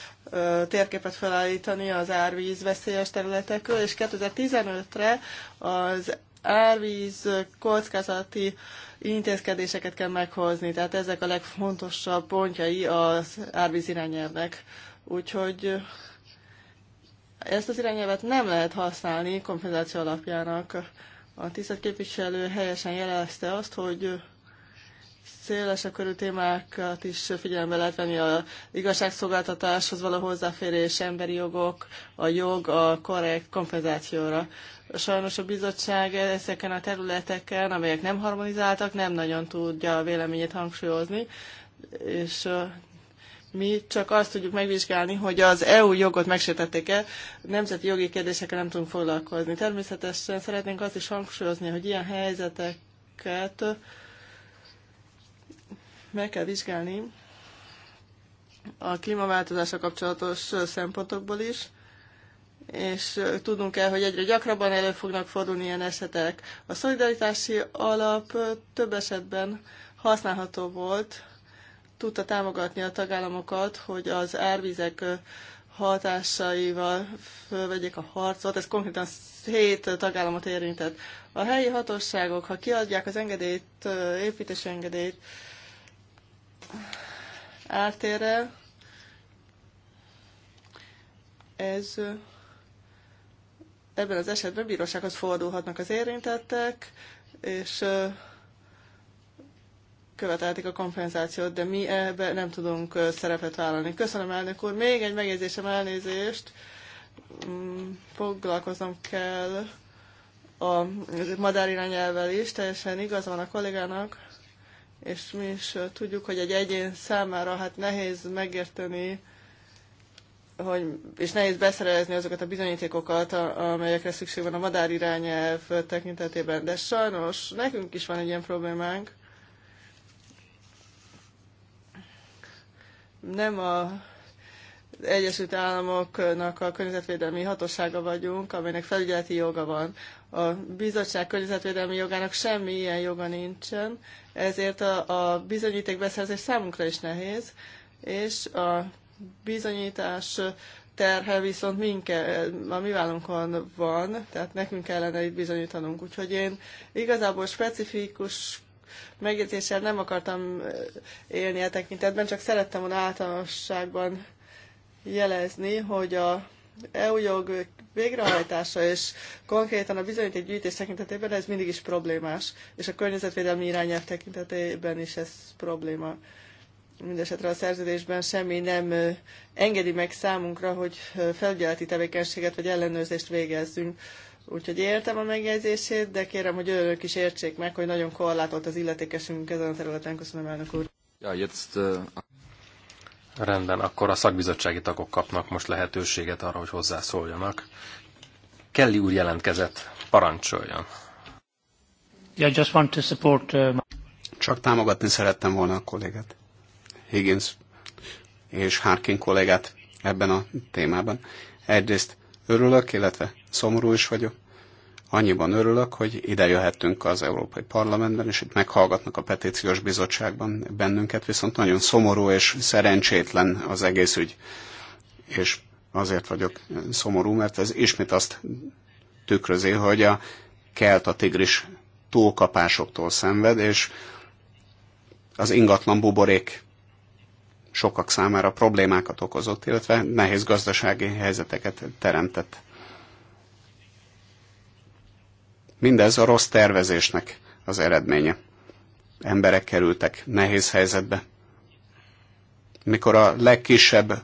térképet felállítani az árvíz veszélyes területekről, és 2015-re az árvíz kockázati intézkedéseket kell meghozni. Tehát ezek a legfontosabb pontjai az árvíz irányelvnek. Úgyhogy ezt az irányelvet nem lehet használni kompenzáció alapjának. A tisztelt képviselő helyesen jelezte azt, hogy szélesebb körű témákat is figyelembe lehet venni, a igazságszolgáltatáshoz való hozzáférés, emberi jogok, a jog, a korrekt kompenzációra. Sajnos a bizottság ezeken a területeken, amelyek nem harmonizáltak, nem nagyon tudja a véleményét hangsúlyozni, és mi csak azt tudjuk megvizsgálni, hogy az EU jogot megsértették-e, nemzeti jogi kérdésekkel nem tudunk foglalkozni. Természetesen szeretnénk azt is hangsúlyozni, hogy ilyen helyzeteket meg kell vizsgálni a klímaváltozásra kapcsolatos szempontokból is, és tudnunk kell, hogy egyre gyakrabban elő fognak fordulni ilyen esetek. A szolidaritási alap több esetben használható volt, tudta támogatni a tagállamokat, hogy az árvizek hatásaival fölvegyék a harcot. Ez konkrétan hét tagállamot érintett. A helyi hatóságok, ha kiadják az engedélyt, építési engedélyt, ártérre. Ez ebben az esetben bírósághoz fordulhatnak az érintettek, és követelték a kompenzációt, de mi ebben nem tudunk szerepet vállalni. Köszönöm, elnök úr. Még egy megjegyzésem elnézést. Mm, foglalkoznom kell a madár is, teljesen igaz van a kollégának és mi is tudjuk, hogy egy egyén számára hát nehéz megérteni, hogy, és nehéz beszerezni azokat a bizonyítékokat, amelyekre szükség van a madár irányelv tekintetében. De sajnos nekünk is van egy ilyen problémánk. Nem a Egyesült Államoknak a környezetvédelmi hatósága vagyunk, amelynek felügyeleti joga van. A bizottság környezetvédelmi jogának semmi ilyen joga nincsen, ezért a, a beszerzés számunkra is nehéz, és a bizonyítás terhe viszont minke, a mi vállunkon van, tehát nekünk kellene itt bizonyítanunk. Úgyhogy én igazából specifikus megjegyzéssel nem akartam eh, élni a e tekintetben, csak szerettem volna általánosságban jelezni, hogy a EU jog végrehajtása és konkrétan a gyűjtés tekintetében ez mindig is problémás, és a környezetvédelmi irányelv tekintetében is ez probléma. Mindenesetre a szerződésben semmi nem engedi meg számunkra, hogy felügyeleti tevékenységet vagy ellenőrzést végezzünk. Úgyhogy értem a megjegyzését, de kérem, hogy önök is értsék meg, hogy nagyon korlátolt az illetékesünk ezen a területen. Köszönöm, elnök úr.
Ja, jetzt, uh... Rendben, akkor a szakbizottsági tagok kapnak most lehetőséget arra, hogy hozzászóljanak. Kelly úr jelentkezett, parancsoljon.
Yeah, just want to support, uh... Csak támogatni szerettem volna a kollégát. Higgins és Harkin kollégát ebben a témában. Egyrészt örülök, illetve szomorú is vagyok, annyiban örülök, hogy ide jöhettünk az Európai Parlamentben, és itt meghallgatnak a petíciós bizottságban bennünket, viszont nagyon szomorú és szerencsétlen az egész ügy. És azért vagyok szomorú, mert ez ismét azt tükrözi, hogy a kelt a tigris túlkapásoktól szenved, és az ingatlan buborék sokak számára problémákat okozott, illetve nehéz gazdasági helyzeteket teremtett Mindez a rossz tervezésnek az eredménye. Emberek kerültek nehéz helyzetbe. Mikor a legkisebb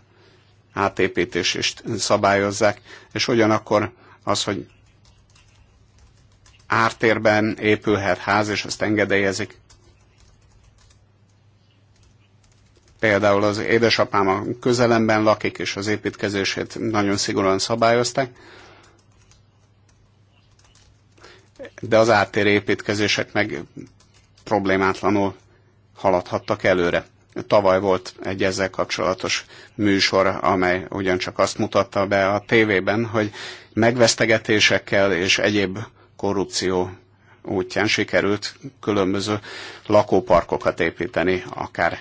átépítést szabályozzák, és ugyanakkor az, hogy ártérben épülhet ház, és ezt engedélyezik. Például az édesapám a közelemben lakik, és az építkezését nagyon szigorúan szabályozták de az ártéri építkezések meg problémátlanul haladhattak előre. Tavaly volt egy ezzel kapcsolatos műsor, amely ugyancsak azt mutatta be a tévében, hogy megvesztegetésekkel és egyéb korrupció útján sikerült különböző lakóparkokat építeni, akár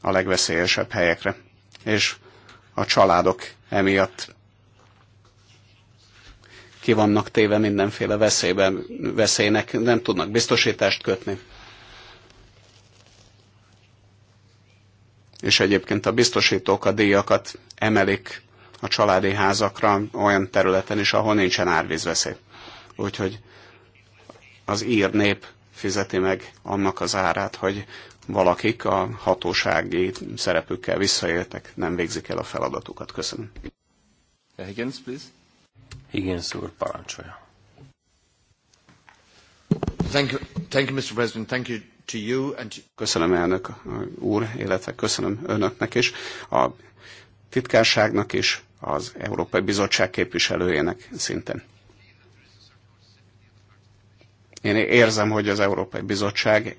a legveszélyesebb helyekre. És a családok emiatt ki vannak téve mindenféle veszélyben, veszélynek, nem tudnak biztosítást kötni. És egyébként a biztosítók a díjakat emelik a családi házakra olyan területen is, ahol nincsen árvízveszély. Úgyhogy az ír nép fizeti meg annak az árát, hogy valakik a hatósági szerepükkel visszaéltek, nem végzik el a feladatukat. Köszönöm. Higgins, please. Igen, szúr, parancsolja. Thank you, thank you, Mr. President. Thank you to you and to... Köszönöm elnök úr, illetve köszönöm önöknek is, a titkárságnak is, az Európai Bizottság képviselőjének szinten. Én érzem, hogy az Európai Bizottság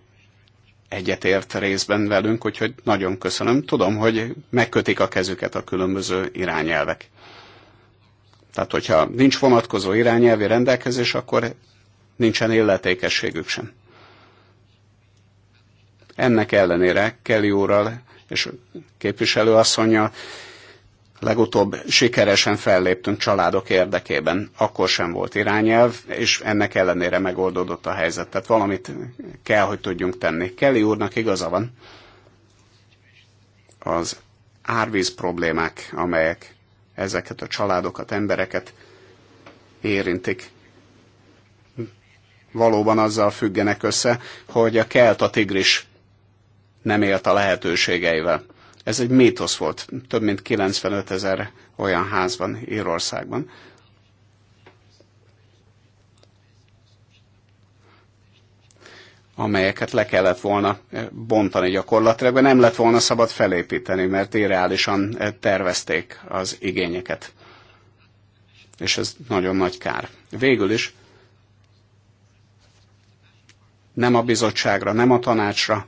egyetért részben velünk, úgyhogy nagyon köszönöm. Tudom, hogy megkötik a kezüket a különböző irányelvek. Tehát, hogyha nincs vonatkozó irányelvi rendelkezés, akkor nincsen illetékességük sem. Ennek ellenére Kelly úrral és képviselőasszonynal legutóbb sikeresen felléptünk családok érdekében. Akkor sem volt irányelv, és ennek ellenére megoldódott a helyzet. Tehát valamit kell, hogy tudjunk tenni. Kelly úrnak igaza van. Az árvíz problémák, amelyek ezeket a családokat, embereket érintik. Valóban azzal függenek össze, hogy a kelt a tigris nem élt a lehetőségeivel. Ez egy mítosz volt. Több mint 95 ezer olyan ház van Írországban, amelyeket le kellett volna eh, bontani gyakorlatilag, nem lett volna szabad felépíteni, mert irreálisan eh, tervezték az igényeket. És ez nagyon nagy kár. Végül is nem a bizottságra, nem a tanácsra,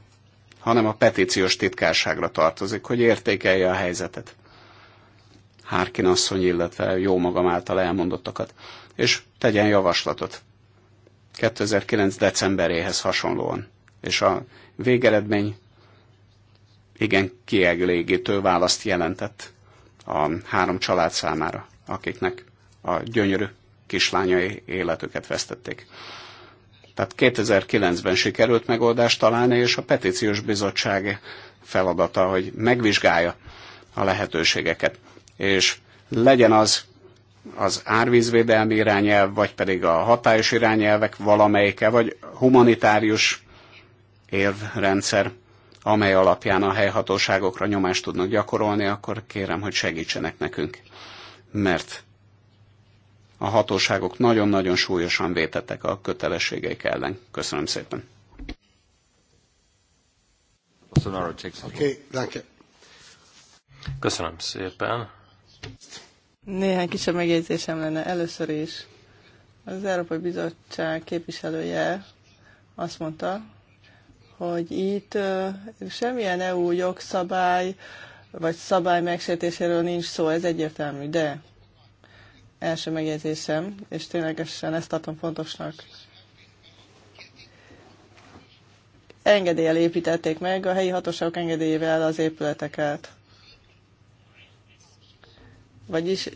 hanem a petíciós titkárságra tartozik, hogy értékelje a helyzetet. Hárkin asszony, illetve jó magam által elmondottakat, és tegyen javaslatot 2009. decemberéhez hasonlóan. És a végeredmény igen kielégítő választ jelentett a három család számára, akiknek a gyönyörű kislányai életüket vesztették. Tehát 2009-ben sikerült megoldást találni, és a petíciós bizottság feladata, hogy megvizsgálja a lehetőségeket, és legyen az az árvízvédelmi irányelv, vagy pedig a hatályos irányelvek valamelyike, vagy humanitárius érvrendszer, amely alapján a helyhatóságokra nyomást tudnak gyakorolni, akkor kérem, hogy segítsenek nekünk. Mert a hatóságok nagyon-nagyon súlyosan vétettek a kötelességeik ellen. Köszönöm szépen.
Köszönöm szépen.
Néhány kisebb megjegyzésem lenne először is. Az Európai Bizottság képviselője azt mondta, hogy itt semmilyen EU jogszabály vagy szabály megsértéséről nincs szó, ez egyértelmű, de első megjegyzésem, és ténylegesen ezt tartom fontosnak. Engedéllyel építették meg, a helyi hatóságok engedélyével az épületeket vagyis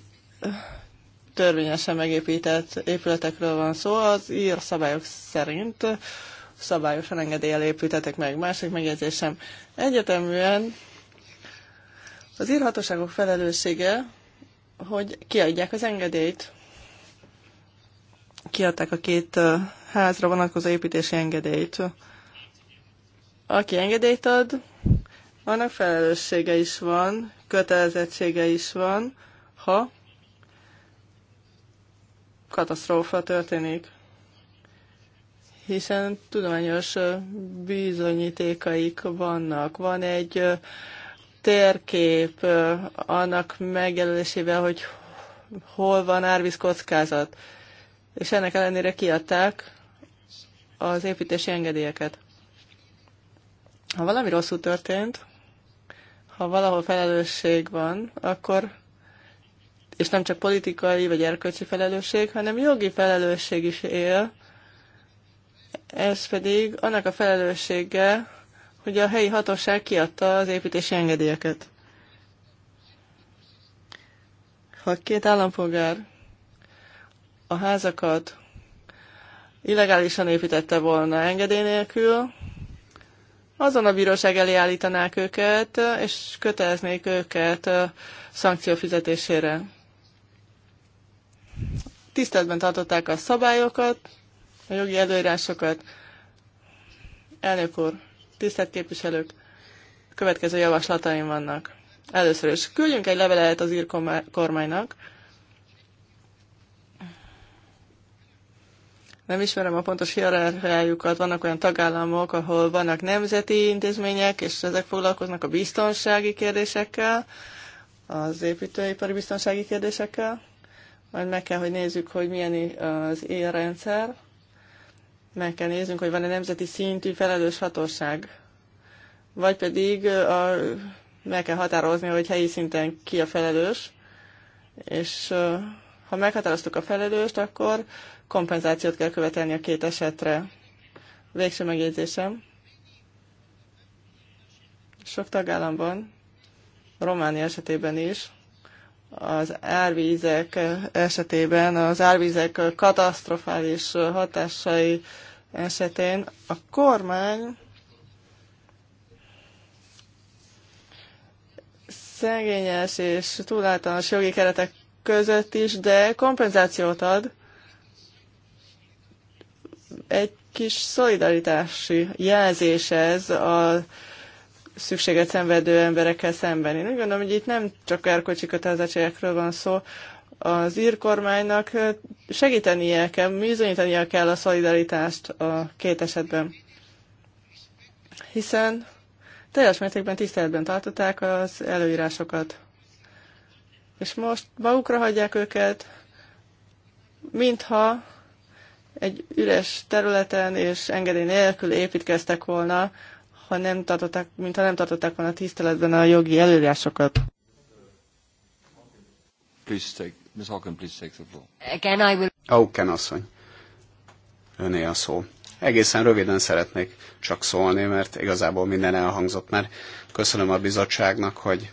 törvényesen megépített épületekről van szó, az ír szabályok szerint szabályosan engedélyel építetek meg. Másik megjegyzésem. Egyeteműen az írhatóságok felelőssége, hogy kiadják az engedélyt. Kiadták a két házra vonatkozó építési engedélyt. Aki engedélyt ad, annak felelőssége is van, kötelezettsége is van, ha katasztrófa történik. Hiszen tudományos bizonyítékaik vannak. Van egy térkép annak megjelölésével, hogy hol van árvíz kockázat. És ennek ellenére kiadták az építési engedélyeket. Ha valami rosszul történt, ha valahol felelősség van, akkor és nem csak politikai vagy erkölcsi felelősség, hanem jogi felelősség is él. Ez pedig annak a felelőssége, hogy a helyi hatóság kiadta az építési engedélyeket. Ha két állampolgár a házakat illegálisan építette volna engedély nélkül, azon a bíróság elé állítanák őket, és köteleznék őket szankció fizetésére tiszteletben tartották a szabályokat, a jogi előírásokat. Elnök úr, tisztelt képviselők, következő javaslataim vannak. Először is küldjünk egy levelet az ír kormánynak. Nem ismerem a pontos hierarchiájukat, vannak olyan tagállamok, ahol vannak nemzeti intézmények, és ezek foglalkoznak a biztonsági kérdésekkel, az építőipari biztonsági kérdésekkel. Majd meg kell, hogy nézzük, hogy milyen az élrendszer. Meg kell néznünk, hogy van-e nemzeti szintű felelős hatóság. Vagy pedig a, meg kell határozni, hogy helyi szinten ki a felelős. És ha meghatároztuk a felelőst, akkor kompenzációt kell követelni a két esetre. Végső megjegyzésem. Sok tagállamban, Románia esetében is, az árvízek esetében, az árvízek katasztrofális hatásai esetén a kormány szegényes és túláltalános jogi keretek között is, de kompenzációt ad egy kis szolidaritási jelzés ez a szükséget szenvedő emberekkel szemben. Én úgy gondolom, hogy itt nem csak erkölcsi kötelezettségekről van szó, az ír kormánynak segítenie kell, bizonyítania kell a szolidaritást a két esetben. Hiszen teljes mértékben tiszteletben tartották az előírásokat. És most magukra hagyják őket, mintha egy üres területen és engedély nélkül építkeztek volna, ha nem tartották, ha nem tartották volna tiszteletben a jogi előírásokat.
Please take, Ms. Hawken, please take the floor. Again, I will... Hawken asszony. Öné a szó. Egészen röviden szeretnék csak szólni, mert igazából minden elhangzott Mert Köszönöm a bizottságnak, hogy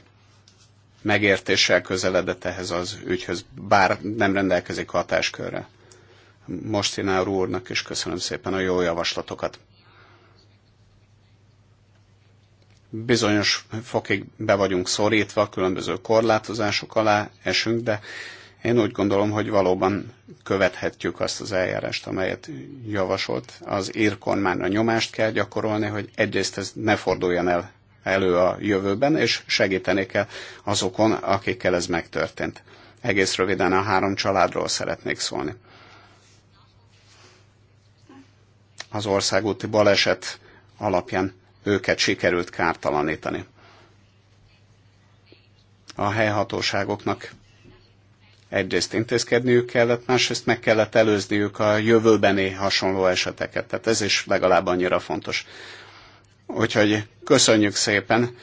megértéssel közeledett ehhez az ügyhöz, bár nem rendelkezik hatáskörrel. Mostinár úrnak is köszönöm szépen a jó javaslatokat. bizonyos fokig be vagyunk szorítva, különböző korlátozások alá esünk, de én úgy gondolom, hogy valóban követhetjük azt az eljárást, amelyet javasolt. Az ír kormányra nyomást kell gyakorolni, hogy egyrészt ez ne forduljon el elő a jövőben, és segíteni kell azokon, akikkel ez megtörtént. Egész röviden a három családról szeretnék szólni. Az országúti baleset alapján őket sikerült kártalanítani. A helyhatóságoknak egyrészt intézkedniük kellett, másrészt meg kellett előzniük a jövőbeni hasonló eseteket. Tehát ez is legalább annyira fontos. Úgyhogy köszönjük szépen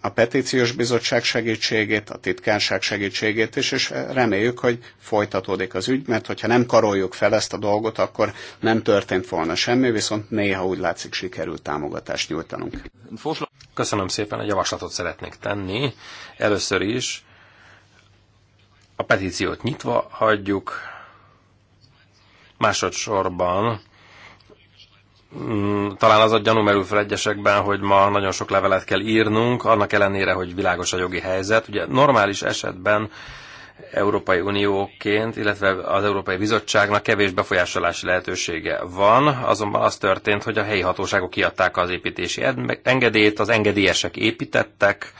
a petíciós bizottság segítségét, a titkárság segítségét is, és reméljük, hogy folytatódik az ügy, mert hogyha nem karoljuk fel ezt a dolgot, akkor nem történt volna semmi, viszont néha úgy látszik sikerült támogatást nyújtanunk.
Köszönöm szépen, egy javaslatot szeretnék tenni. Először is a petíciót nyitva hagyjuk, másodszorban Mm, talán az a gyanú merül fel egyesekben, hogy ma nagyon sok levelet kell írnunk, annak ellenére, hogy világos a jogi helyzet. Ugye normális esetben Európai Unióként, illetve az Európai Bizottságnak kevés befolyásolási lehetősége van, azonban az történt, hogy a helyi hatóságok kiadták az építési engedélyt, az engedélyesek építettek,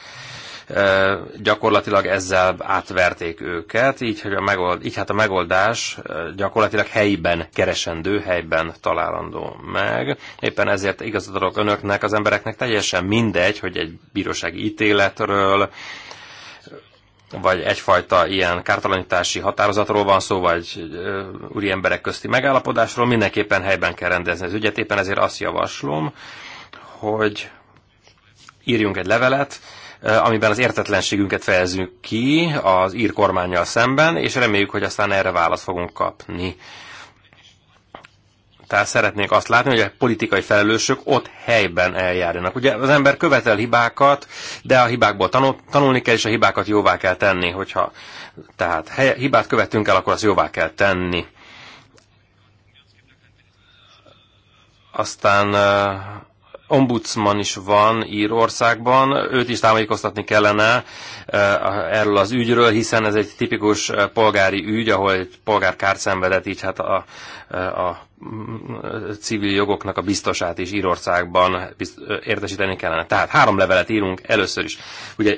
gyakorlatilag ezzel átverték őket, így, hogy a megold, így hát a megoldás gyakorlatilag helyben keresendő, helyben találandó meg. Éppen ezért igazat adok önöknek, az embereknek teljesen mindegy, hogy egy bírósági ítéletről, vagy egyfajta ilyen kártalanítási határozatról van szó, vagy úri emberek közti megállapodásról, mindenképpen helyben kell rendezni az ügyet. Éppen ezért azt javaslom, hogy írjunk egy levelet, Eh, amiben az értetlenségünket fejezzük ki az ír kormányjal szemben, és reméljük, hogy aztán erre választ fogunk kapni. Tehát szeretnék azt látni, hogy a politikai felelősök ott helyben eljárjanak. Ugye az ember követel hibákat, de a hibákból tanul, tanulni kell, és a hibákat jóvá kell tenni. Hogyha tehát hibát követünk el, akkor azt jóvá kell tenni. Aztán eh, ombudsman is van Írországban, őt is támogatkoztatni kellene eh, erről az ügyről, hiszen ez egy tipikus eh, polgári ügy, ahol egy polgárkár kárt szenvedett, így hát a, eh, a mm, civil jogoknak a biztosát is Írországban értesíteni kellene. Tehát három levelet írunk először is. Ugye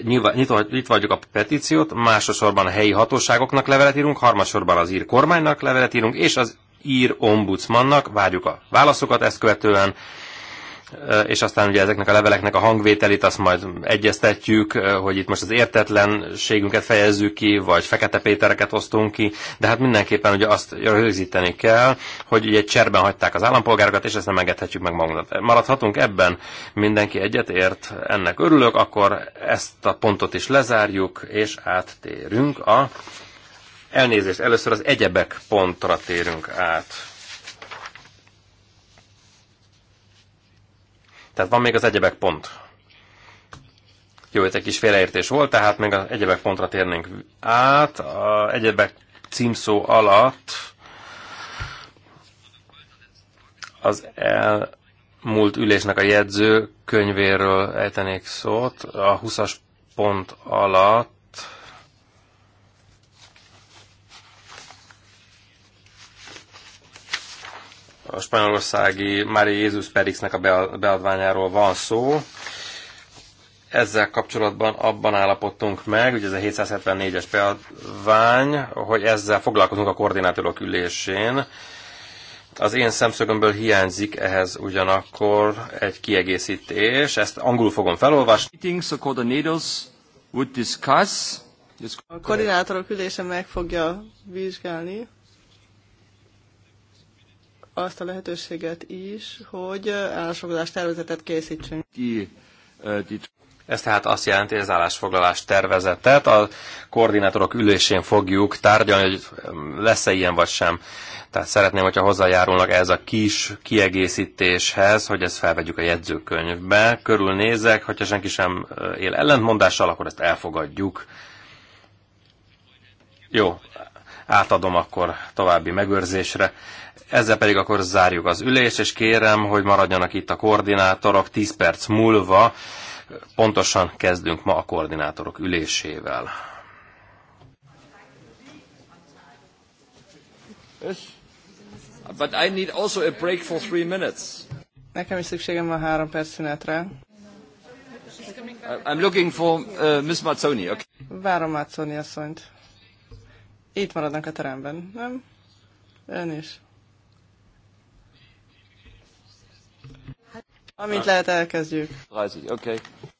itt vagyok a petíciót, másosorban a helyi hatóságoknak levelet írunk, harmadsorban az ír kormánynak levelet írunk, és az ír ombudsmannak, várjuk a válaszokat ezt követően, és aztán ugye ezeknek a leveleknek a hangvételét azt majd egyeztetjük, hogy itt most az értetlenségünket fejezzük ki, vagy Fekete Pétereket osztunk ki, de hát mindenképpen ugye azt rögzíteni kell, hogy ugye cserben hagyták az állampolgárokat, és ezt nem engedhetjük meg magunknak. Maradhatunk ebben, mindenki egyet ért, ennek örülök, akkor ezt a pontot is lezárjuk, és áttérünk a elnézést. Először az egyebek pontra térünk át. Tehát van még az egyebek pont. Jó, itt egy kis félreértés volt, tehát még az egyebek pontra térnénk át. A egyebek címszó alatt az elmúlt ülésnek a jegyző könyvéről ejtenék szót. A 20-as pont alatt a spanyolországi Mári Jézus Perixnek a beadványáról van szó. Ezzel kapcsolatban abban állapodtunk meg, ugye ez a 774-es beadvány, hogy ezzel foglalkozunk a koordinátorok ülésén. Az én szemszögömből hiányzik ehhez ugyanakkor egy kiegészítés, ezt angolul fogom felolvasni. The would discuss a koordinátorok
ülése meg fogja vizsgálni azt a lehetőséget is, hogy állásfoglalás tervezetet készítsünk.
Ez tehát azt jelenti, hogy az állásfoglalás tervezetet a koordinátorok ülésén fogjuk tárgyalni, hogy lesz-e ilyen vagy sem. Tehát szeretném, hogyha hozzájárulnak ez a kis kiegészítéshez, hogy ezt felvegyük a jegyzőkönyvbe. Körülnézek, hogyha senki sem él ellentmondással, akkor ezt elfogadjuk. Jó, átadom akkor további megőrzésre. Ezzel pedig akkor zárjuk az ülést, és kérem, hogy maradjanak itt a koordinátorok 10 perc múlva. Pontosan kezdünk ma a koordinátorok ülésével. But I need also a break for three minutes.
Nekem is szükségem van három perc szünetre.
I'm looking for uh, Miss Mazzoni. Okay.
Várom Mazzoni asszonyt. Itt maradnak a teremben, nem? Ön is. Amint lehet, elkezdjük. Rajzi,
oké. Okay.